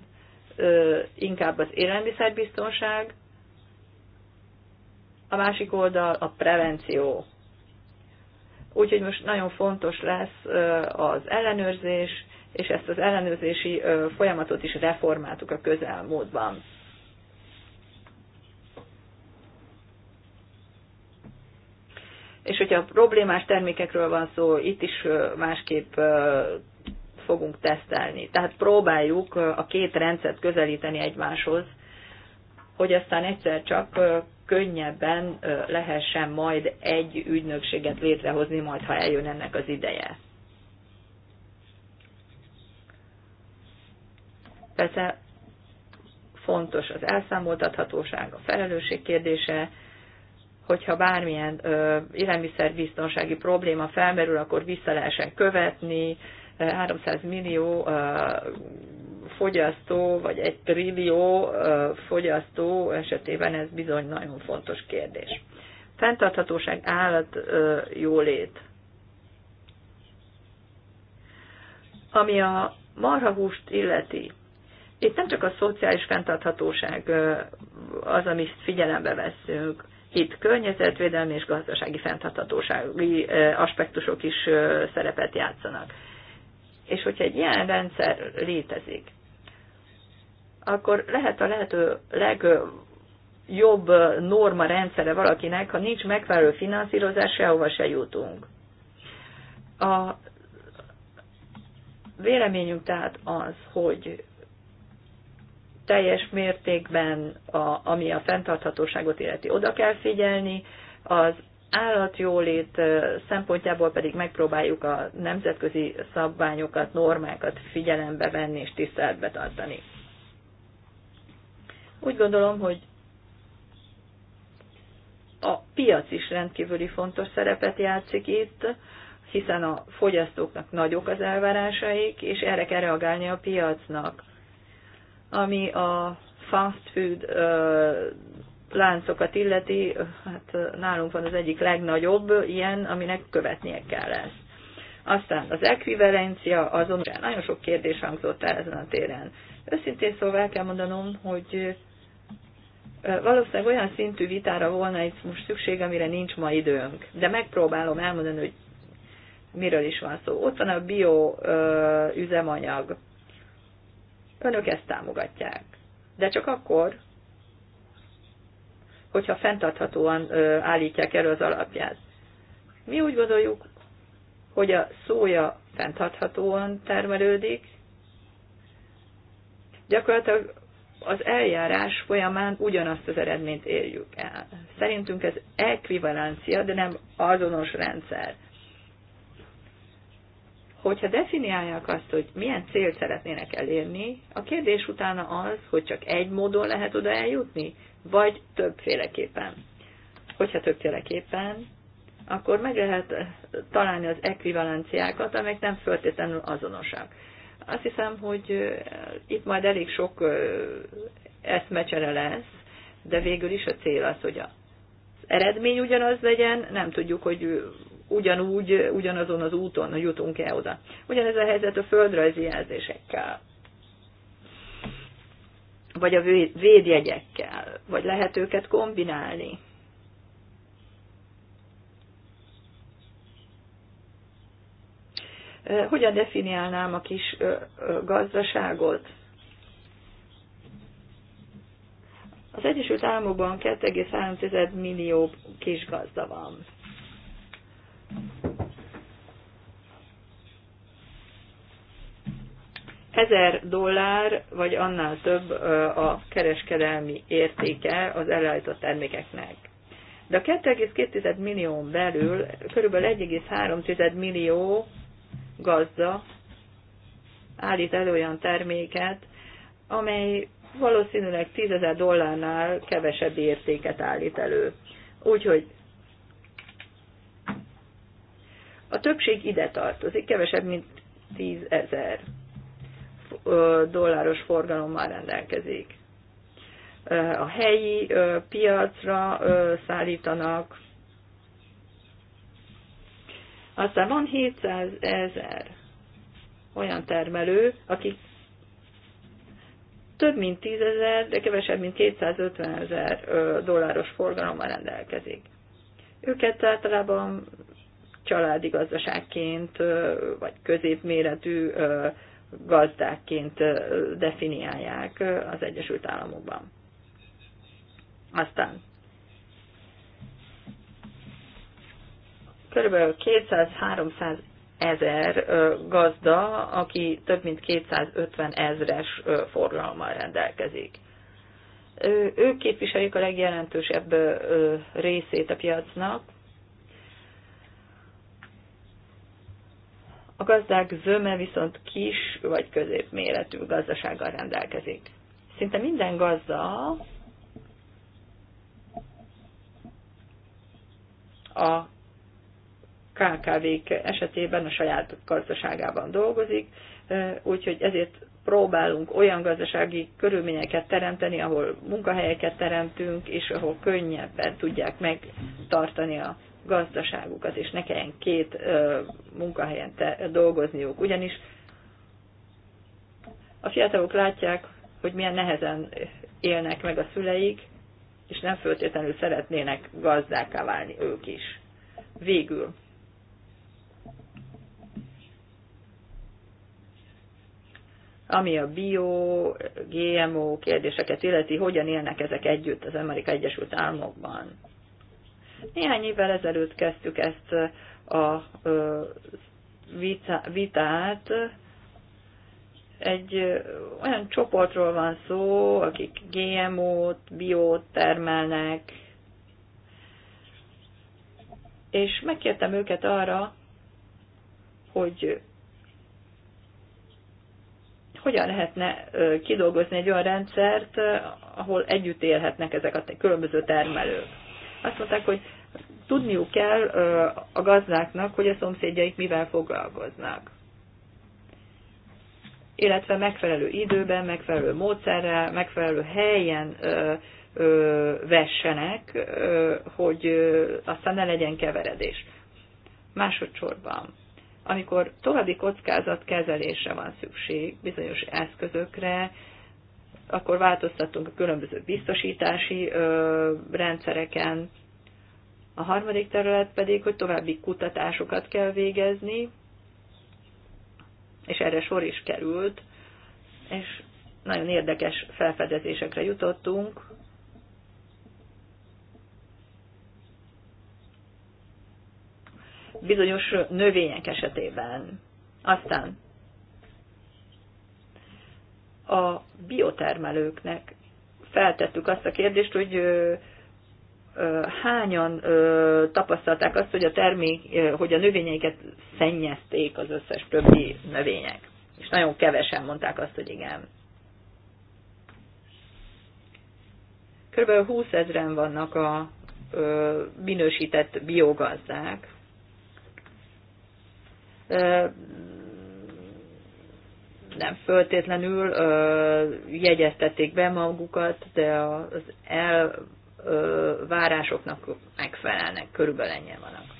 inkább az élelmiszerbiztonság, a másik oldal a prevenció. Úgyhogy most nagyon fontos lesz az ellenőrzés, és ezt az ellenőrzési folyamatot is reformáltuk a közelmúltban. És hogyha problémás termékekről van szó, itt is másképp fogunk tesztelni. Tehát próbáljuk a két rendszert közelíteni egymáshoz, hogy aztán egyszer csak könnyebben lehessen majd egy ügynökséget létrehozni, majd ha eljön ennek az ideje. Persze fontos az elszámoltathatóság, a felelősség kérdése, hogyha bármilyen ö, élelmiszerbiztonsági probléma felmerül, akkor vissza lehessen követni, 300 millió ö, fogyasztó, vagy egy trillió ö, fogyasztó esetében ez bizony nagyon fontos kérdés. Fentarthatóság állat ö, jólét. Ami a marhahúst illeti, itt nem csak a szociális fenntarthatóság az, amit figyelembe veszünk, itt környezetvédelmi és gazdasági fenntarthatósági aspektusok is szerepet játszanak. És hogyha egy ilyen rendszer létezik, akkor lehet a lehető legjobb norma rendszere valakinek, ha nincs megfelelő finanszírozás, sehova se jutunk. A véleményünk tehát az, hogy teljes mértékben, a, ami a fenntarthatóságot illeti, oda kell figyelni, az állatjólét szempontjából pedig megpróbáljuk a nemzetközi szabványokat, normákat figyelembe venni és tiszteletbe tartani. Úgy gondolom, hogy a piac is rendkívüli fontos szerepet játszik itt, hiszen a fogyasztóknak nagyok az elvárásaik, és erre kell reagálni a piacnak. Ami a fast food láncokat illeti, hát nálunk van az egyik legnagyobb ilyen, aminek követnie kell ezt. Aztán az ekvivalencia azon, nagyon sok kérdés hangzott el ezen a téren. Őszintén szóval el kell mondanom, hogy valószínűleg olyan szintű vitára volna itt most szükség, amire nincs ma időnk. De megpróbálom elmondani, hogy miről is van szó. Ott van a bio üzemanyag Önök ezt támogatják. De csak akkor, hogyha fenntarthatóan állítják elő az alapját. Mi úgy gondoljuk, hogy a szója fenntarthatóan termelődik, gyakorlatilag az eljárás folyamán ugyanazt az eredményt érjük el. Szerintünk ez ekvivalencia, de nem azonos rendszer hogyha definiálják azt, hogy milyen célt szeretnének elérni, a kérdés utána az, hogy csak egy módon lehet oda eljutni, vagy többféleképpen. Hogyha többféleképpen, akkor meg lehet eh, találni az ekvivalenciákat, amelyek nem feltétlenül azonosak. Azt hiszem, hogy eh, itt majd elég sok eh, eszmecsere lesz, de végül is a cél az, hogy az eredmény ugyanaz legyen, nem tudjuk, hogy ugyanúgy, ugyanazon az úton jutunk el oda. Ugyanez a helyzet a földrajzi jelzésekkel, vagy a védjegyekkel, vagy lehet őket kombinálni. Hogyan definiálnám a kis gazdaságot? Az Egyesült Államokban 2,3 millió gazda van. Ezer dollár vagy annál több a kereskedelmi értéke az előállított termékeknek. De a 2,2 millió belül kb. 1,3 millió gazda állít elő olyan terméket, amely valószínűleg 10 ezer dollárnál kevesebb értéket állít elő. Úgyhogy A többség ide tartozik, kevesebb, mint 10 ezer dolláros forgalommal rendelkezik. A helyi piacra szállítanak. Aztán van 700 ezer olyan termelő, akik több mint 10 ezer, de kevesebb, mint 250 ezer dolláros forgalommal rendelkezik. Őket általában családi gazdaságként, vagy középméretű gazdákként definiálják az Egyesült Államokban. Aztán kb. 200-300 ezer gazda, aki több mint 250 ezres forgalommal rendelkezik. Ők képviselik a legjelentősebb részét a piacnak, A gazdák zöme viszont kis vagy középméretű gazdasággal rendelkezik. Szinte minden gazda a KKV-k esetében a saját gazdaságában dolgozik, úgyhogy ezért próbálunk olyan gazdasági körülményeket teremteni, ahol munkahelyeket teremtünk, és ahol könnyebben tudják megtartani a gazdaságukat, és ne kelljen két munkahelyen te, dolgozniuk. Ugyanis a fiatalok látják, hogy milyen nehezen élnek meg a szüleik, és nem föltétlenül szeretnének gazdáká válni ők is. Végül. Ami a bio, GMO kérdéseket illeti, hogyan élnek ezek együtt az Amerika Egyesült Államokban néhány évvel ezelőtt kezdtük ezt a vitát. Egy olyan csoportról van szó, akik GMO-t, biót termelnek, és megkértem őket arra, hogy hogyan lehetne kidolgozni egy olyan rendszert, ahol együtt élhetnek ezek a különböző termelők. Azt mondták, hogy tudniuk kell a gazdáknak, hogy a szomszédjaik mivel foglalkoznak. Illetve megfelelő időben, megfelelő módszerrel, megfelelő helyen vessenek, hogy aztán ne legyen keveredés. Másodszorban, amikor további kockázatkezelésre van szükség, bizonyos eszközökre, akkor változtattunk a különböző biztosítási rendszereken. A harmadik terület pedig, hogy további kutatásokat kell végezni, és erre sor is került, és nagyon érdekes felfedezésekre jutottunk. Bizonyos növények esetében. Aztán a biotermelőknek feltettük azt a kérdést, hogy hányan tapasztalták azt, hogy a termék, hogy a növényeiket szennyezték az összes többi növények. És nagyon kevesen mondták azt, hogy igen. Körülbelül 20 ezeren vannak a minősített biogazdák nem föltétlenül ö, jegyeztették be magukat, de az elvárásoknak megfelelnek, körülbelül ennyien vannak.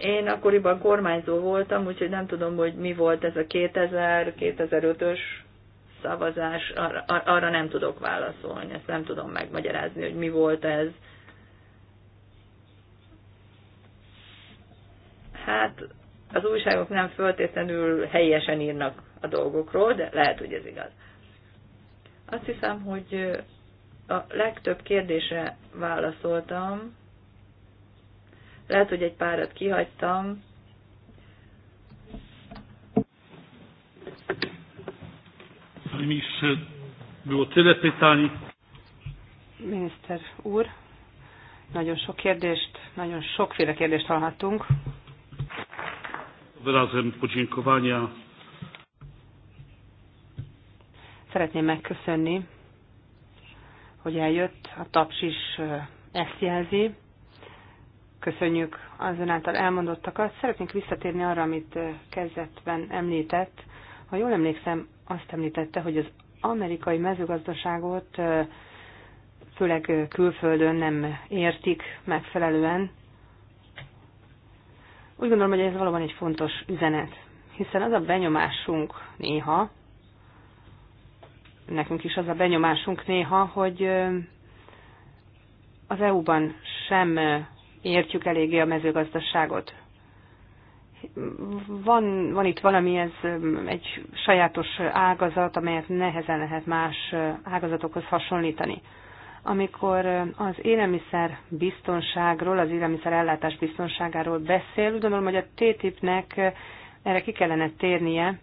Én akkoriban kormányzó voltam, úgyhogy nem tudom, hogy mi volt ez a 2000-2005-ös szavazás, arra, arra nem tudok válaszolni, ezt nem tudom megmagyarázni, hogy mi volt ez Hát az újságok nem föltétlenül helyesen írnak a dolgokról, de lehet, hogy ez igaz. Azt hiszem, hogy a legtöbb kérdésre válaszoltam. Lehet, hogy egy párat kihagytam. Miniszter úr, nagyon sok kérdést, nagyon sokféle kérdést hallhattunk wyrazem podziękowania. Szeretném megköszönni, hogy eljött, a taps is eh, ezt jelzi. Köszönjük az által elmondottakat. Szeretnénk visszatérni arra, amit eh, kezdetben említett. Ha jól emlékszem, azt említette, hogy az amerikai mezőgazdaságot eh, főleg külföldön nem értik megfelelően, úgy gondolom, hogy ez valóban egy fontos üzenet, hiszen az a benyomásunk néha, nekünk is az a benyomásunk néha, hogy az EU-ban sem értjük eléggé a mezőgazdaságot. Van, van itt valami, ez egy sajátos ágazat, amelyet nehezen lehet más ágazatokhoz hasonlítani amikor az élelmiszer biztonságról, az élelmiszer ellátás biztonságáról beszél, úgy gondolom, hogy a TTIP-nek erre ki kellene térnie,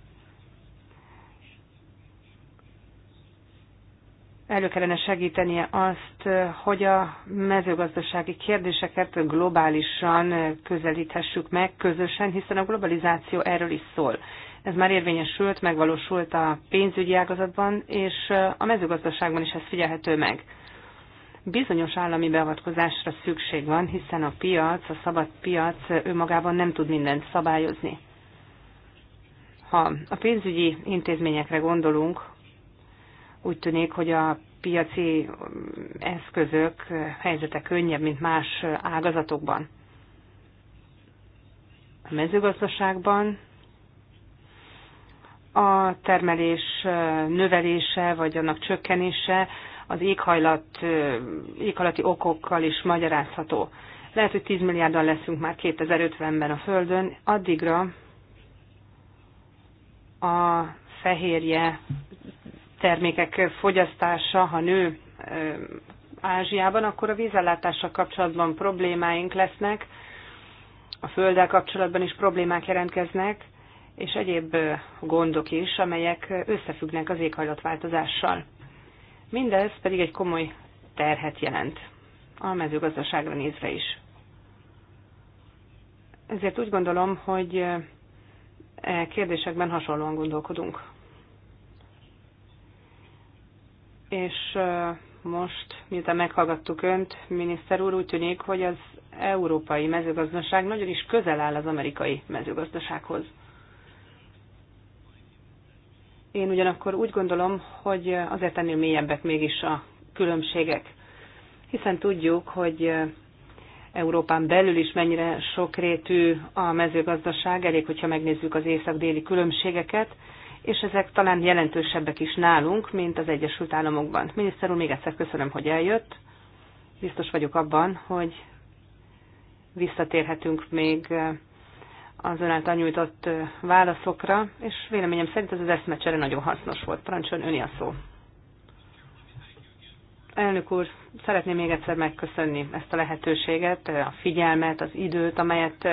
elő kellene segítenie azt, hogy a mezőgazdasági kérdéseket globálisan közelíthessük meg közösen, hiszen a globalizáció erről is szól. Ez már érvényesült, megvalósult a pénzügyi ágazatban, és a mezőgazdaságban is ez figyelhető meg bizonyos állami beavatkozásra szükség van, hiszen a piac, a szabad piac önmagában nem tud mindent szabályozni. Ha a pénzügyi intézményekre gondolunk, úgy tűnik, hogy a piaci mm, eszközök helyzete könnyebb, mint más ágazatokban. A mezőgazdaságban a termelés növelése vagy annak csökkenése az éghajlat, éghajlati okokkal is magyarázható. Lehet, hogy 10 milliárdan leszünk már 2050-ben a Földön, addigra a fehérje termékek fogyasztása, ha nő Ázsiában, akkor a vízellátással kapcsolatban problémáink lesznek, a földdel kapcsolatban is problémák jelentkeznek, és egyéb gondok is, amelyek összefüggnek az éghajlatváltozással. Mindez pedig egy komoly terhet jelent a mezőgazdaságra nézve is. Ezért úgy gondolom, hogy e kérdésekben hasonlóan gondolkodunk. És e, most, miután meghallgattuk Önt, miniszter úr, úgy tűnik, hogy az európai mezőgazdaság nagyon is közel áll az amerikai mezőgazdasághoz. Én ugyanakkor úgy gondolom, hogy azért ennél mélyebbek mégis a különbségek, hiszen tudjuk, hogy Európán belül is mennyire sokrétű a mezőgazdaság, elég, hogyha megnézzük az észak-déli különbségeket, és ezek talán jelentősebbek is nálunk, mint az Egyesült Államokban. Miniszter úr, még egyszer köszönöm, hogy eljött. Biztos vagyok abban, hogy visszatérhetünk még az ön által nyújtott válaszokra, és véleményem szerint ez az eszmecsere nagyon hasznos volt. Parancsoljon öni a szó. Elnök úr, szeretném még egyszer megköszönni ezt a lehetőséget, a figyelmet, az időt, amelyet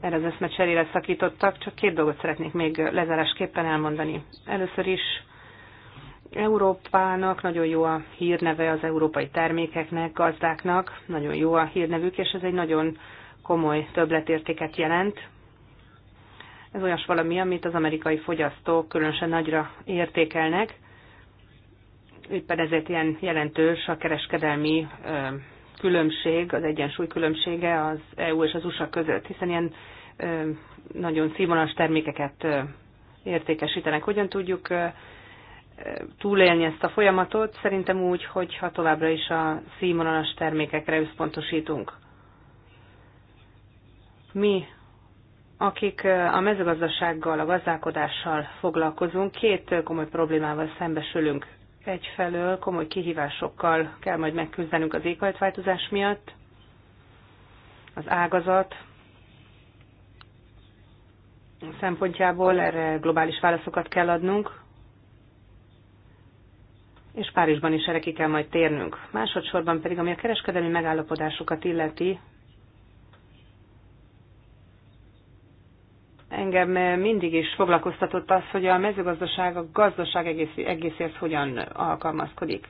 erre az eszmecserére szakítottak. Csak két dolgot szeretnék még lezárásképpen elmondani. Először is Európának nagyon jó a hírneve az európai termékeknek, gazdáknak, nagyon jó a hírnevük, és ez egy nagyon komoly többletértéket jelent. Ez olyas valami, amit az amerikai fogyasztók különösen nagyra értékelnek. Éppen ezért ilyen jelentős a kereskedelmi különbség, az egyensúly különbsége az EU és az USA között, hiszen ilyen nagyon színvonalas termékeket értékesítenek. Hogyan tudjuk túlélni ezt a folyamatot? Szerintem úgy, hogyha továbbra is a színvonalas termékekre összpontosítunk. Mi akik a mezőgazdasággal, a gazdálkodással foglalkozunk, két komoly problémával szembesülünk. Egyfelől komoly kihívásokkal kell majd megküzdenünk az éghajtváltozás miatt, az ágazat szempontjából erre globális válaszokat kell adnunk, és Párizsban is erre ki kell majd térnünk. Másodszorban pedig, ami a kereskedelmi megállapodásokat illeti, Engem mindig is foglalkoztatott az, hogy a mezőgazdaság, a gazdaság egész, egészéhez hogyan alkalmazkodik.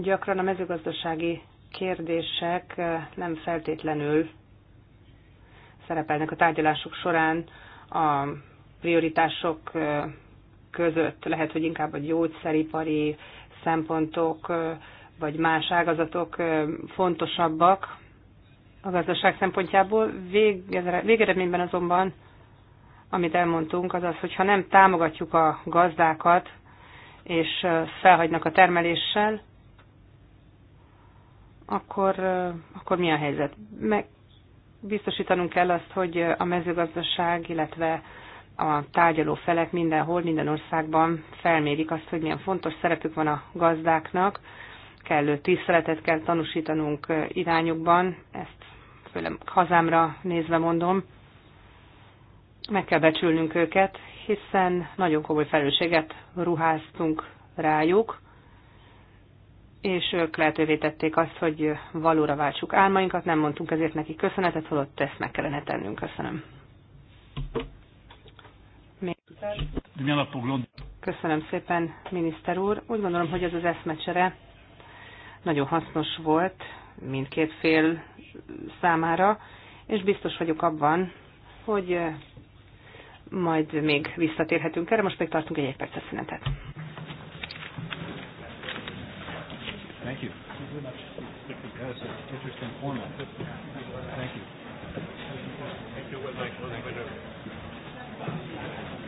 Gyakran a mezőgazdasági kérdések nem feltétlenül szerepelnek a tárgyalások során a prioritások között. Lehet, hogy inkább a gyógyszeripari szempontok vagy más ágazatok fontosabbak, a gazdaság szempontjából. Végeredményben azonban, amit elmondtunk, az az, hogyha nem támogatjuk a gazdákat, és felhagynak a termeléssel, akkor, akkor mi a helyzet? Meg biztosítanunk kell azt, hogy a mezőgazdaság, illetve a tárgyaló felek mindenhol, minden országban felmérik azt, hogy milyen fontos szerepük van a gazdáknak, kellő tiszteletet kell tanúsítanunk irányukban, ezt főleg hazámra nézve mondom, meg kell becsülnünk őket, hiszen nagyon komoly felelősséget ruháztunk rájuk, és ők lehetővé tették azt, hogy valóra váltsuk álmainkat, nem mondtunk ezért neki köszönetet, holott ezt meg kellene tennünk. Köszönöm. Köszönöm szépen, miniszter úr. Úgy gondolom, hogy ez az eszmecsere nagyon hasznos volt mindkét fél számára, és biztos vagyok abban, hogy majd még visszatérhetünk erre, most még tartunk egy percet szünetet. Thank you. Thank you. Thank you.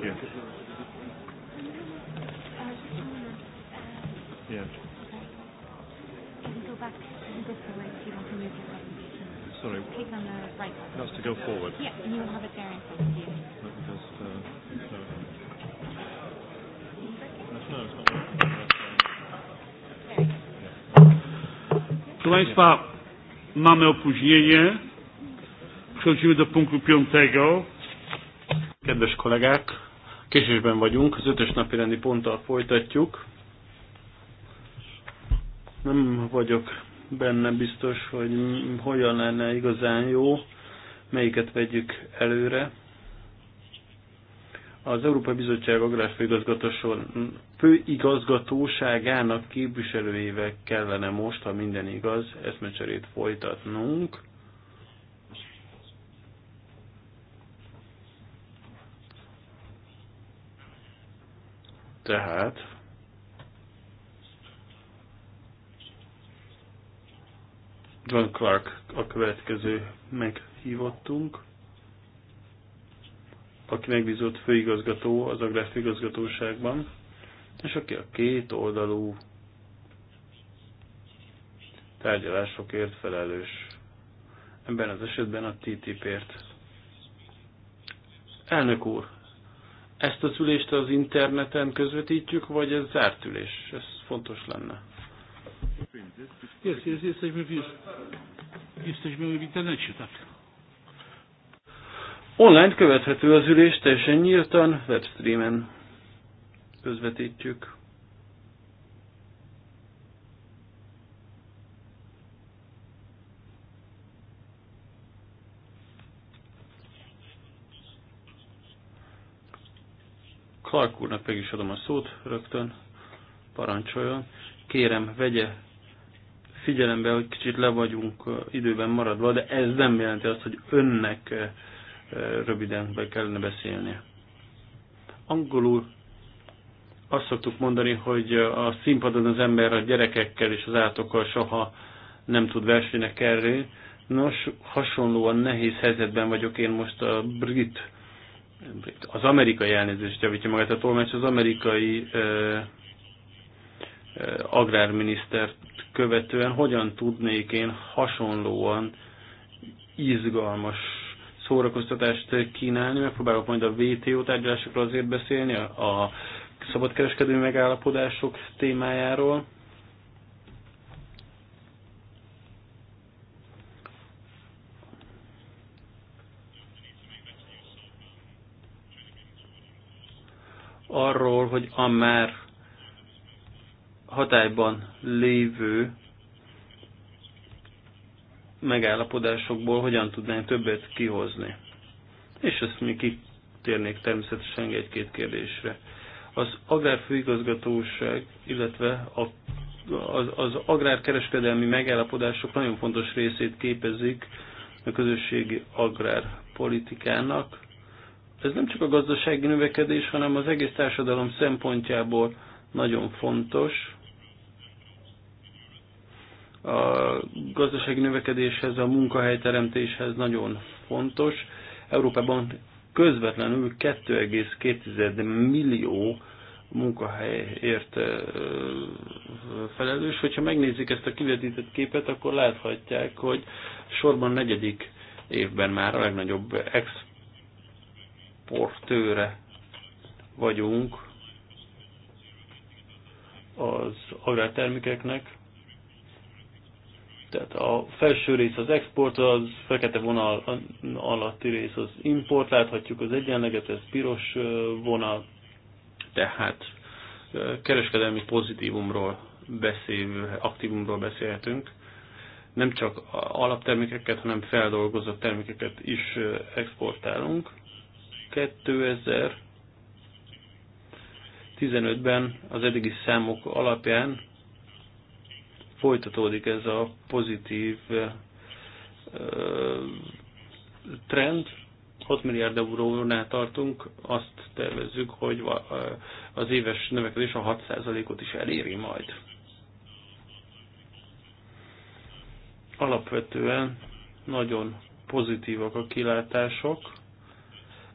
Yes. Yes. Sorry. Click on the right. That's to go forward. Yeah, and you'll have A there in front of you. just. Uh, no. Proszę Państwa, mamy opóźnienie. Przechodzimy do punktu piątego. Kiedyś kollégák, Késésben vagyunk, az ötös napi rendi ponttal folytatjuk. Nem vagyok benne biztos, hogy hogyan lenne igazán jó, melyiket vegyük előre. Az Európai Bizottság főigazgatóságának képviselőjével kellene most, ha minden igaz, eszmecserét folytatnunk. Tehát John Clark a következő meghívottunk, aki megbízott főigazgató az agrárfőigazgatóságban, és aki a két oldalú tárgyalásokért felelős. Ebben az esetben a TTIP-ért. Elnök úr, ezt az ülést az interneten közvetítjük, vagy ez zárt ülés? Ez fontos lenne. Online követhető az ülés, teljesen nyíltan, webstreamen közvetítjük. Clark úrnak meg is adom a szót rögtön, parancsoljon. Kérem, vegye figyelembe, hogy kicsit le vagyunk időben maradva, de ez nem jelenti azt, hogy önnek röviden be kellene beszélnie. Angolul azt szoktuk mondani, hogy a színpadon az ember a gyerekekkel és az átokkal soha nem tud versenyre kerülni. Nos, hasonlóan nehéz helyzetben vagyok én most a brit az amerikai elnézést javítja magát a tolmács, az amerikai ö, ö, agrárminisztert követően hogyan tudnék én hasonlóan izgalmas szórakoztatást kínálni. Megpróbálok majd a WTO tárgyalásokról azért beszélni, a szabadkereskedelmi megállapodások témájáról. arról, hogy a már hatályban lévő megállapodásokból hogyan tudnánk többet kihozni. És ezt mi kitérnék természetesen egy-két kérdésre. Az agrárfőigazgatóság, illetve a, az, az agrárkereskedelmi megállapodások nagyon fontos részét képezik a közösségi agrárpolitikának, ez nem csak a gazdasági növekedés, hanem az egész társadalom szempontjából nagyon fontos. A gazdasági növekedéshez, a munkahelyteremtéshez nagyon fontos. Európában közvetlenül 2,2 millió munkahelyért felelős. Hogyha megnézik ezt a kivetített képet, akkor láthatják, hogy sorban negyedik évben már a legnagyobb ex portőre vagyunk az agrártermékeknek. Tehát a felső rész az export, az fekete vonal alatti rész az import, láthatjuk az egyenleget, ez piros vonal, tehát kereskedelmi pozitívumról beszél, aktívumról beszélhetünk. Nem csak alaptermékeket, hanem feldolgozott termékeket is exportálunk. 2015-ben az eddigi számok alapján folytatódik ez a pozitív trend. 6 milliárd eurónál tartunk, azt tervezzük, hogy az éves növekedés a 6%-ot is eléri majd. Alapvetően nagyon pozitívak a kilátások.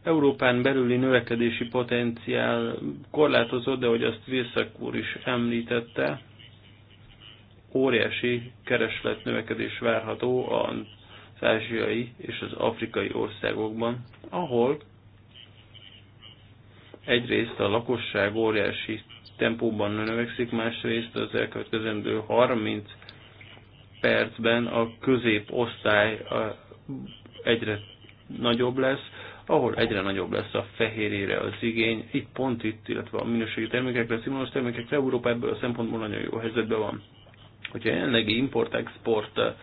Európán belüli növekedési potenciál korlátozott, de hogy azt Vilszak úr is említette, óriási keresletnövekedés várható az ázsiai és az afrikai országokban, ahol egyrészt a lakosság óriási tempóban növekszik, másrészt az elkövetkezendő 30 percben a középosztály egyre nagyobb lesz, ahol egyre nagyobb lesz a fehérére az igény, itt pont itt, illetve a minőségi termékekre, a színvonalas termékekre Európa ebből a szempontból nagyon jó helyzetben van. Hogyha jelenlegi import-export eh,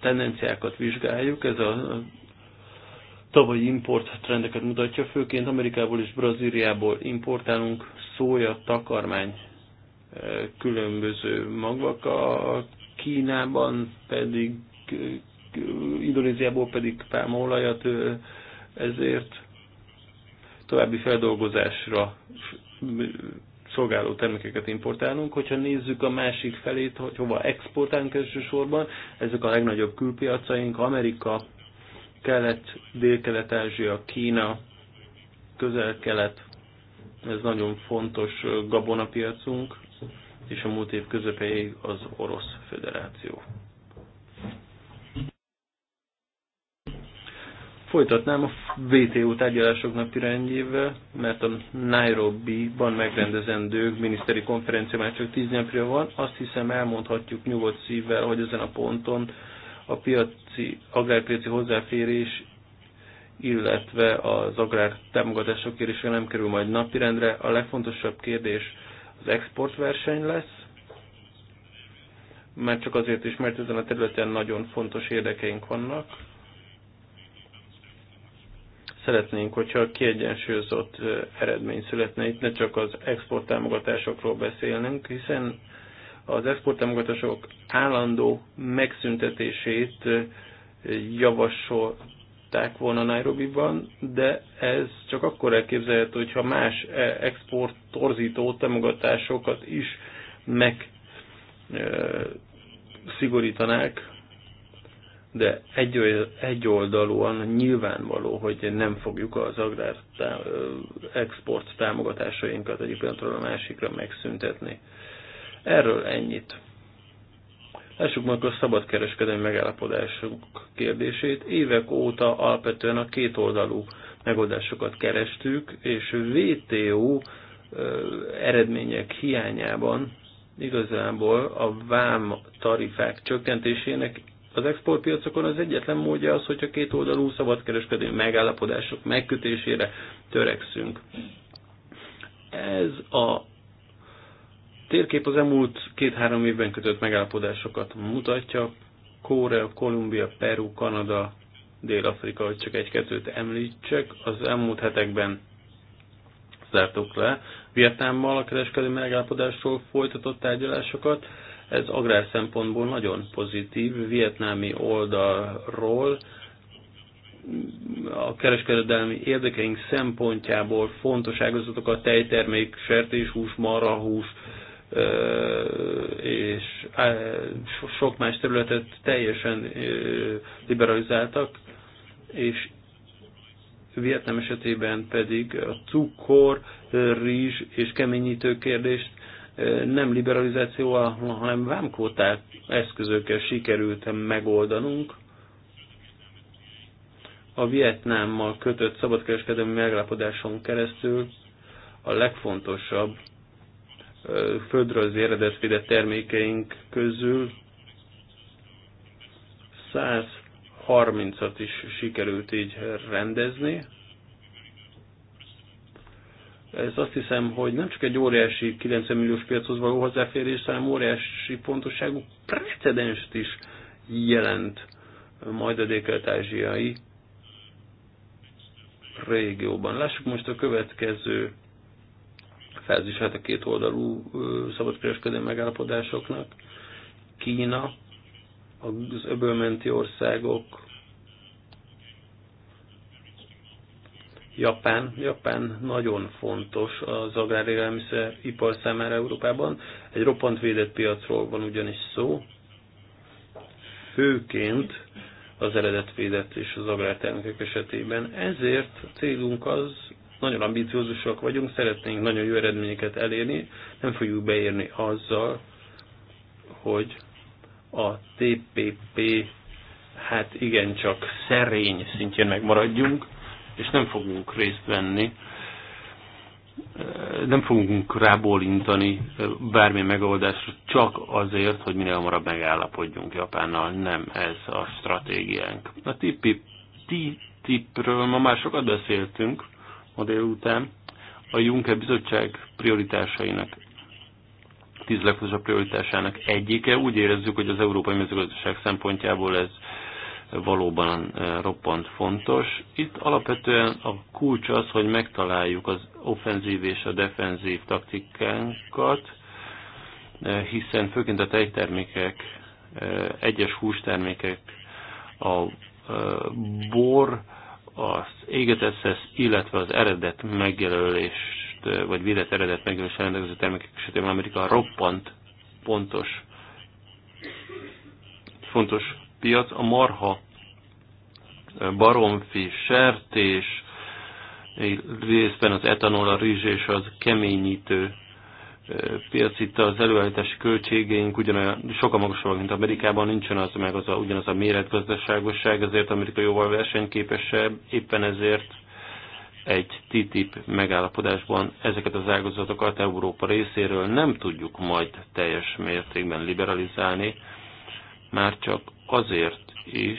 tendenciákat vizsgáljuk, ez a tavalyi import trendeket mutatja, főként Amerikából és Brazíliából importálunk szója, takarmány, eh, különböző magvak, a Kínában pedig, eh, Indonéziából pedig pálmaolajat, ezért további feldolgozásra szolgáló termékeket importálunk. Hogyha nézzük a másik felét, hogy hova exportálunk elsősorban, ezek a legnagyobb külpiacaink, Amerika, Kelet, Dél-Kelet-Ázsia, Kína, Közel-Kelet, ez nagyon fontos gabonapiacunk, és a múlt év közepéig az Orosz Föderáció. Folytatnám a WTO tárgyalások napirendjével, mert a Nairobi-ban megrendezendő miniszteri konferencia már csak 10 napja van. Azt hiszem elmondhatjuk nyugodt szívvel, hogy ezen a ponton a piaci, agrárpiaci hozzáférés, illetve az agrár támogatások kérdése nem kerül majd napirendre. A legfontosabb kérdés az exportverseny lesz, már csak azért is, mert ezen a területen nagyon fontos érdekeink vannak Szeretnénk, hogyha kiegyensúlyozott eredmény születne, itt ne csak az exporttámogatásokról beszélnünk, hiszen az exporttámogatások állandó megszüntetését javasolták volna Nairobi-ban, de ez csak akkor elképzelhető, hogyha más export torzító támogatásokat is meg szigorítanák, de egy, egyoldalúan nyilvánvaló, hogy nem fogjuk az agrár export támogatásainkat egyik pillanatról a másikra megszüntetni. Erről ennyit. Lássuk meg a szabadkereskedelmi megállapodások kérdését. Évek óta alapvetően a kétoldalú megoldásokat kerestük, és WTO eredmények hiányában igazából a vám tarifák csökkentésének az exportpiacokon az egyetlen módja az, hogyha két oldalú szabadkereskedő megállapodások megkötésére törekszünk. Ez a térkép az elmúlt két-három évben kötött megállapodásokat mutatja. Korea, Kolumbia, Peru, Kanada, Dél-Afrika, hogy csak egy-kettőt említsek, az elmúlt hetekben zártuk le. Vietnámmal a kereskedő megállapodásról folytatott tárgyalásokat ez agrár szempontból nagyon pozitív. Vietnámi oldalról a kereskedelmi érdekeink szempontjából fontos ágazatok a tejtermék, sertéshús, marahús és sok más területet teljesen liberalizáltak, és Vietnám esetében pedig a cukor, rizs és keményítő kérdést nem liberalizációval, hanem vámkóták eszközökkel sikerült megoldanunk. A Vietnámmal kötött szabadkereskedelmi megállapodáson keresztül a legfontosabb földrajzi eredetvédett termékeink közül 130-at is sikerült így rendezni, ez azt hiszem, hogy nem csak egy óriási 90 milliós piachoz való hozzáférés, hanem óriási pontoságú precedenst is jelent majd a dékelt ázsiai régióban. Lássuk most a következő fázisát a két oldalú szabadkereskedelmi megállapodásoknak. Kína, az öbölmenti országok, Japán. Japán nagyon fontos az agrárélelmiszeripar számára Európában. Egy roppant védett piacról van ugyanis szó, főként az eredetvédett és az agrártermékek esetében. Ezért a célunk az, nagyon ambiciózusak vagyunk, szeretnénk nagyon jó eredményeket elérni, nem fogjuk beérni azzal, hogy a TPP hát igencsak szerény szintjén megmaradjunk, és nem fogunk részt venni, nem fogunk rábólintani bármilyen megoldásra csak azért, hogy minél hamarabb megállapodjunk Japánnal. Nem ez a stratégiánk. A TTIP tipről ma már sokat beszéltünk ma délután. A Juncker bizottság prioritásainak, tíz legfontosabb prioritásának egyike. Úgy érezzük, hogy az európai mezőgazdaság szempontjából ez valóban roppant fontos. Itt alapvetően a kulcs az, hogy megtaláljuk az offenzív és a defenzív taktikánkat, hiszen főként a tejtermékek, egyes hústermékek, a bor, az égeteszesz, illetve az eredet megjelölést, vagy védett eredet megjelölés rendelkező termékek esetében Amerika roppant pontos, fontos piac, a marha, baromfi, sertés, részben az etanol, a rizs és az keményítő piac itt az előállítási költségeink ugyanolyan, sokkal magasabbak, mint Amerikában, nincsen az meg az a, ugyanaz a méretgazdaságosság, ezért Amerika jóval versenyképesebb, éppen ezért egy TTIP megállapodásban ezeket az ágazatokat Európa részéről nem tudjuk majd teljes mértékben liberalizálni, már csak azért is,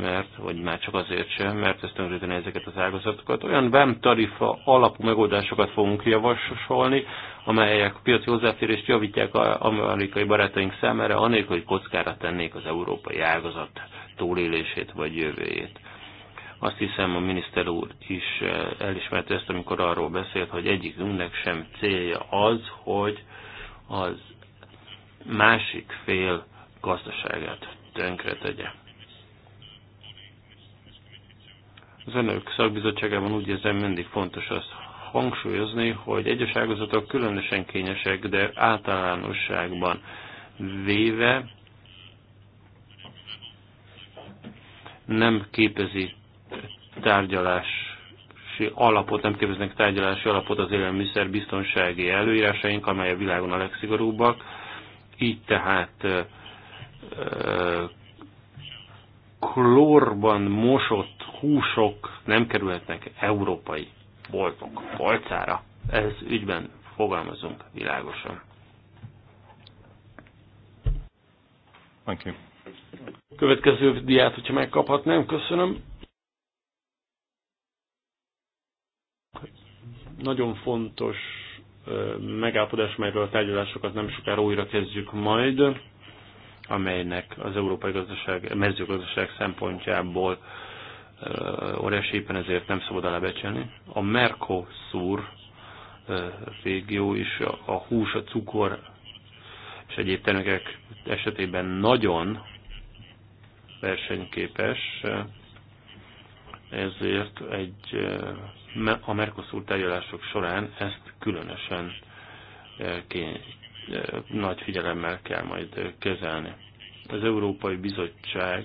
mert, vagy már csak azért sem, mert ezt tönkretene ezeket az ágazatokat. Olyan BEM tarifa alapú megoldásokat fogunk javasolni, amelyek piaci hozzáférést javítják az amerikai barátaink számára, anélkül, hogy kockára tennék az európai ágazat túlélését vagy jövőjét. Azt hiszem a miniszter úr is elismerte ezt, amikor arról beszélt, hogy egyikünknek sem célja az, hogy az másik fél gazdaságát tönkre tegye. Az önök szakbizottságában úgy érzem mindig fontos az hangsúlyozni, hogy egyes ágazatok különösen kényesek, de általánosságban véve nem képezi tárgyalási alapot, nem képeznek tárgyalási alapot az élelmiszer biztonsági előírásaink, amely a világon a legszigorúbbak. Így tehát klórban mosott húsok nem kerülhetnek európai boltok polcára. Ez ügyben fogalmazunk világosan. Thank you. Következő diát, hogyha megkaphatnám, köszönöm. Nagyon fontos megállapodás, melyről a tárgyalásokat nem sokára újra kezdjük majd amelynek az európai gazdaság, mezőgazdaság szempontjából óriási éppen ezért nem szabad alábecsülni. A Mercosur régió is a hús, a cukor és egyéb termékek esetében nagyon versenyképes, ezért egy, a Mercosur tárgyalások során ezt különösen nagy figyelemmel kell majd kezelni. Az Európai Bizottság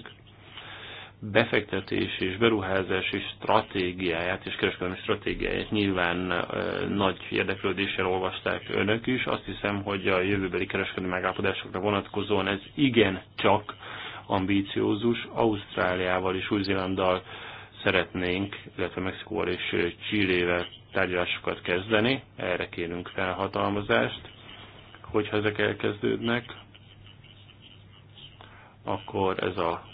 befektetési és beruházási stratégiáját és kereskedelmi stratégiáját nyilván nagy érdeklődéssel olvasták önök is. Azt hiszem, hogy a jövőbeli kereskedelmi megállapodásokra vonatkozóan ez igen csak ambíciózus. Ausztráliával és Új-Zélanddal szeretnénk, illetve Mexikóval és Csillével tárgyalásokat kezdeni. Erre kérünk felhatalmazást hogyha ezek elkezdődnek, akkor ez a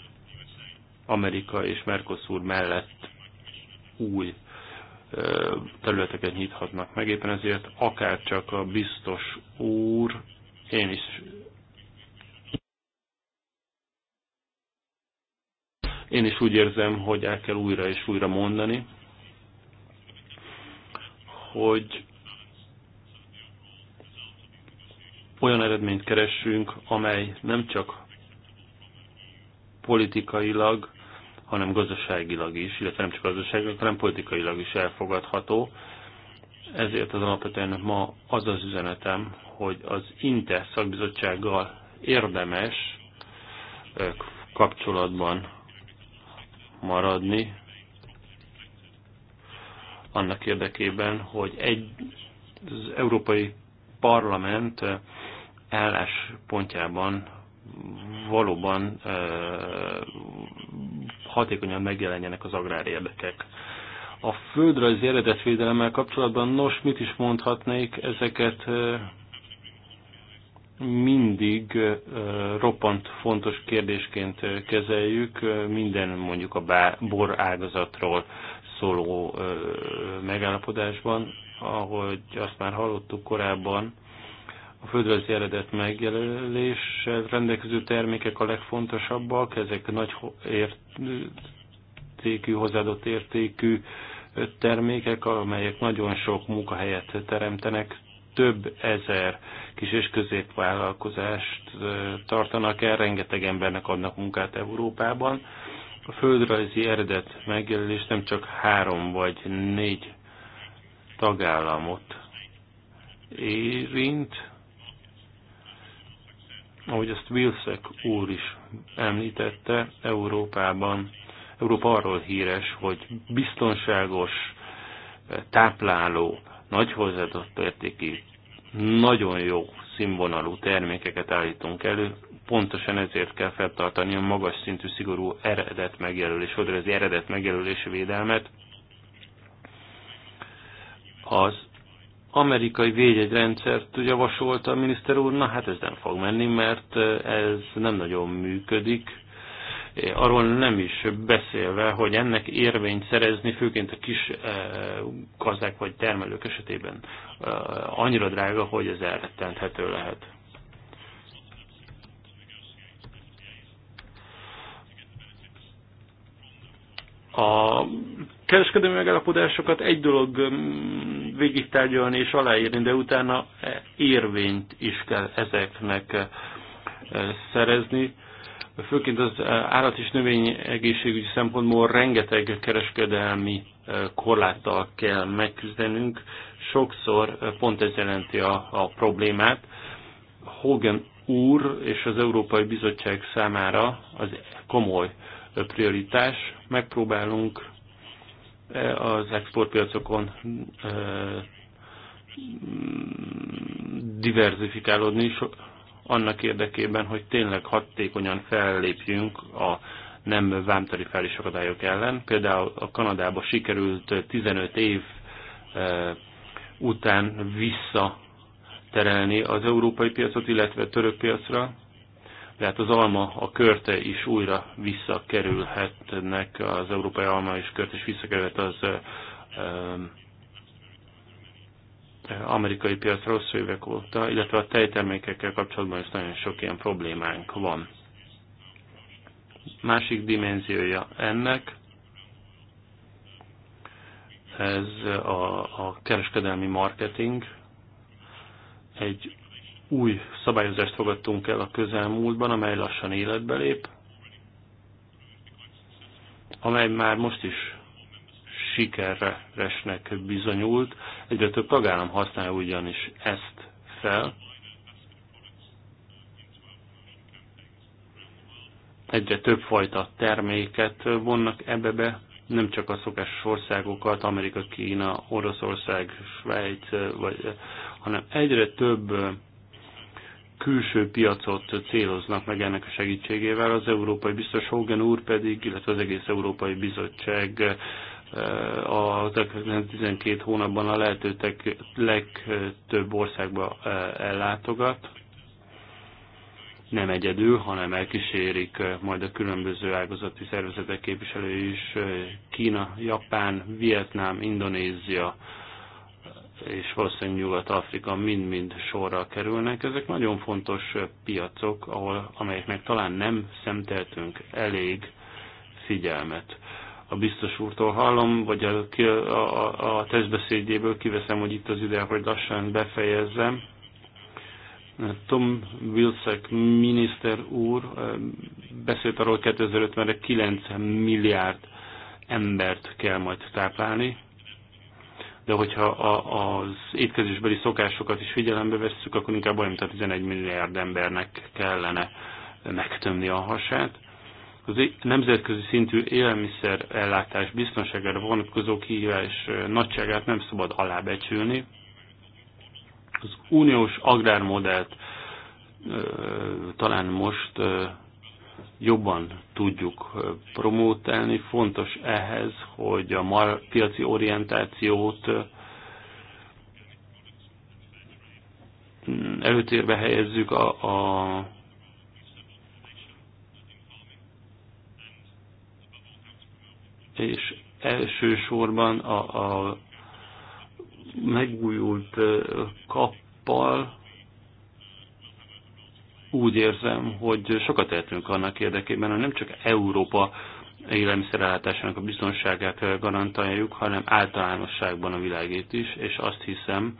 Amerika és Mercosur mellett új területeket nyithatnak meg. Éppen ezért akár csak a biztos úr, én is én is úgy érzem, hogy el kell újra és újra mondani, hogy olyan eredményt keressünk, amely nem csak politikailag, hanem gazdaságilag is, illetve nem csak gazdaságilag, hanem politikailag is elfogadható. Ezért az alapvetően ma az az üzenetem, hogy az Inter szakbizottsággal érdemes kapcsolatban maradni, annak érdekében, hogy egy, az Európai Parlament álláspontjában valóban hatékonyan megjelenjenek az agrár érdekek. A földrajzi eredetvédelemmel kapcsolatban nos, mit is mondhatnék, ezeket mindig roppant fontos kérdésként kezeljük, minden mondjuk a bá, bor ágazatról szóló megállapodásban, ahogy azt már hallottuk korábban, a földrajzi eredet megjelöléssel rendelkező termékek a legfontosabbak, ezek nagy értékű, hozzáadott értékű termékek, amelyek nagyon sok munkahelyet teremtenek, több ezer kis és középvállalkozást tartanak el, rengeteg embernek adnak munkát Európában. A földrajzi eredet megjelölés nem csak három vagy négy tagállamot érint, ahogy ezt Wilsek úr is említette, Európában, Európa arról híres, hogy biztonságos, tápláló, nagy hozzáadott értéki, nagyon jó színvonalú termékeket állítunk elő, pontosan ezért kell feltartani a magas szintű, szigorú eredet megjelölés, az eredet megjelölés védelmet, az amerikai védjegyrendszert javasolta a miniszter úr, na hát ez nem fog menni, mert eh, ez nem nagyon működik. Eh, arról nem is beszélve, hogy ennek érvényt szerezni, főként a kis eh, gazdák vagy termelők esetében annyira drága, hogy ez elrettenthető lehet. A kereskedelmi megállapodásokat egy dolog mm, végig tárgyalni és aláírni, de utána e érvényt is kell ezeknek e, szerezni. Főként az e, állat és növény egészségügyi szempontból rengeteg kereskedelmi korláttal kell megküzdenünk. Sokszor pont ez jelenti a, a problémát. Hogan úr és az Európai Bizottság számára az komoly prioritás. Megpróbálunk E, az exportpiacokon e, diverzifikálódni, annak érdekében, hogy tényleg hatékonyan fellépjünk a nem vámtarifális akadályok ellen. Például a Kanadába sikerült 15 év e, után visszaterelni az európai piacot, illetve a török piacra, tehát az alma, a körte is újra visszakerülhetnek, az európai alma és körte is visszakerülhet az amerikai piacra rossz évek óta, illetve a tejtermékekkel kapcsolatban is nagyon sok ilyen problémánk van. Másik dimenziója ennek, ez a, a kereskedelmi marketing, egy új szabályozást fogadtunk el a közelmúltban, amely lassan életbe lép, amely már most is sikerre resnek bizonyult. Egyre több tagállam használja ugyanis ezt fel. Egyre több fajta terméket vonnak ebbe be, nem csak a szokásos országokat, Amerika, Kína, Oroszország, Svájc, vagy, hanem egyre több külső piacot céloznak meg ennek a segítségével, az Európai Biztos Hogan úr pedig, illetve az egész Európai Bizottság eh, a 12 hónapban a lehetőtek legtöbb országba eh, ellátogat. Nem egyedül, hanem elkísérik eh, majd a különböző ágazati szervezetek képviselői is Kína, Japán, Vietnám, Indonézia, és valószínűleg Nyugat-Afrika mind-mind sorra kerülnek. Ezek nagyon fontos piacok, ahol, amelyeknek talán nem szemteltünk elég figyelmet. A biztos úrtól hallom, vagy a, a, a testbeszédjéből kiveszem, hogy itt az ide, hogy lassan befejezzem. Tom Wilson miniszter úr eh, beszélt arról, 2050-re 9 milliárd embert kell majd táplálni, de hogyha a, az étkezésbeli szokásokat is figyelembe vesszük, akkor inkább olyan, mint a 11 milliárd embernek kellene megtömni a hasát. Az nemzetközi szintű élelmiszer ellátás biztonságára vonatkozó kihívás nagyságát nem szabad alábecsülni. Az uniós agrármodellt talán most jobban tudjuk promótálni. Fontos ehhez, hogy a piaci orientációt előtérbe helyezzük a, a és elsősorban a, a megújult kappal úgy érzem, hogy sokat tehetünk annak érdekében, hogy nem csak Európa élelmiszerállátásának a biztonságát garantáljuk, hanem általánosságban a világét is, és azt hiszem,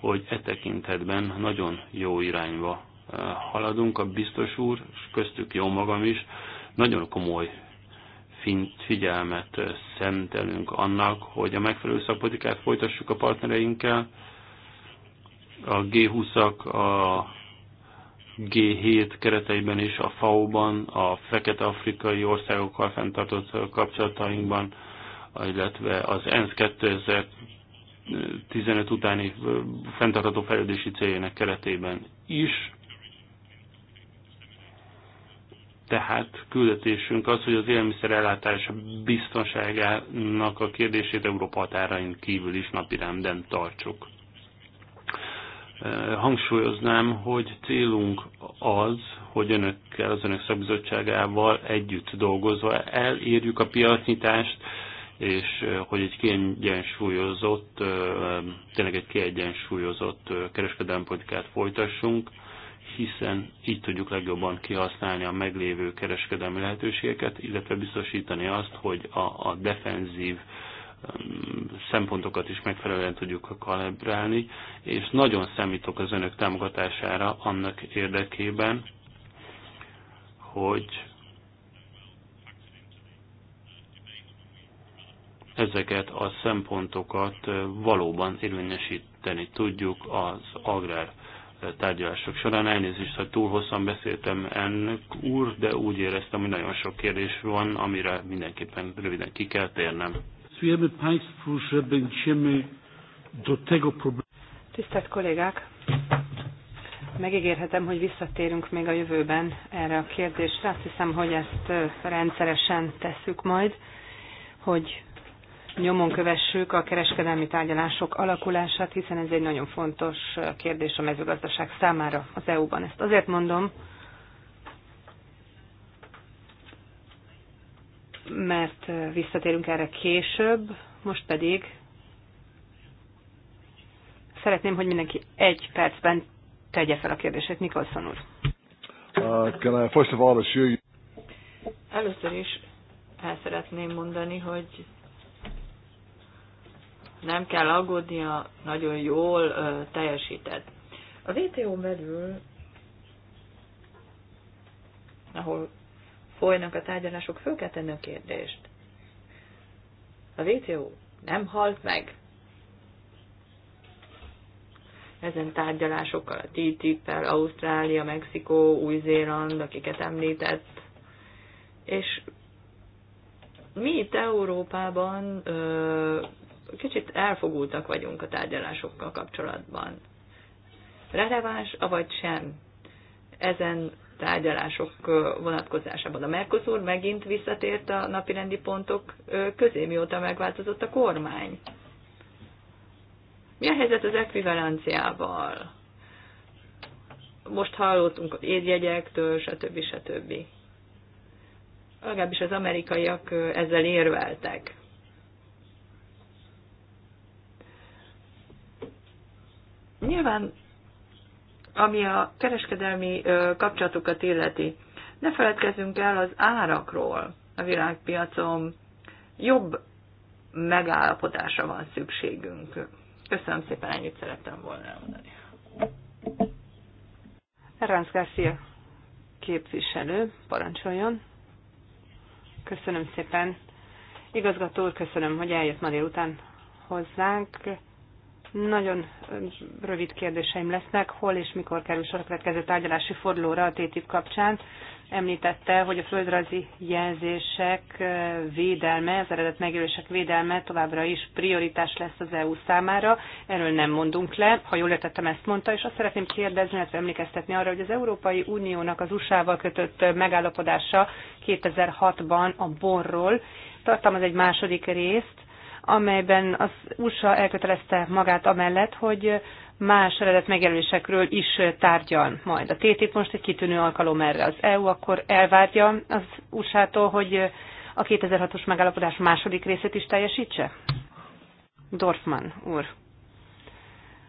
hogy e tekintetben nagyon jó irányba eh, haladunk. A biztos úr, és köztük jó magam is, nagyon komoly figyelmet eh, szentelünk annak, hogy a megfelelő szakpolitikát folytassuk a partnereinkkel, a G20-ak, a G7 kereteiben is, a FAO-ban, a fekete-afrikai országokkal fenntartott kapcsolatainkban, illetve az ENSZ 2015 utáni fenntartható fejlődési céljének keretében is. Tehát küldetésünk az, hogy az élelmiszer ellátása biztonságának a kérdését Európa határain kívül is napirenden tartsuk hangsúlyoznám, hogy célunk az, hogy önökkel, az önök szakbizottságával együtt dolgozva elérjük a piacnyitást, és hogy egy kiegyensúlyozott, tényleg egy kiegyensúlyozott kereskedelmpolitikát folytassunk, hiszen így tudjuk legjobban kihasználni a meglévő kereskedelmi lehetőségeket, illetve biztosítani azt, hogy a, a defenzív szempontokat is megfelelően tudjuk kalibrálni, és nagyon számítok az önök támogatására annak érdekében, hogy ezeket a szempontokat valóban érvényesíteni tudjuk az agrár tárgyalások során. Elnézést, hogy túl hosszan beszéltem ennek úr, de úgy éreztem, hogy nagyon sok kérdés van, amire mindenképpen röviden ki kell térnem. Obiecujemy Państwu, że będziemy do tego problemu. Tisztelt kollégák! Megígérhetem, hogy visszatérünk még a jövőben erre a kérdésre. Azt hiszem, hogy ezt rendszeresen tesszük majd, hogy nyomon kövessük a kereskedelmi tárgyalások alakulását, hiszen ez egy nagyon fontos kérdés a mezőgazdaság számára az EU-ban. Ezt azért mondom, mert visszatérünk erre később, most pedig szeretném, hogy mindenki egy percben tegye fel a kérdését. Nikolson úr. Uh, first of all Először is el szeretném mondani, hogy nem kell aggódnia, nagyon jól ö, teljesített. A VTO belül, ahol folynak a tárgyalások, föl kell tenni a kérdést. A WTO nem halt meg. Ezen tárgyalásokkal, a TTIP-el, Ausztrália, Mexikó, Új-Zéland, akiket említett, és mi itt Európában ö, kicsit elfogultak vagyunk a tárgyalásokkal kapcsolatban. Releváns, avagy sem? Ezen tárgyalások vonatkozásában. A Mercosur megint visszatért a napirendi pontok közé, mióta megváltozott a kormány. Mi a helyzet az ekvivalenciával? Most hallottunk az édjegyektől, stb. stb. Legalábbis az amerikaiak ezzel érveltek. Nyilván ami a kereskedelmi kapcsolatokat illeti. Ne feledkezzünk el az árakról a világpiacon. Jobb megállapodásra van szükségünk. Köszönöm szépen, ennyit szerettem volna elmondani. Ránc Garcia képviselő, parancsoljon. Köszönöm szépen. Igazgató úr, köszönöm, hogy eljött ma délután hozzánk nagyon rövid kérdéseim lesznek. Hol és mikor kerül sor a következő tárgyalási fordulóra a TTIP kapcsán? Említette, hogy a földrajzi jelzések eh, védelme, az eredet megjelölések védelme továbbra is prioritás lesz az EU számára. Erről nem mondunk le. Ha jól értettem, ezt mondta, és azt szeretném kérdezni, illetve emlékeztetni arra, hogy az Európai Uniónak az USA-val kötött eh, megállapodása 2006-ban a borról tartalmaz egy második részt, amelyben az USA elkötelezte magát amellett, hogy más eredet megjelölésekről is tárgyal majd. A TTIP most egy kitűnő alkalom erre. Az EU akkor elvárja az USA-tól, hogy a 2006-os megállapodás második részét is teljesítse? Dorfman úr.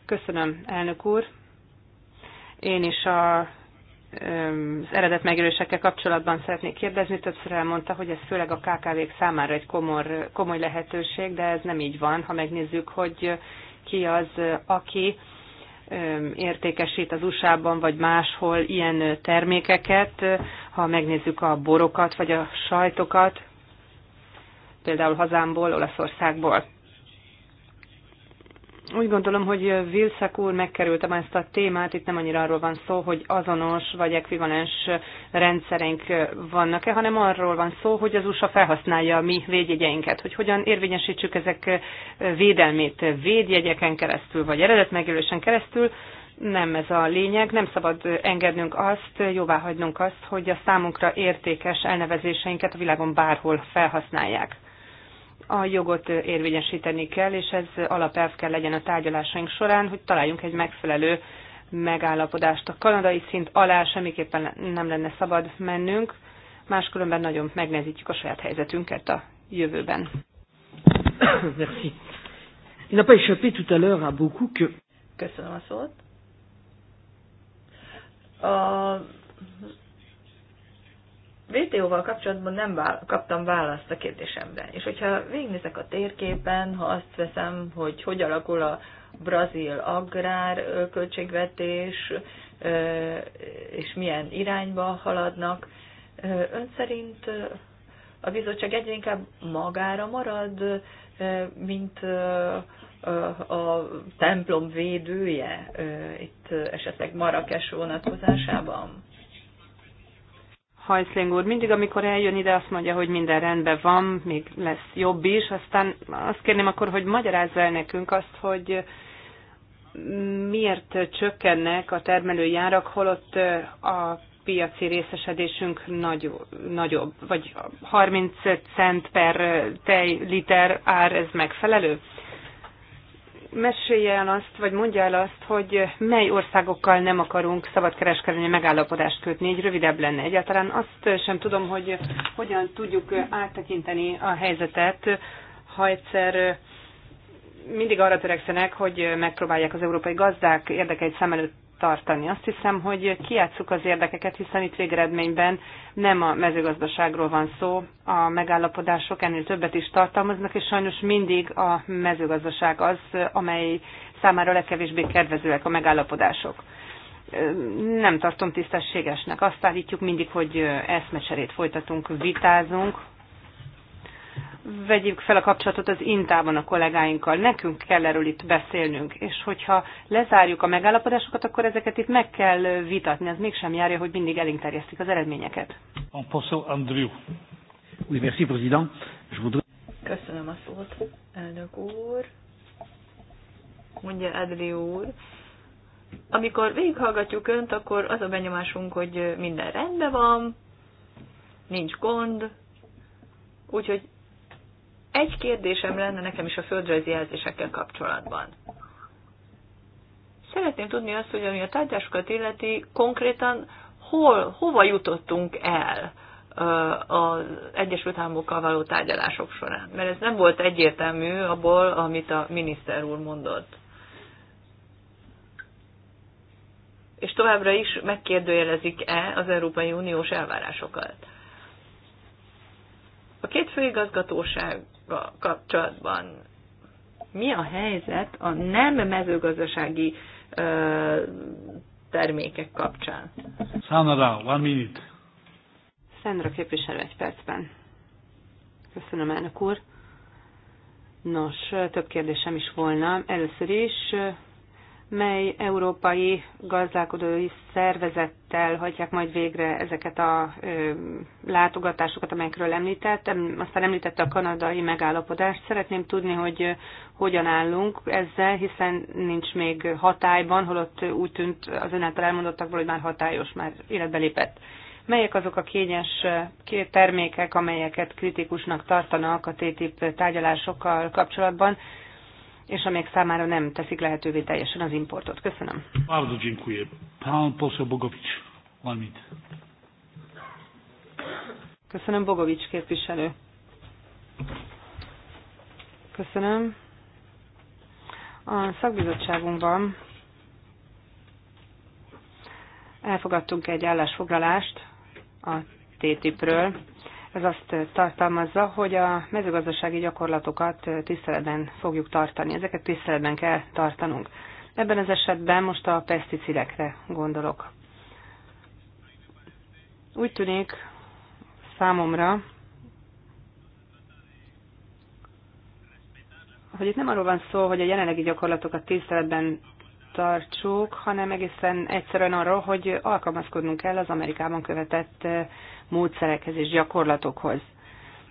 Köszönöm, elnök úr. Én is a az eredet megjelölésekkel kapcsolatban szeretnék kérdezni. Többször elmondta, hogy ez főleg a KKV-k számára egy komor, komoly lehetőség, de ez nem így van, ha megnézzük, hogy ki az, aki értékesít az USA-ban vagy máshol ilyen termékeket, ha megnézzük a borokat vagy a sajtokat, például hazámból, Olaszországból úgy gondolom, hogy Vilszak úr megkerülte már ezt a témát, itt nem annyira arról van szó, hogy azonos vagy ekvivalens rendszereink vannak-e, hanem arról van szó, hogy az USA felhasználja a mi védjegyeinket, hogy hogyan érvényesítsük ezek védelmét védjegyeken keresztül, vagy eredetmegjelölésen keresztül, nem ez a lényeg, nem szabad engednünk azt, jóvá hagynunk azt, hogy a számunkra értékes elnevezéseinket a világon bárhol felhasználják a jogot érvényesíteni kell, és ez alapelv kell legyen a tárgyalásaink során, hogy találjunk egy megfelelő megállapodást. A kanadai szint alá semmiképpen nem lenne szabad mennünk, máskülönben nagyon megnehezítjük a saját helyzetünket a jövőben. Merci. Il n'a pas échappé tout à l'heure à beaucoup que... Köszönöm a szót. A VTO-val kapcsolatban nem vála- kaptam választ a kérdésemre. És hogyha végignézek a térképen, ha azt veszem, hogy hogy alakul a brazil agrár költségvetés, és milyen irányba haladnak, ön szerint a bizottság egyre inkább magára marad, mint a templom védője itt esetleg Marrakes vonatkozásában? Hajszling úr mindig, amikor eljön ide, azt mondja, hogy minden rendben van, még lesz jobb is, aztán azt kérném akkor, hogy magyarázza el nekünk azt, hogy miért csökkennek a termelői árak, holott a piaci részesedésünk nagyobb, vagy 30 cent per tejliter ár, ez megfelelő? mesélje el azt, vagy mondja el azt, hogy mely országokkal nem akarunk szabadkereskedelmi megállapodást kötni, így rövidebb lenne. Egyáltalán azt sem tudom, hogy hogyan tudjuk áttekinteni a helyzetet, ha egyszer mindig arra törekszenek, hogy megpróbálják az európai gazdák érdekeit szem előtt tartani. Azt hiszem, hogy kiátszuk az érdekeket, hiszen itt végeredményben nem a mezőgazdaságról van szó, a megállapodások ennél többet is tartalmaznak, és sajnos mindig a mezőgazdaság az, amely számára legkevésbé kedvezőek a megállapodások. Nem tartom tisztességesnek. Azt állítjuk mindig, hogy eszmecserét folytatunk, vitázunk, vegyük fel a kapcsolatot az intában a kollégáinkkal. Nekünk kell erről itt beszélnünk, és hogyha lezárjuk a megállapodásokat, akkor ezeket itt meg kell vitatni. Ez mégsem járja, hogy mindig elénk terjesztik az eredményeket. Andrew. Köszönöm a szót, elnök úr. Mondja Adri úr. Amikor végighallgatjuk önt, akkor az a benyomásunk, hogy minden rendben van, nincs gond, úgyhogy egy kérdésem lenne nekem is a földrajzi jelzésekkel kapcsolatban. Szeretném tudni azt, hogy ami a tárgyásokat illeti, konkrétan hol, hova jutottunk el az Egyesült Államokkal való tárgyalások során. Mert ez nem volt egyértelmű abból, amit a miniszter úr mondott. És továbbra is megkérdőjelezik-e az Európai Uniós elvárásokat. A két főigazgatóság kapcsolatban. Mi a helyzet a nem mezőgazdasági ö, termékek kapcsán? Szánadá, one minute. Szendra képviselő egy percben. Köszönöm, elnök úr. Nos, több kérdésem is volna. Először is mely európai gazdálkodói szervezettel hagyják majd végre ezeket a ö, látogatásokat, amelyekről említettem. Aztán említette a kanadai megállapodást. Szeretném tudni, hogy hogyan állunk ezzel, hiszen nincs még hatályban, holott úgy tűnt az ön által elmondottakból, hogy már hatályos, már életbe lépett. Melyek azok a kényes termékek, amelyeket kritikusnak tartanak a TTIP tárgyalásokkal kapcsolatban? és amelyek számára nem teszik lehetővé teljesen az importot. Köszönöm. Bardzo dziękuję. Pan poseł Bogowicz, valamit. Köszönöm, Bogovics képviselő. Köszönöm. A szakbizottságunkban elfogadtunk egy állásfoglalást a TTIP-ről, ez azt tartalmazza, hogy a mezőgazdasági gyakorlatokat tiszteletben fogjuk tartani. Ezeket tiszteletben kell tartanunk. Ebben az esetben most a peszticidekre gondolok. Úgy tűnik számomra, hogy itt nem arról van szó, hogy a jelenlegi gyakorlatokat tiszteletben tartsuk, hanem egészen egyszerűen arról, hogy alkalmazkodnunk kell az Amerikában követett eh, módszerekhez és gyakorlatokhoz.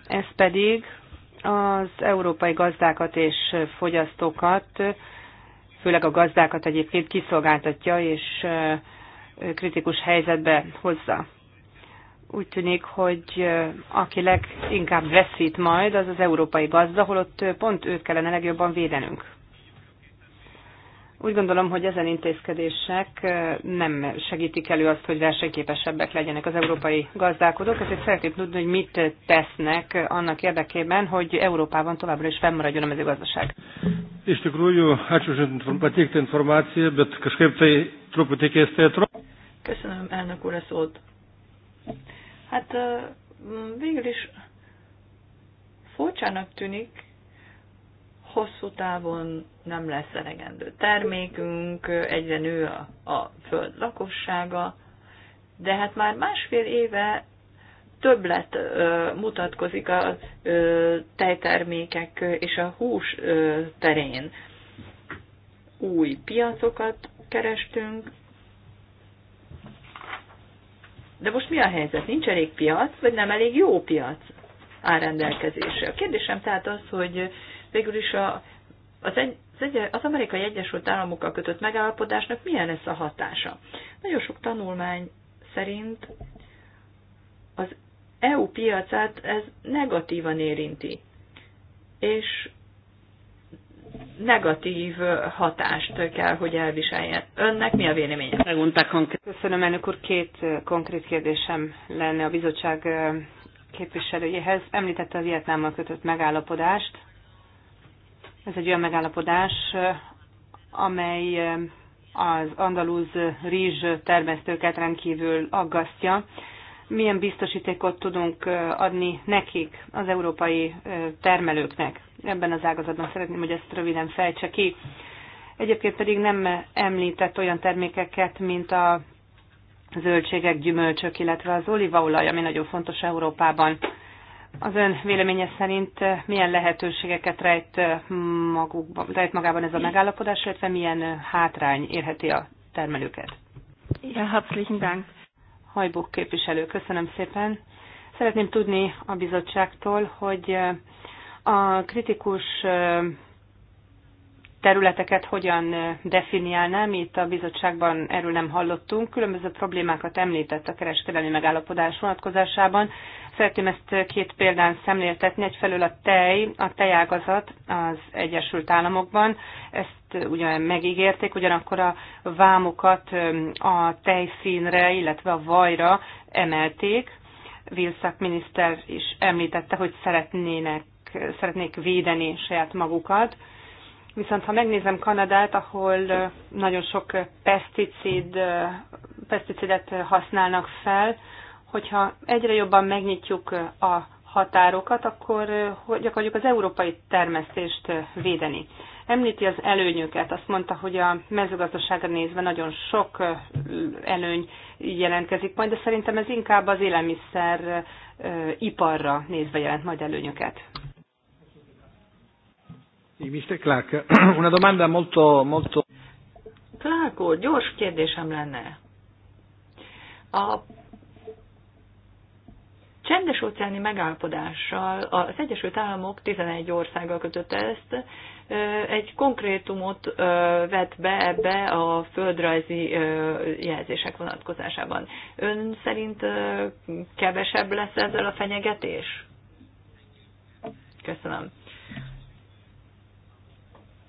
Ez pedig az európai gazdákat és fogyasztókat, főleg a gazdákat egyébként kiszolgáltatja és eh, kritikus helyzetbe hozza. Úgy tűnik, hogy eh, aki leginkább veszít majd, az az európai gazda, holott pont őt kellene legjobban védenünk. Úgy gondolom, hogy ezen intézkedések nem segítik elő azt, hogy versenyképesebbek legyenek az európai gazdálkodók, ezért szeretném tudni, hogy mit tesznek annak érdekében, hogy Európában továbbra is fennmaradjon a mezőgazdaság. Köszönöm, elnök úr, a szót. Hát végül is furcsának tűnik, hosszú távon nem lesz elegendő termékünk, egyre nő a, a föld lakossága, de hát már másfél éve többlet ö, mutatkozik a ö, tejtermékek és a hús ö, terén. Új piacokat kerestünk, de most mi a helyzet? Nincs elég piac, vagy nem elég jó piac áll rendelkezésre? A kérdésem tehát az, hogy végül is a, az, egy, az, egy, az amerikai Egyesült Államokkal kötött megállapodásnak milyen lesz a hatása. Nagyon sok tanulmány szerint az EU piacát ez negatívan érinti, és negatív hatást kell, hogy elviseljen. Önnek mi a véleménye? Köszönöm, elnök úr. Két konkrét kérdésem lenne a bizottság képviselőjéhez. Említette a Vietnámmal kötött megállapodást. Ez egy olyan megállapodás, amely az andalúz rizs termesztőket rendkívül aggasztja. Milyen biztosítékot tudunk adni nekik, az európai termelőknek? Ebben az ágazatban szeretném, hogy ezt röviden fejtse ki. Egyébként pedig nem említett olyan termékeket, mint a zöldségek, gyümölcsök, illetve az olívaolaj, ami nagyon fontos Európában. Az ön véleménye szerint eh, milyen lehetőségeket rejt, eh, magukban, rejt magában ez a megállapodás, illetve milyen eh, hátrány érheti a termelőket? Ja, herzlichen Dank. Hajbuk képviselő, köszönöm szépen. Szeretném tudni a bizottságtól, hogy a kritikus területeket hogyan definiálnám, itt a bizottságban erről nem hallottunk. Különböző problémákat említett a kereskedelmi megállapodás vonatkozásában. Szeretném ezt két példán szemléltetni. Egyfelől a tej, a tejágazat az Egyesült Államokban. Ezt ugyan megígérték, ugyanakkor a vámokat a tejszínre, illetve a vajra emelték. Vilszak miniszter is említette, hogy szeretnének, szeretnék védeni saját magukat Viszont ha megnézem Kanadát, ahol nagyon sok peszticid, peszticidet használnak fel, hogyha egyre jobban megnyitjuk a határokat, akkor hogy akarjuk az európai termesztést védeni. Említi az előnyöket, azt mondta, hogy a mezőgazdaságra nézve nagyon sok előny jelentkezik majd, de szerintem ez inkább az élelmiszer iparra nézve jelent majd előnyöket. Mr. Clark, una domanda molto, molto... Clark gyors kérdésem lenne. A csendes óceáni megállapodással az Egyesült Államok 11 országgal kötött ezt, egy konkrétumot vet be ebbe a földrajzi jelzések vonatkozásában. Ön szerint kevesebb lesz ezzel a fenyegetés? Köszönöm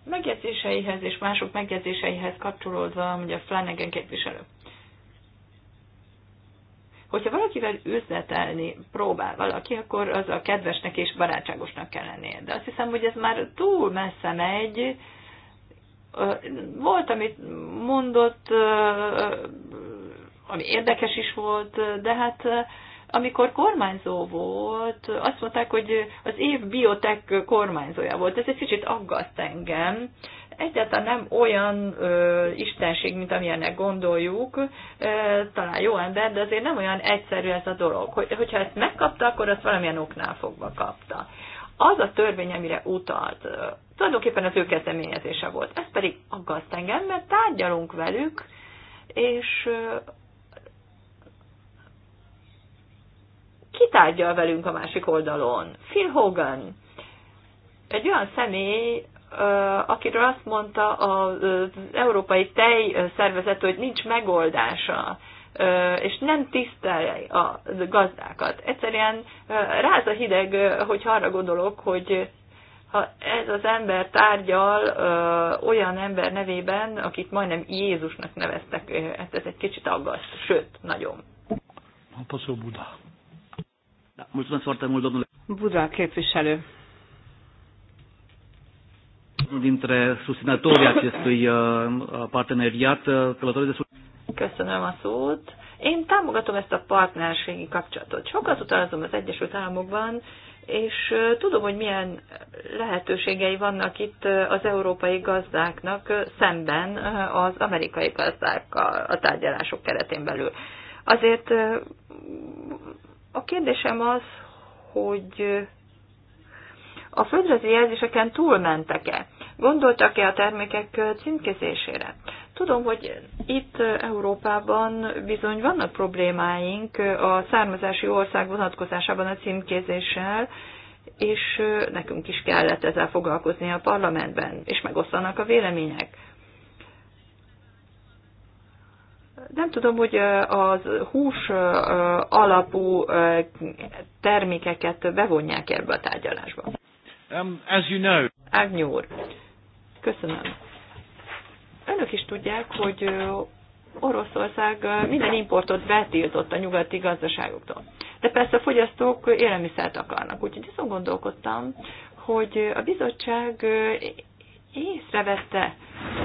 megjegyzéseihez és mások megjegyzéseihez kapcsolódva, ugye Flanagan képviselő. Hogyha valakivel üzletelni próbál valaki, akkor az a kedvesnek és barátságosnak kell lennie. De azt hiszem, hogy ez már túl messze megy. Volt, amit mondott, ami érdekes is volt, de hát amikor kormányzó volt, azt mondták, hogy az év biotek kormányzója volt. Ez egy kicsit aggaszt engem. Egyáltalán nem olyan ö, istenség, mint amilyennek gondoljuk, ö, talán jó ember, de azért nem olyan egyszerű ez a dolog. Hogy, hogyha ezt megkapta, akkor azt valamilyen oknál fogva kapta. Az a törvény, amire utalt, ö, tulajdonképpen az ő kezdeményezése volt. Ez pedig aggaszt engem, mert tárgyalunk velük, és kitárgyal velünk a másik oldalon. Phil Hogan, egy olyan személy, akiről azt mondta az Európai Tej Szervezet, hogy nincs megoldása, és nem tiszteli a gazdákat. Egyszerűen ráz a hideg, hogy arra gondolok, hogy ha ez az ember tárgyal olyan ember nevében, akit majdnem Jézusnak neveztek, hát ez egy kicsit aggaszt, sőt, nagyon. A Buda. Mulțumesc foarte mult, domnule. Buda, képviselő. Unul Dintre susținătorii acestui uh, parteneriat, uh, călătorii de Köszönöm a szót. Én támogatom ezt a partnerségi kapcsolatot. Sokat utazom az Egyesült Államokban, és uh, tudom, hogy milyen lehetőségei vannak itt az európai gazdáknak szemben az amerikai gazdákkal a tárgyalások keretén belül. Azért a kérdésem az, hogy a földrajzi jelzéseken túlmentek-e? Gondoltak-e a termékek címkézésére? Tudom, hogy itt Európában bizony vannak problémáink a származási ország vonatkozásában a címkézéssel, és nekünk is kellett ezzel foglalkozni a parlamentben, és megoszlanak a vélemények. Nem tudom, hogy az hús alapú termékeket bevonják ebbe a tárgyalásba. Um, as you know. Ágnyú úr, köszönöm. Önök is tudják, hogy Oroszország minden importot betiltott a nyugati gazdaságoktól. De persze a fogyasztók élelmiszert akarnak, úgyhogy azon gondolkodtam, hogy a bizottság észrevette,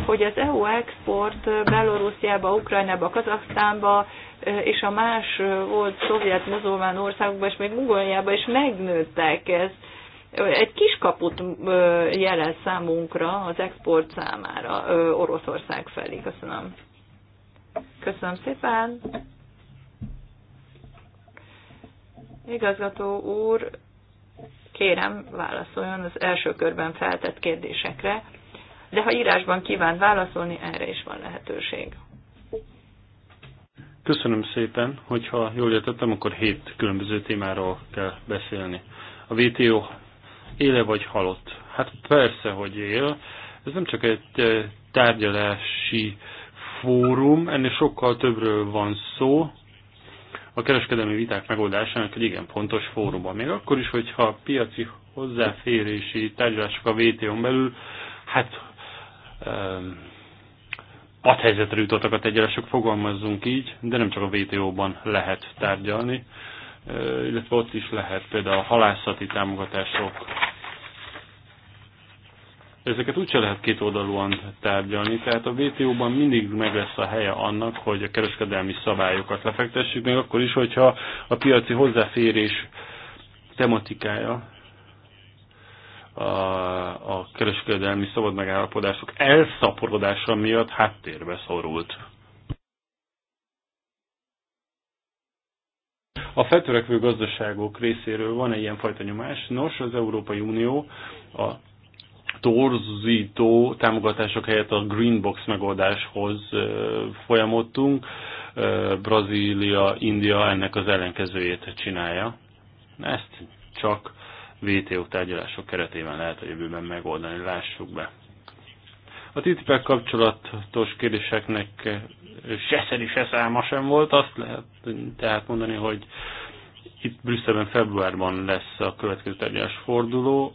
hogy az EU export Belorussziába, Ukrajnába, Kazaksztánba és a más volt szovjet muzulmán országokban, és még Mongóliába is megnőttek ez. Egy kis kaput jelez számunkra az export számára Oroszország felé. Köszönöm. Köszönöm szépen. Igazgató úr, Kérem, válaszoljon az első körben feltett kérdésekre, de ha írásban kíván válaszolni, erre is van lehetőség. Köszönöm szépen, hogyha jól értettem, akkor hét különböző témáról kell beszélni. A VTO éle vagy halott? Hát persze, hogy él. Ez nem csak egy eh, tárgyalási fórum, ennél sokkal többről van szó a kereskedelmi viták megoldásának egy igen fontos fóruma. Még akkor is, hogyha a piaci hozzáférési tárgyalások a WTO-n belül, hát um, helyzetre jutottak a tárgyalások, fogalmazzunk így, de nem csak a WTO-ban lehet tárgyalni, illetve ott is lehet például a halászati támogatások ezeket úgyse lehet két oldalúan tárgyalni, tehát a WTO-ban mindig meg lesz a helye annak, hogy a kereskedelmi szabályokat lefektessük, még akkor is, hogyha a piaci hozzáférés tematikája a, a kereskedelmi szabad megállapodások elszaporodása miatt háttérbe szorult. A feltörekvő gazdaságok részéről van egy ilyenfajta nyomás. Nos, az Európai Unió a torzító támogatások helyett a Greenbox megoldáshoz folyamodtunk. Brazília, India ennek az ellenkezőjét csinálja. Ezt csak VTO tárgyalások keretében lehet a jövőben megoldani, lássuk be. A ttip kapcsolatos kérdéseknek se szeri, se száma sem volt, azt lehet tehát mondani, hogy itt Brüsszelben februárban lesz a következő tárgyalás forduló,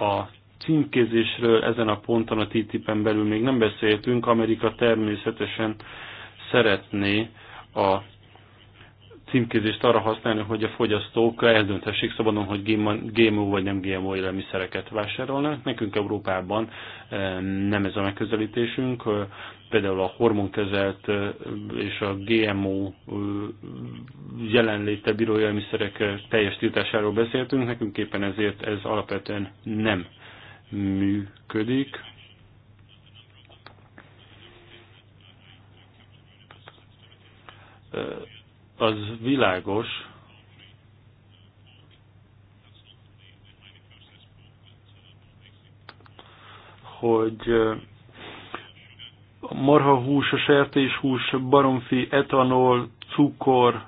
a címkézésről ezen a ponton a TTIP-en belül még nem beszéltünk. Amerika természetesen szeretné a címkézést arra használni, hogy a fogyasztók eldönthessék szabadon, hogy GMO vagy nem GMO élelmiszereket vásárolnak. Nekünk Európában eh, nem ez a megközelítésünk. Eh, például a hormonkezelt eh, és a GMO jelenléte bíró élelmiszerek teljes tiltásáról beszéltünk. Nekünk éppen ezért ez alapvetően nem működik. Az világos, hogy a hús, a sertéshús, baromfi, etanol, cukor,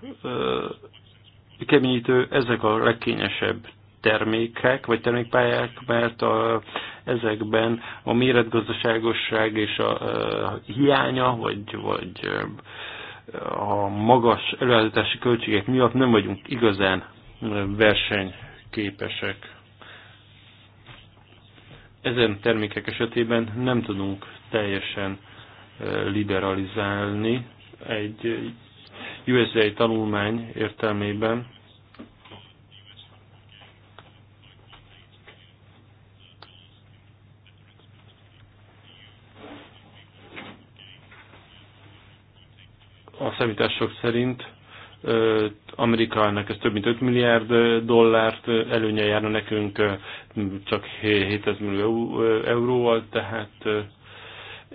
keményítő, ezek a legkényesebb termékek vagy termékpályák, mert a, ezekben a méretgazdaságosság és a, a e, hiánya, vagy, vagy e, a magas előállítási költségek miatt nem vagyunk igazán versenyképesek. Ezen termékek esetében nem tudunk teljesen e, liberalizálni. Egy USA tanulmány értelmében számítások szerint Amerikának ez több mint 5 milliárd dollárt előnye járna nekünk csak 7000 millió euróval, tehát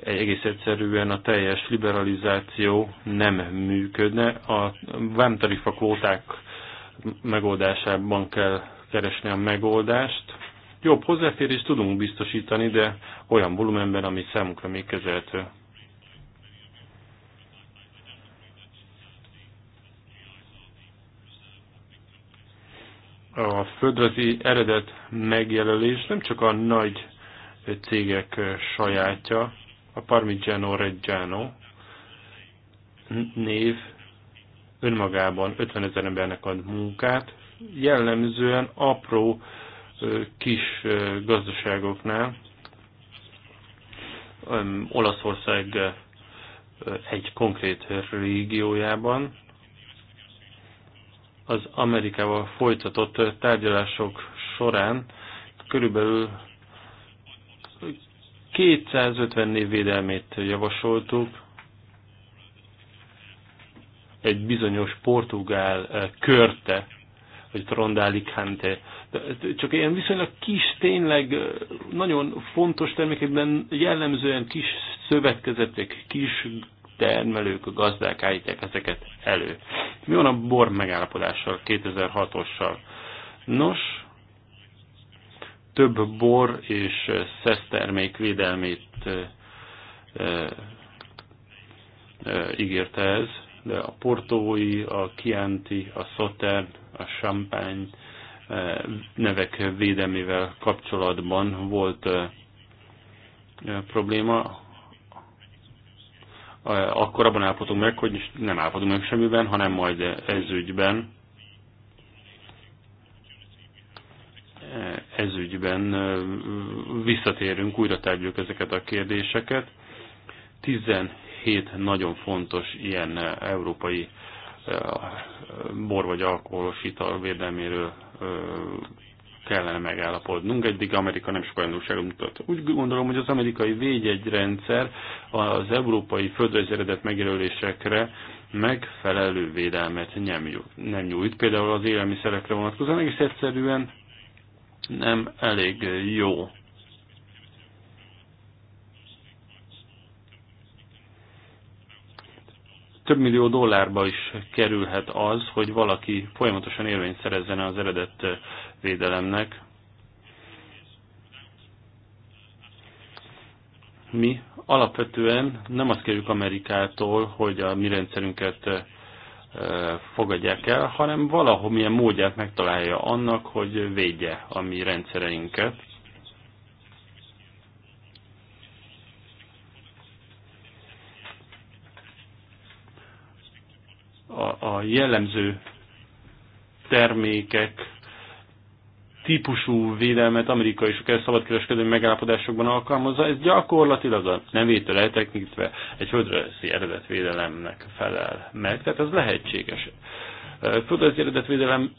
egész egyszerűen a teljes liberalizáció nem működne. A vámtarifa kvóták megoldásában kell keresni a megoldást. Jobb hozzáférést tudunk biztosítani, de olyan volumenben, ami számunkra még kezelhető. a földrajzi eredet megjelölés nem csak a nagy cégek sajátja, a Parmigiano Reggiano név önmagában 50 ezer embernek ad munkát, jellemzően apró kis gazdaságoknál, Olaszország egy konkrét régiójában, az Amerikával folytatott tárgyalások során körülbelül 250 név védelmét javasoltuk, egy bizonyos portugál eh, körte, vagy trondálikante. Csak ilyen viszonylag kis, tényleg eh, nagyon fontos termékekben jellemzően kis szövetkezetek, kis termelők, a gazdák állítják ezeket elő. Mi van a bor megállapodással, 2006-ossal? Nos, több bor és termék védelmét e, e, e, ígérte ez, de a portói, a kianti, a szotern, a champagne nevek védelmével kapcsolatban volt probléma. Eh, akkor abban állapodunk meg, hogy nem állapodunk meg semmiben, hanem majd ez ügyben eh, ez ügyben eh, visszatérünk, újra tárgyaljuk ezeket a kérdéseket. 17 nagyon fontos ilyen európai bor vagy alkoholos ital védelméről kellene megállapodnunk. Eddig Amerika nem sok ajándóságot mutat. Úgy gondolom, hogy az amerikai védjegyrendszer az európai földrajzi eredet megjelölésekre megfelelő védelmet nem nyújt. Például az élelmiszerekre vonatkozóan egész egyszerűen nem elég jó több millió dollárba is kerülhet az, hogy valaki folyamatosan érvényt szerezzen az eredett eh, védelemnek. Mi alapvetően nem azt kérjük Amerikától, hogy a mi rendszerünket eh, fogadják el, hanem valahol milyen módját megtalálja annak, hogy védje a mi rendszereinket. a, jellemző termékek típusú védelmet Amerika és a szabadkereskedelmi megállapodásokban alkalmazza, ez gyakorlatilag a nevétől eltekintve egy földrajzi eredetvédelemnek felel meg, tehát ez lehetséges. Földrajzi eredetvédelem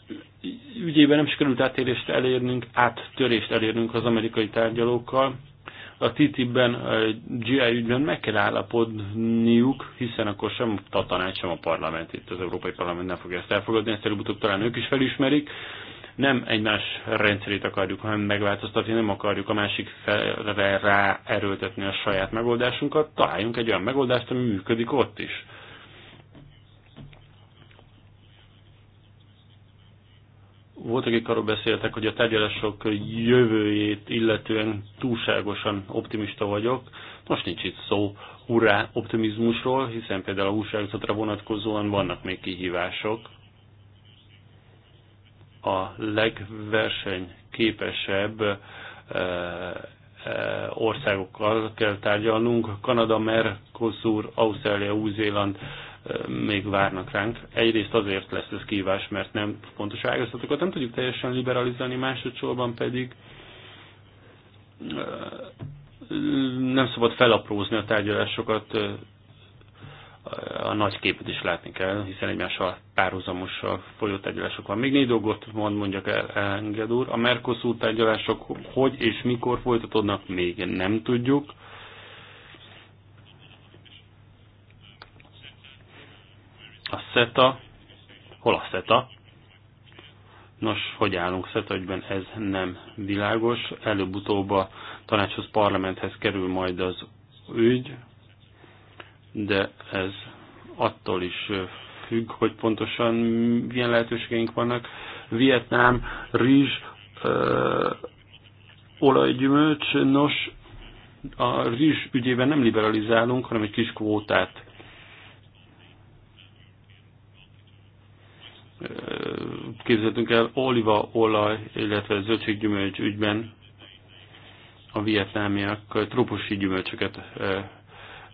ügyében nem sikerült átérést elérnünk, áttörést elérnünk az amerikai tárgyalókkal, a TTIP-ben, a GI ügyben meg kell állapodniuk, hiszen akkor sem a tanács, sem a parlament itt az Európai Parlament nem fogja ezt elfogadni, ezt előbb-utóbb talán ők is felismerik. Nem egymás rendszerét akarjuk hanem megváltoztatni, nem akarjuk a másik felre rá erőltetni a saját megoldásunkat, találjunk egy olyan megoldást, ami működik ott is. voltak, akik arról beszéltek, hogy a tárgyalások jövőjét illetően túlságosan optimista vagyok. Most nincs itt szó hurrá optimizmusról, hiszen például a húsározatra vonatkozóan vannak még kihívások. A legversenyképesebb eh, eh, országokkal kell tárgyalnunk. Kanada, Mercosur, Ausztrália, Új-Zéland, még várnak ránk. Egyrészt azért lesz ez kívás, mert nem pontos ágazatokat nem tudjuk teljesen liberalizálni, másodszorban pedig nem szabad felaprózni a tárgyalásokat, a nagy képet is látni kell, hiszen egymással párhuzamosan folyó tárgyalások van. Még négy dolgot mond, mondjak el, Enged úr. A Mercosur tárgyalások hogy és mikor folytatódnak, még nem tudjuk. A SETA, hol a SETA? Nos, hogy állunk SETA ügyben, ez nem világos. Előbb-utóbb a tanácshoz, parlamenthez kerül majd az ügy, de ez attól is függ, hogy pontosan milyen lehetőségeink vannak. Vietnám, rizs, ö, olajgyümölcs, nos, a rizs ügyében nem liberalizálunk, hanem egy kis kvótát képzeltünk el olaj, illetve zöldséggyümölcs ügyben a vietnámiak trópusi gyümölcsöket e, e,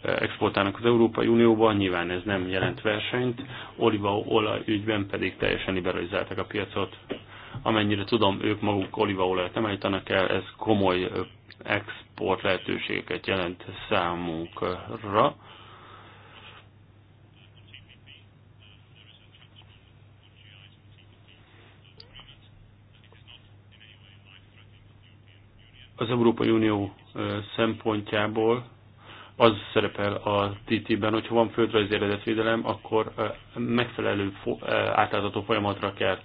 exportálnak az Európai Unióba, nyilván ez nem jelent versenyt, olaj ügyben pedig teljesen liberalizálták a piacot. Amennyire tudom, ők maguk olívaolajat nem állítanak el, ez komoly export lehetőségeket jelent számunkra. az Európai Unió szempontjából az szerepel a TTIP-ben, hogyha van földrajzi eredetvédelem, akkor megfelelő átlátható folyamatra kell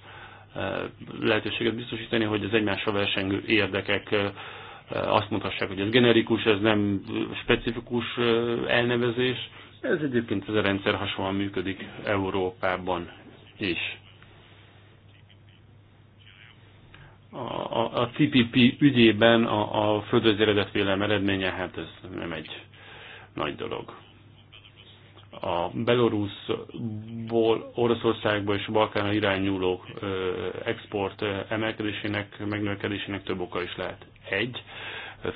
lehetőséget biztosítani, hogy az egymással versengő érdekek azt mondhassák, hogy ez generikus, ez nem specifikus elnevezés. Ez egyébként ez a rendszer hasonlóan működik Európában is. a, a CPP ügyében a, a földrajzi eredetvédelem eredménye, hát ez nem egy nagy dolog. A Belarusból, Oroszországból és a Balkánra irányuló export emelkedésének, megnövekedésének több oka is lehet. Egy,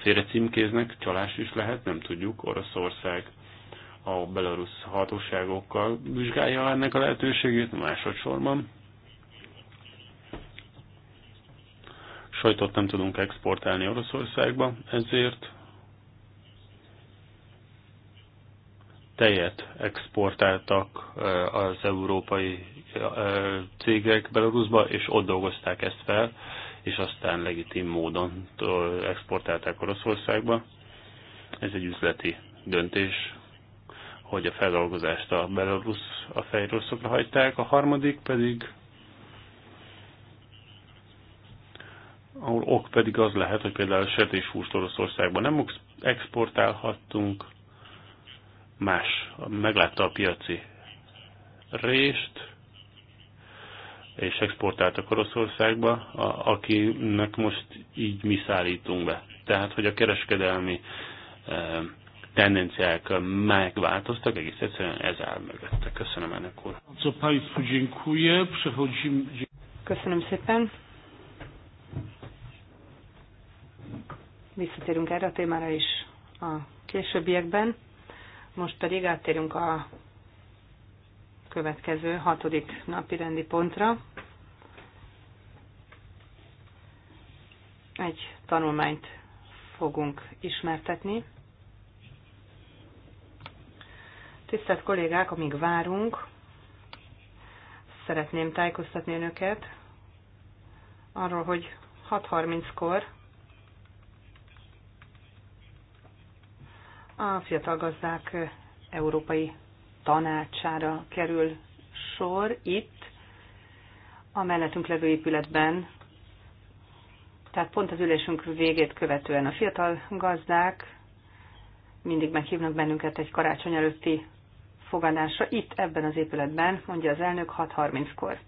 félre címkéznek, csalás is lehet, nem tudjuk, Oroszország a belarusz hatóságokkal vizsgálja ennek a lehetőségét másodszorban. sajtot nem tudunk exportálni Oroszországba, ezért tejet exportáltak az európai cégek Belarusba, és ott dolgozták ezt fel, és aztán legitim módon exportálták Oroszországba. Ez egy üzleti döntés, hogy a feldolgozást a belarusz a fejrosszokra hagyták, a harmadik pedig ahol ok pedig az lehet, hogy például sertéshúst Oroszországban nem exportálhattunk, más meglátta a piaci rést, és exportáltak Oroszországba, a, akinek most így mi szállítunk be. Tehát, hogy a kereskedelmi e, tendenciák megváltoztak, egész egyszerűen ez áll mögötte. Köszönöm ennek úr. Köszönöm szépen. Visszatérünk erre a témára is a későbbiekben. Most pedig áttérünk a következő hatodik napi rendi pontra. Egy tanulmányt fogunk ismertetni. Tisztelt kollégák, amíg várunk, szeretném tájékoztatni önöket arról, hogy 6.30-kor a fiatal gazdák európai tanácsára kerül sor itt, a mellettünk levő épületben, tehát pont az ülésünk végét követően a fiatal gazdák mindig meghívnak bennünket egy karácsony előtti fogadásra, itt ebben az épületben, mondja az elnök 6.30-kor.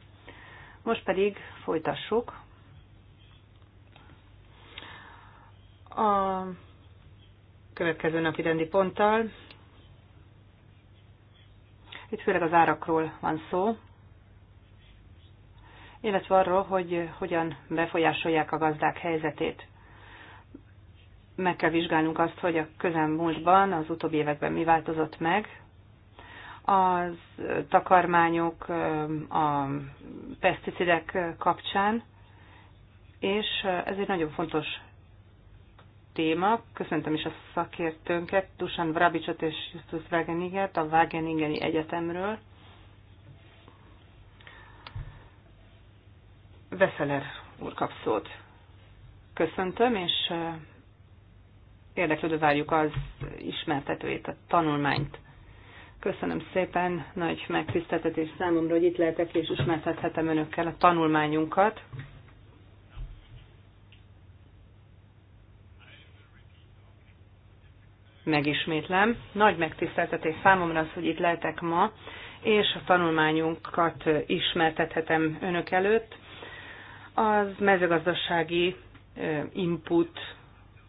Most pedig folytassuk. A következő napi rendi ponttal. Itt főleg az árakról van szó, illetve arról, hogy hogyan befolyásolják a gazdák helyzetét. Meg kell vizsgálnunk azt, hogy a közelmúltban, az utóbbi években mi változott meg. Az takarmányok, a pesticidek kapcsán, és ez egy nagyon fontos téma. Köszöntöm is a szakértőnket, Dusan Vrabicsot és Justus Wageningert a Wageningeni Egyetemről. Veszeler úr kap szót. Köszöntöm, és érdeklődő várjuk az ismertetőjét, a tanulmányt. Köszönöm szépen, nagy megtiszteltetés számomra, hogy itt lehetek és ismertethetem önökkel a tanulmányunkat. megismétlem. Nagy megtiszteltetés számomra az, hogy itt lehetek ma, és a tanulmányunkat ismertethetem önök előtt. Az mezőgazdasági input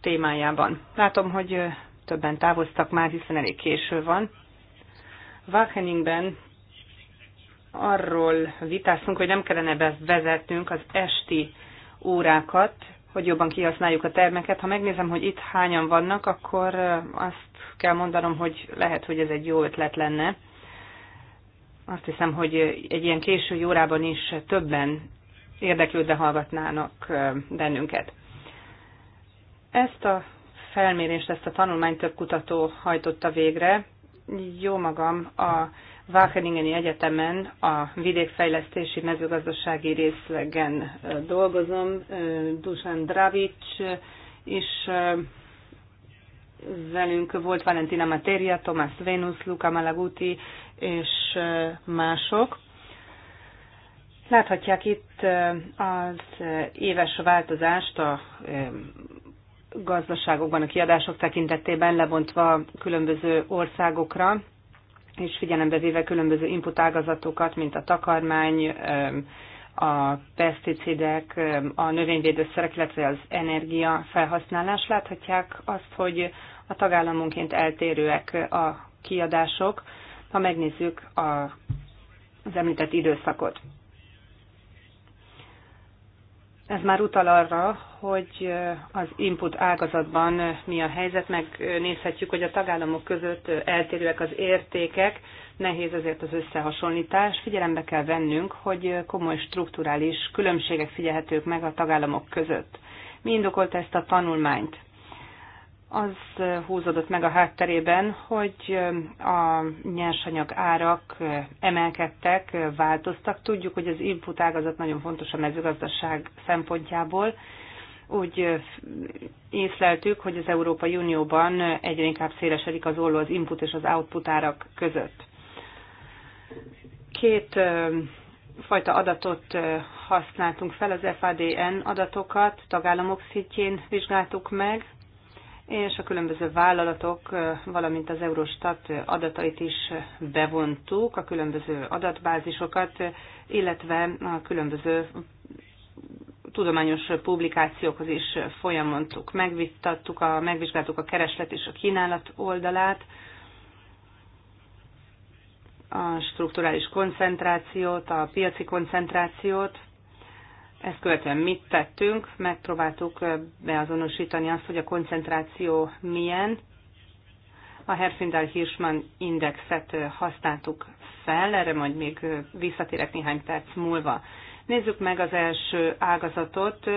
témájában. Látom, hogy többen távoztak már, hiszen elég késő van. Wageningben arról vitáztunk, hogy nem kellene bevezetnünk az esti órákat, hogy jobban kihasználjuk a termeket. Ha megnézem, hogy itt hányan vannak, akkor azt kell mondanom, hogy lehet, hogy ez egy jó ötlet lenne. Azt hiszem, hogy egy ilyen késői órában is többen érdeklődve hallgatnának bennünket. Ezt a felmérést, ezt a tanulmányt több kutató hajtotta végre. Jó magam, a Wageningeni Egyetemen a vidékfejlesztési mezőgazdasági részlegen dolgozom. Dusan Dravics is velünk volt Valentina Materia, Tomás Venus, Luca Malaguti és mások. Láthatják itt az éves változást a gazdaságokban, a kiadások tekintetében lebontva különböző országokra és figyelembe véve különböző input ágazatokat, mint a takarmány, a peszticidek, a növényvédőszerek, illetve az energia felhasználás. Láthatják azt, hogy a tagállamonként eltérőek a kiadások, ha megnézzük a, az említett időszakot. Ez már utal arra, hogy az input ágazatban mi a helyzet, megnézhetjük, hogy a tagállamok között eltérőek az értékek, nehéz ezért az összehasonlítás. Figyelembe kell vennünk, hogy komoly strukturális különbségek figyelhetők meg a tagállamok között. Mi indokolta ezt a tanulmányt? az húzódott meg a hátterében, hogy a nyersanyag árak emelkedtek, változtak. Tudjuk, hogy az input ágazat nagyon fontos a mezőgazdaság szempontjából. Úgy észleltük, hogy az Európai Unióban egyre inkább szélesedik az olló az input és az output árak között. Két fajta adatot használtunk fel, az FADN adatokat tagállamok szintjén vizsgáltuk meg, és a különböző vállalatok, valamint az Eurostat adatait is bevontuk, a különböző adatbázisokat, illetve a különböző tudományos publikációkhoz is folyamontuk. Megvittattuk a, megvizsgáltuk a kereslet és a kínálat oldalát, a strukturális koncentrációt, a piaci koncentrációt, ezt követően mit tettünk? Megpróbáltuk eh, beazonosítani azt, hogy a koncentráció milyen. A Herfindahl-Hirschman indexet eh, használtuk fel, erre majd még eh, visszatérek néhány perc múlva. Nézzük meg az első ágazatot,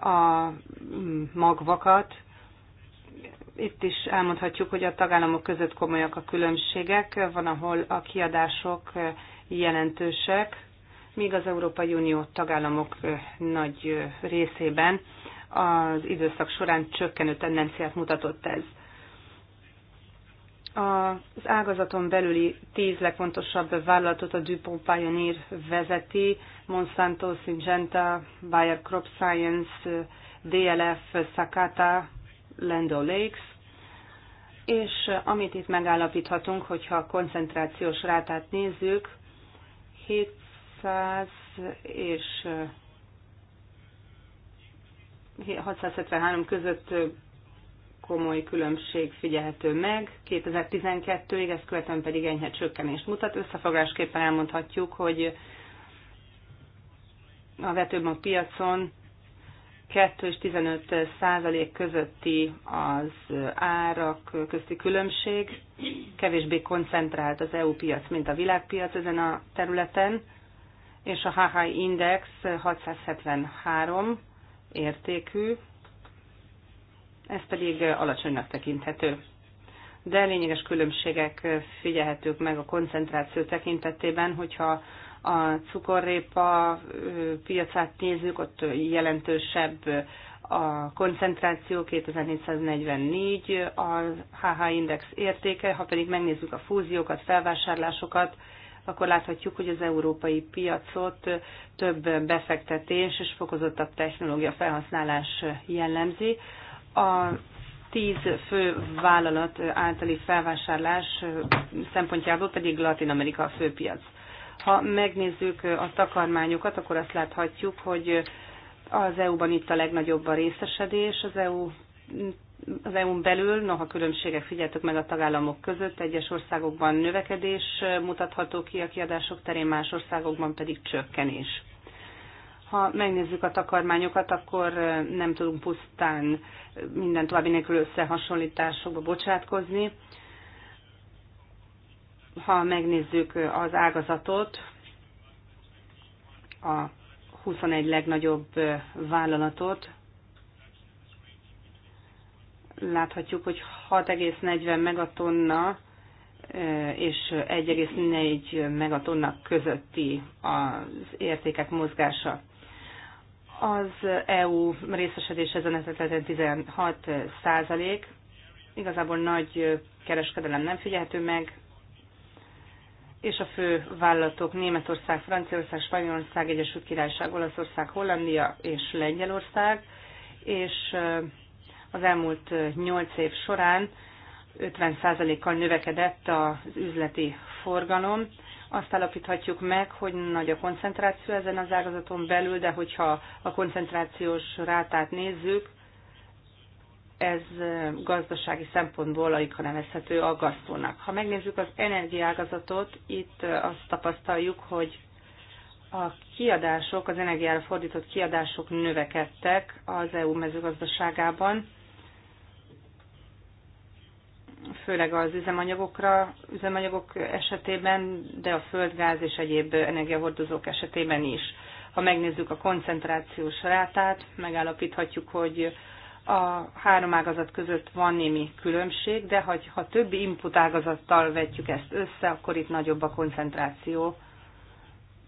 a mm, magvakat. Itt is elmondhatjuk, hogy a tagállamok között komolyak a különbségek. Van, ahol a kiadások jelentősek, míg az Európai Unió tagállamok nagy részében az időszak során csökkenő tendenciát mutatott ez. Az ágazaton belüli tíz legfontosabb vállalatot a DuPont Pioneer vezeti, Monsanto, Syngenta, Bayer Crop Science, DLF, Sakata, Lando Lakes, és amit itt megállapíthatunk, hogyha a koncentrációs rátát nézzük, 7 600 és 673 eh, között eh, komoly különbség figyelhető meg, 2012-ig, ezt követően pedig enyhe csökkenést mutat. Összefoglásképpen elmondhatjuk, hogy a vetőmag piacon 2 és 15 százalék közötti az árak közti különbség, kevésbé koncentrált az EU piac, mint a világpiac ezen a területen, és a HH Index 673 értékű, ez pedig alacsonynak tekinthető. De lényeges különbségek figyelhetők meg a koncentráció tekintetében, hogyha a cukorrépa piacát nézzük, ott jelentősebb a koncentráció 2444, a HH index értéke, ha pedig megnézzük a fúziókat, felvásárlásokat, akkor láthatjuk, hogy az európai piacot több befektetés és fokozottabb technológia felhasználás jellemzi. A tíz fő vállalat általi felvásárlás szempontjából pedig Latin Amerika a főpiac. Ha megnézzük a takarmányokat, akkor azt láthatjuk, hogy az EU-ban itt a legnagyobb a részesedés, az EU az EU-n belül, noha különbségek figyeltek meg a tagállamok között, egyes országokban növekedés mutatható ki a kiadások terén, más országokban pedig csökkenés. Ha megnézzük a takarmányokat, akkor nem tudunk pusztán minden további nélkül összehasonlításokba bocsátkozni. Ha megnézzük az ágazatot, a 21 legnagyobb vállalatot, láthatjuk, hogy 6,40 megatonna és 1,4 megatonna közötti az értékek mozgása. Az EU részesedés ezen esetleten 16 százalék. Igazából nagy kereskedelem nem figyelhető meg, és a fő vállalatok Németország, Franciaország, Spanyolország, Egyesült Királyság, Olaszország, Hollandia és Lengyelország, és az elmúlt 8 év során 50%-kal növekedett az üzleti forgalom. Azt állapíthatjuk meg, hogy nagy a koncentráció ezen az ágazaton belül, de hogyha a koncentrációs rátát nézzük, ez gazdasági szempontból alig nevezhető aggasztónak. Ha megnézzük az energiágazatot, itt azt tapasztaljuk, hogy a kiadások, az energiára fordított kiadások növekedtek az EU mezőgazdaságában, főleg az üzemanyagokra, üzemanyagok esetében, de a földgáz és egyéb energiahordozók esetében is. Ha megnézzük a koncentrációs rátát, megállapíthatjuk, hogy a három ágazat között van némi különbség, de ha, ha többi input ágazattal vetjük ezt össze, akkor itt nagyobb a koncentráció,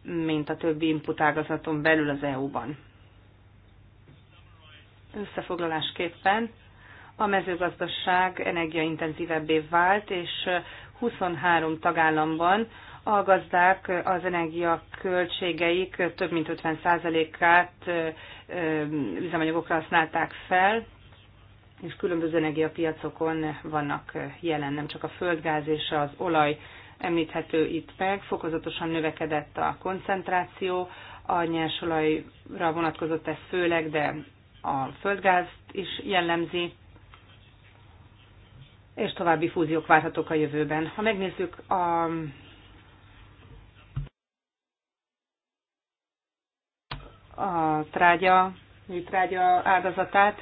mint a többi input ágazaton belül az EU-ban. Összefoglalásképpen a mezőgazdaság energiaintenzívebbé vált, és 23 tagállamban a gazdák az energia költségeik több mint 50%-át üzemanyagokra használták fel, és különböző energiapiacokon vannak jelen, nem csak a földgáz és az olaj említhető itt meg. Fokozatosan növekedett a koncentráció, a nyersolajra vonatkozott ez főleg, de a földgázt is jellemzi és további fúziók várhatók a jövőben. Ha megnézzük a a trágya, műtrágya áldozatát.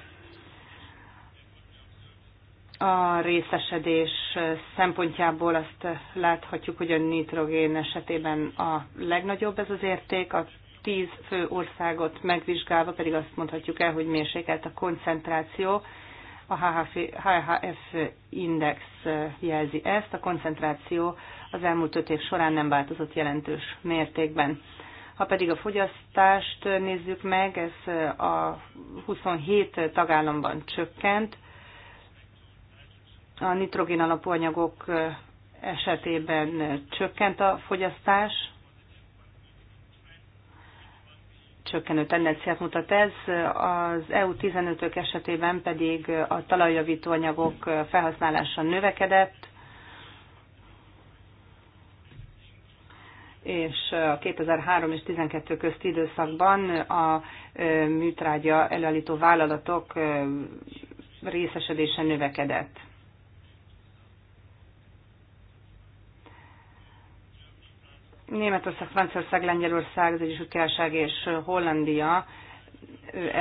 A részesedés szempontjából azt láthatjuk, hogy a nitrogén esetében a legnagyobb ez az érték, a tíz fő országot megvizsgálva pedig azt mondhatjuk el, hogy mérsékelt a koncentráció, a HHF index jelzi ezt, a koncentráció az elmúlt öt év során nem változott jelentős mértékben. Ha pedig a fogyasztást nézzük meg, ez a 27 tagállamban csökkent. A nitrogén alapú anyagok esetében csökkent a fogyasztás, csökkenő tendenciát mutat ez, az EU15-ök esetében pedig a talajjavító anyagok felhasználása növekedett, és a 2003 és 12 közti időszakban a műtrágya előállító vállalatok részesedése növekedett. Németország, Franciaország, Lengyelország, az Egyesült Királyság és Hollandia,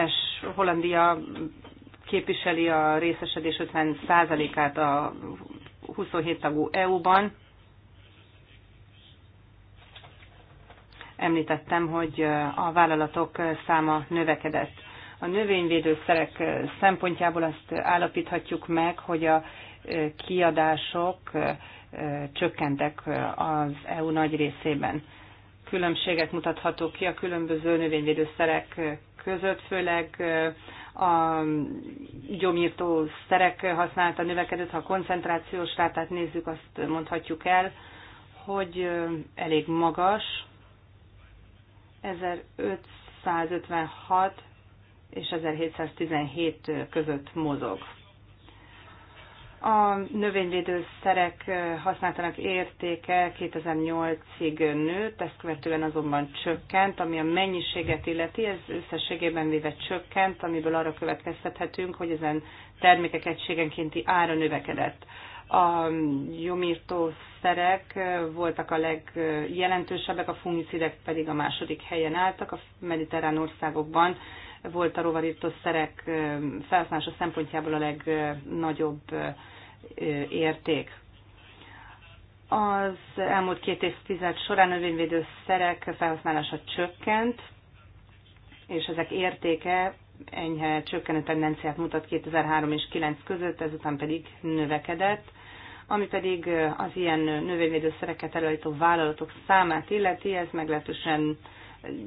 és Hollandia képviseli a részesedés 50%-át a 27 tagú EU-ban. Említettem, hogy a vállalatok száma növekedett. A növényvédőszerek szempontjából azt állapíthatjuk meg, hogy a kiadások csökkentek az EU nagy részében. Különbségek mutathatók ki a különböző növényvédőszerek között, főleg a gyomírtó szerek használata növekedett, ha a koncentrációs rátát nézzük, azt mondhatjuk el, hogy elég magas, 1556 és 1717 között mozog. A növényvédőszerek használtanak értéke 2008-ig nőtt, ezt követően azonban csökkent, ami a mennyiséget illeti, ez összességében véve csökkent, amiből arra következtethetünk, hogy ezen termékek egységenkénti ára növekedett. A jomírtószerek voltak a legjelentősebbek, a fungicidek pedig a második helyen álltak a mediterrán országokban volt a rovarírtószerek felhasználása szempontjából a legnagyobb érték. Az elmúlt két évtized során szerek felhasználása csökkent, és ezek értéke enyhe csökkenő tendenciát mutat 2003 és 9 között, ezután pedig növekedett, ami pedig az ilyen növényvédőszereket előállító vállalatok számát illeti, ez meglehetősen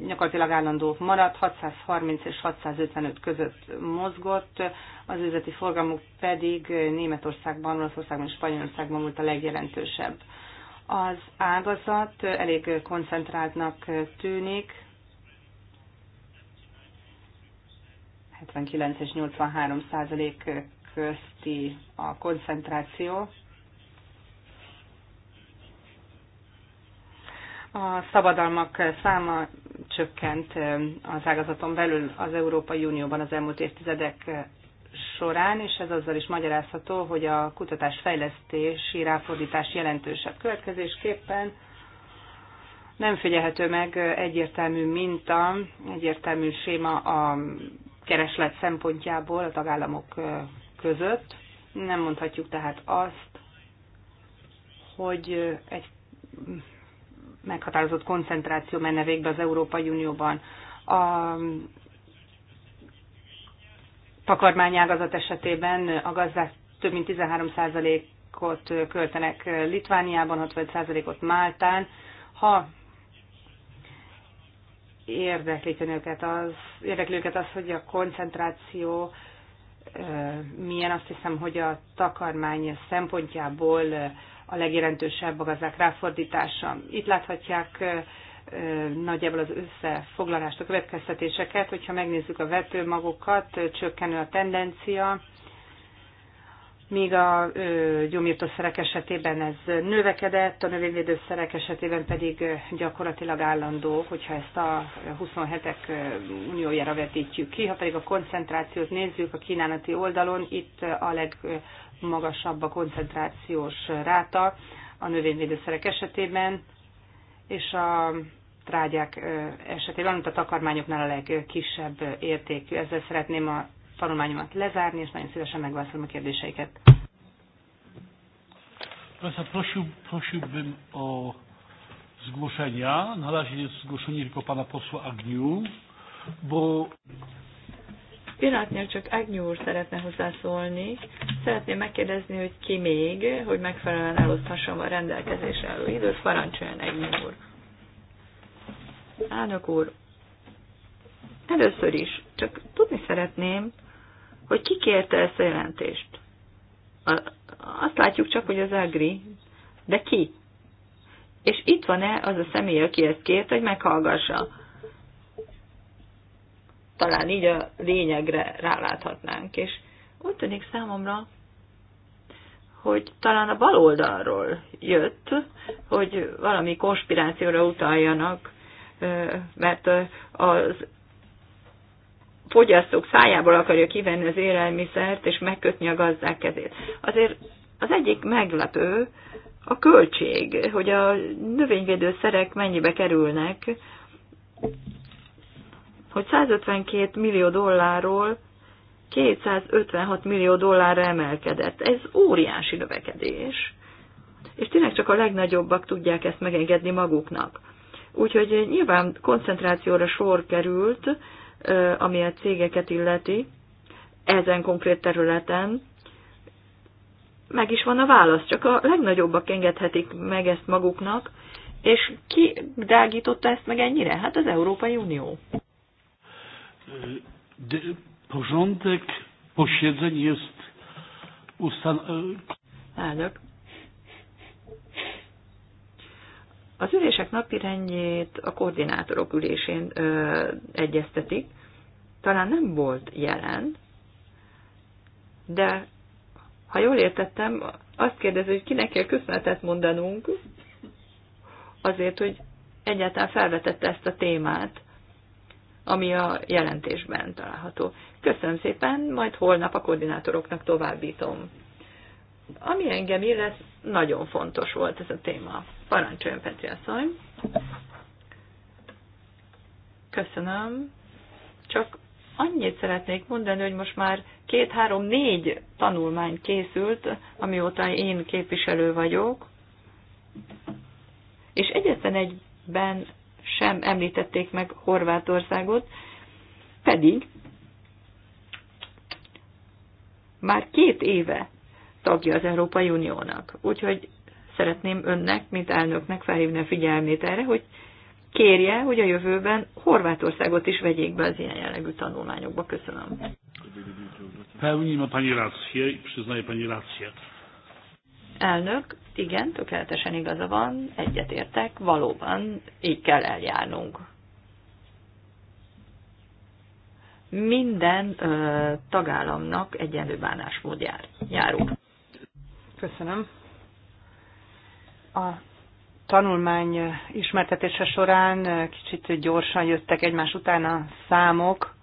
gyakorlatilag állandó maradt, 630 és 655 között mozgott, az üzleti forgalmuk pedig Németországban, Olaszországban és Spanyolországban volt a legjelentősebb. Az ágazat elég koncentráltnak tűnik, 79 és 83 százalék közti a koncentráció. A szabadalmak száma csökkent az ágazaton belül az Európai Unióban az elmúlt évtizedek során, és ez azzal is magyarázható, hogy a kutatás fejlesztési ráfordítás jelentősebb. Következésképpen nem figyelhető meg egyértelmű minta, egyértelmű séma a kereslet szempontjából a tagállamok között. Nem mondhatjuk tehát azt, hogy egy meghatározott koncentráció menne végbe az Európai Unióban. A takarmányágazat esetében a gazdák több mint 13%-ot költenek Litvániában, 65%-ot Máltán. Ha érdeklik önöket az, érdekli őket az, hogy a koncentráció milyen, azt hiszem, hogy a takarmány szempontjából legjelentősebb a gazdák ráfordítása. Itt láthatják nagyjából az összefoglalást, a következtetéseket, hogyha megnézzük a vetőmagokat, csökkenő a tendencia, míg a gyomírtószerek esetében ez növekedett, a növényvédőszerek esetében pedig gyakorlatilag állandó, hogyha ezt a 27-ek uniójára vetítjük ki. Ha pedig a koncentrációt nézzük a kínálati oldalon, itt a leg magasabb a koncentrációs ráta a növényvédőszerek esetében, és a trágyák esetében, amit a takarmányoknál a legkisebb értékű. Ezzel szeretném a tanulmányomat lezárni, és nagyon szívesen megválaszolom a kérdéseiket. Prosiłbym o zgłoszenia. Na razie jest zgłoszenie tylko pana posła Agniu, bo... Pillanatnyilag csak Agnew úr szeretne hozzászólni. Szeretném megkérdezni, hogy ki még, hogy megfelelően eloszthassam a rendelkezés álló időt. Parancsoljon Agnew úr. Elnök úr, először is csak tudni szeretném, hogy ki kérte ezt a jelentést. Azt látjuk csak, hogy az Agri, de ki? És itt van-e az a személy, aki ezt kérte, hogy meghallgassa? talán így a lényegre ráláthatnánk. És úgy tűnik számomra, hogy talán a bal oldalról jött, hogy valami konspirációra utaljanak, mert az fogyasztók szájából akarja kivenni az élelmiszert és megkötni a gazdák kezét. Azért az egyik meglepő a költség, hogy a növényvédőszerek mennyibe kerülnek, hogy 152 millió dollárról 256 millió dollárra emelkedett. Ez óriási növekedés, és tényleg csak a legnagyobbak tudják ezt megengedni maguknak. Úgyhogy nyilván koncentrációra sor került, ami a cégeket illeti, ezen konkrét területen, meg is van a válasz, csak a legnagyobbak engedhetik meg ezt maguknak, és ki drágította ezt meg ennyire? Hát az Európai Unió. Porządek posiedzeń jest ustalony. E, Az ülések napirendjét a koordinátorok ülésén ö, egyeztetik. Talán nem volt jelen, de ha jól értettem, azt kérdezi, hogy kinek kell köszönetet mondanunk azért, hogy egyáltalán felvetette ezt a témát ami a jelentésben található. Köszönöm szépen, majd holnap a koordinátoroknak továbbítom. Ami engem illet, nagyon fontos volt ez a téma. Parancsoljon, Petri asszony. Köszönöm. Csak annyit szeretnék mondani, hogy most már két-három-négy tanulmány készült, amióta én képviselő vagyok, és egyetlen egyben sem említették meg Horvátországot, pedig már két éve tagja az Európai Uniónak. Úgyhogy szeretném önnek, mint elnöknek felhívni a figyelmét erre, hogy kérje, hogy a jövőben Horvátországot is vegyék be az ilyen jellegű tanulmányokba. Köszönöm. Pełni ma pani rację i przyznaję pani rację. Elnök, igen, tökéletesen igaza van, egyetértek, valóban így kell eljárnunk. Minden ö, tagállamnak egyenlő bánásmód jár, járunk. Köszönöm. A tanulmány ismertetése során kicsit gyorsan jöttek egymás után a számok.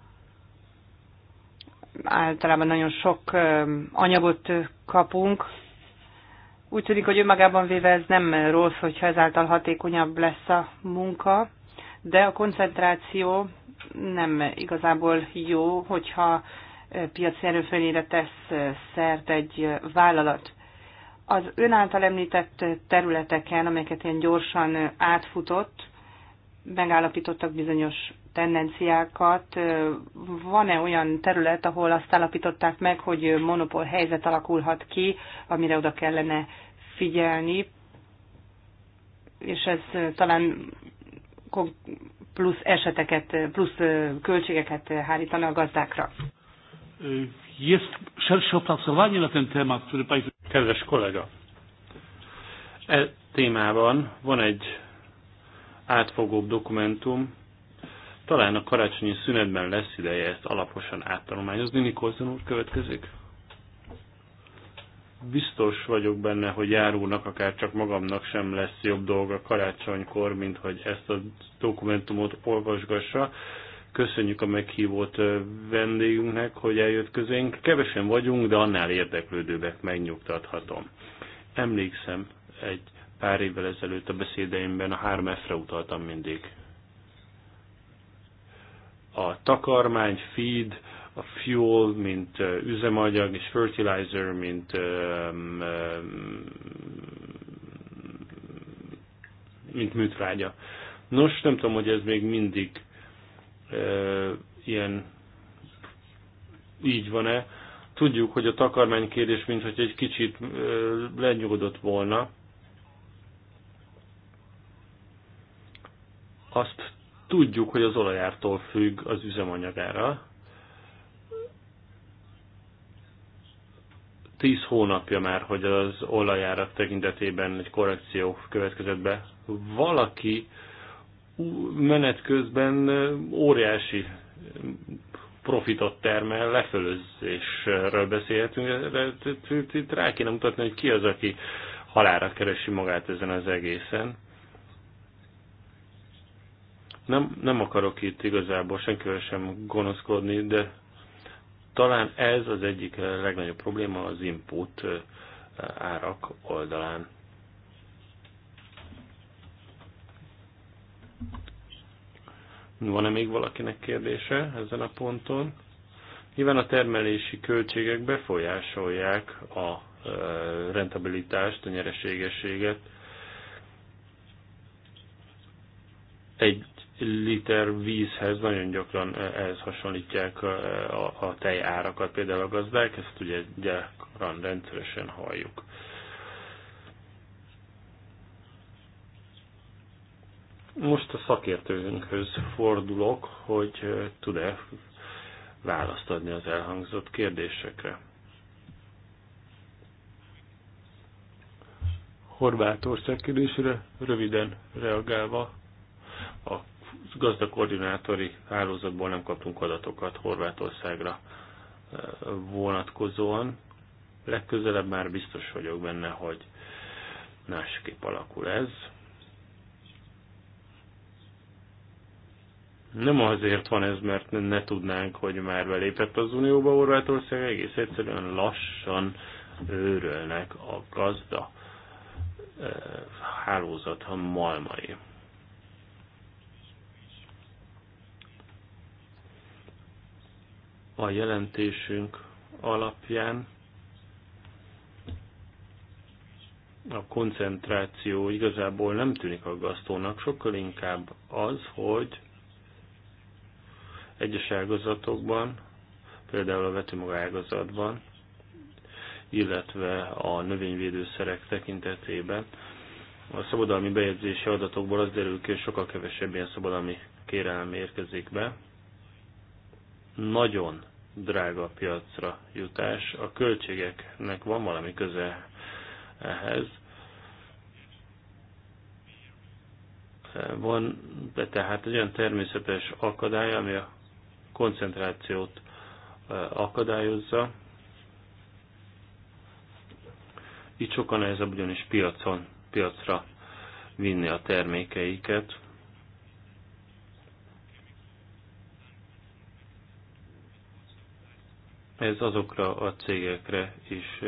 Általában nagyon sok anyagot kapunk, úgy tűnik, hogy önmagában véve ez nem rossz, hogyha ezáltal hatékonyabb lesz a munka, de a koncentráció nem igazából jó, hogyha piaci erőfölényre tesz szert egy vállalat. Az ön által említett területeken, amelyeket ilyen gyorsan átfutott, megállapítottak bizonyos tendenciákat. Van-e olyan terület, ahol azt állapították meg, hogy monopól helyzet alakulhat ki, amire oda kellene figyelni, és ez talán plusz eseteket, plusz költségeket hárítana a gazdákra. Kedves kollega, e témában van egy átfogóbb dokumentum, talán a karácsonyi szünetben lesz ideje ezt alaposan áttanulmányozni. Nikolson úr következik. Biztos vagyok benne, hogy járónak, akár csak magamnak sem lesz jobb dolga karácsonykor, mint hogy ezt a dokumentumot olvasgassa köszönjük a meghívót vendégünknek, hogy eljött közénk. Kevesen vagyunk, de annál érdeklődőbbek megnyugtathatom. Emlékszem, egy pár évvel ezelőtt a beszédeimben a 3 f utaltam mindig a takarmány, feed, a fuel, mint uh, üzemanyag, és fertilizer, mint um, um, mint műtrágya. Nos, nem tudom, hogy ez még mindig uh, ilyen így van-e. Tudjuk, hogy a takarmánykérdés, mint hogy egy kicsit uh, lenyugodott volna. Azt Tudjuk, hogy az olajártól függ az üzemanyagára. 10 hónapja már, hogy az olajárak tekintetében egy korrekció következett be. Valaki menet közben óriási profitot termel, lefölözésről beszélhetünk, de itt rá kéne mutatni, hogy ki az, aki halára keresi magát ezen az egészen. Nem, nem akarok itt igazából senkivel sem gonoszkodni, de talán ez az egyik legnagyobb probléma az input árak oldalán. Van-e még valakinek kérdése ezen a ponton? Nyilván a termelési költségek befolyásolják a rentabilitást, a nyereségességet. Egy liter vízhez nagyon gyakran e, ehhez hasonlítják e, a, a tej árakat, például a gazdák, ezt ugye gyakran rendszeresen halljuk. Most a szakértőnkhöz fordulok, hogy e, tud-e választ adni az elhangzott kérdésekre. Horvátország kérdésére röviden reagálva a gazda koordinátori hálózatból nem kaptunk adatokat Horvátországra eh, vonatkozóan. Legközelebb már biztos vagyok benne, hogy másképp alakul ez. Nem azért van ez, mert ne tudnánk, hogy már belépett az Unióba Horvátország, egész egyszerűen lassan őrölnek a gazda eh, hálózat malmai. a jelentésünk alapján a koncentráció igazából nem tűnik aggasztónak, sokkal inkább az, hogy egyes ágazatokban, például a vetőmaga ágazatban, illetve a növényvédőszerek tekintetében a szabadalmi bejegyzési adatokból az derül ki, hogy sokkal kevesebb ilyen szabadalmi kérelem érkezik be, nagyon drága piacra jutás. A költségeknek van valami köze ehhez. Van de tehát egy olyan természetes akadály, ami a koncentrációt e, akadályozza. Így sokan nehezebb ugyanis piacon, piacra vinni a termékeiket. Ez azokra a cégekre is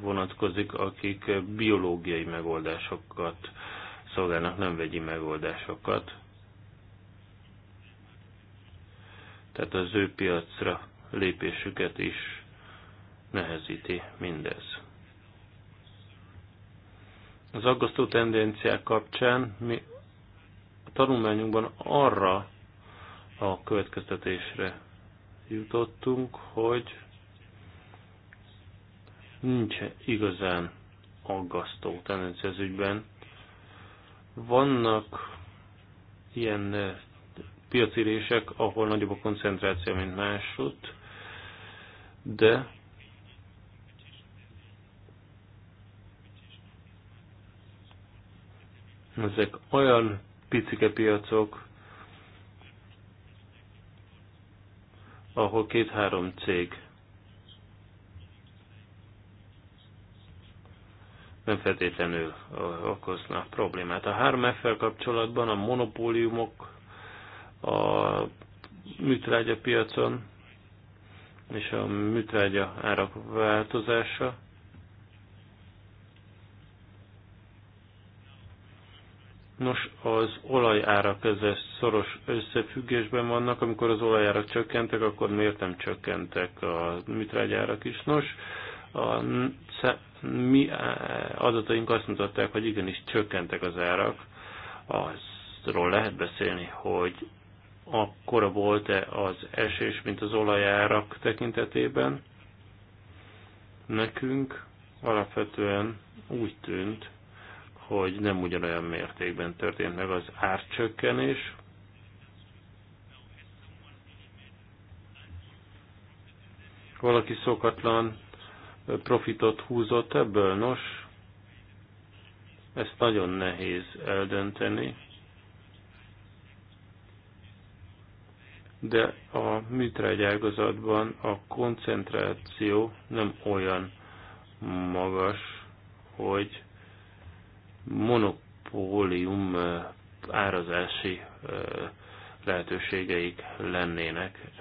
vonatkozik, akik biológiai megoldásokat szolgálnak, nem vegyi megoldásokat. Tehát az ő piacra lépésüket is nehezíti mindez. Az aggasztó tendenciák kapcsán mi a tanulmányunkban arra a következtetésre jutottunk, hogy nincs igazán aggasztó tendencia az ügyben. Vannak ilyen eh, piacérések, ahol nagyobb a koncentráció, mint másút, de ezek olyan picike piacok, ahol két-három cég nem feltétlenül okozna problémát. A 3F-fel kapcsolatban a monopóliumok a műtrágya piacon és a műtrágya árak változása. Nos, az olajárak ezzel szoros összefüggésben vannak. Amikor az olajárak csökkentek, akkor miért nem csökkentek a műtrágyárak is? Nos, a mi e, adataink azt mutatták, hogy igenis csökkentek az árak. Azról lehet beszélni, hogy akkora volt-e az esés, mint az olajárak tekintetében. Nekünk alapvetően úgy tűnt, hogy nem ugyanolyan mértékben történt meg az árcsökkenés. Valaki szokatlan profitot húzott ebből? Nos, ezt nagyon nehéz eldönteni. De a műtrágy ágazatban a koncentráció nem olyan magas, hogy monopólium eh, árazási eh, lehetőségeik lennének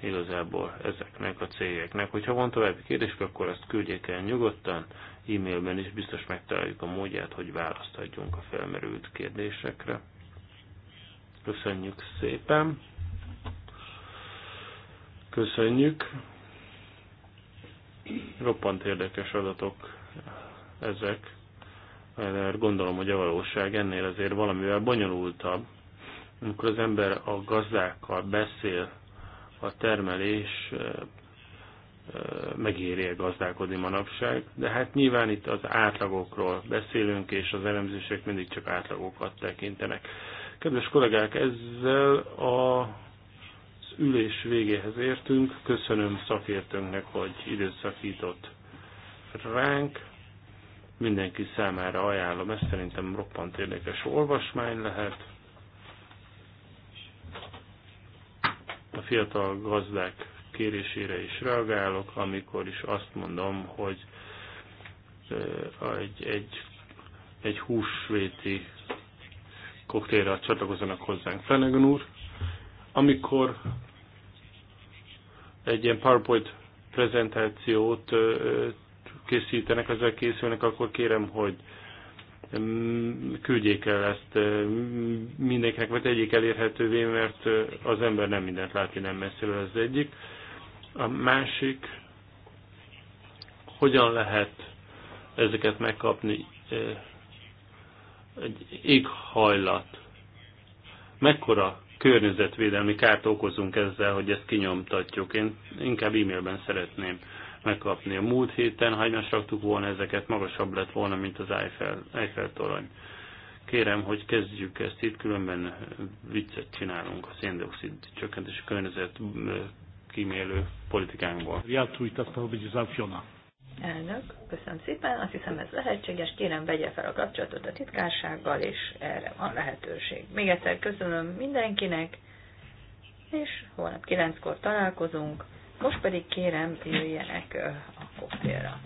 igazából ezeknek a cégeknek. Hogyha van további kérdésük, akkor azt küldjék el nyugodtan, e-mailben is biztos megtaláljuk a módját, hogy választ adjunk a felmerült kérdésekre. Köszönjük szépen! Köszönjük! Roppant érdekes adatok ezek, mert gondolom, hogy a valóság ennél azért valamivel bonyolultabb. Amikor az ember a gazdákkal beszél, a termelés megéri -e gazdálkodni manapság, de hát nyilván itt az átlagokról beszélünk, és az elemzések mindig csak átlagokat tekintenek. Kedves kollégák, ezzel a ülés végéhez értünk. Köszönöm szakértőnknek, hogy időszakított ránk. Mindenki számára ajánlom, ez szerintem roppant érdekes olvasmány lehet. a fiatal gazdák kérésére is reagálok, amikor is azt mondom, hogy egy, egy, egy húsvéti koktélra csatlakozzanak hozzánk Fenegon úr. Amikor egy ilyen PowerPoint prezentációt készítenek, ezzel készülnek, akkor kérem, hogy küldjék el ezt mindenkinek, vagy egyik elérhetővé, mert az ember nem mindent lát nem messziről az egyik. A másik, hogyan lehet ezeket megkapni egy éghajlat. Mekkora környezetvédelmi kárt okozunk ezzel, hogy ezt kinyomtatjuk. Én inkább e-mailben szeretném megkapni. A múlt héten, ha egymást raktuk volna ezeket, magasabb lett volna, mint az Eiffel, Eiffel torony. Kérem, hogy kezdjük ezt itt, különben viccet csinálunk a széndiokszid csökkentési környezet kímélő politikánkból. hogy Elnök, köszönöm szépen, azt hiszem ez lehetséges, kérem vegye fel a kapcsolatot a titkársággal, és erre van lehetőség. Még egyszer köszönöm mindenkinek, és holnap kilenckor találkozunk. Most pedig kérem, jöjjenek a koktélra.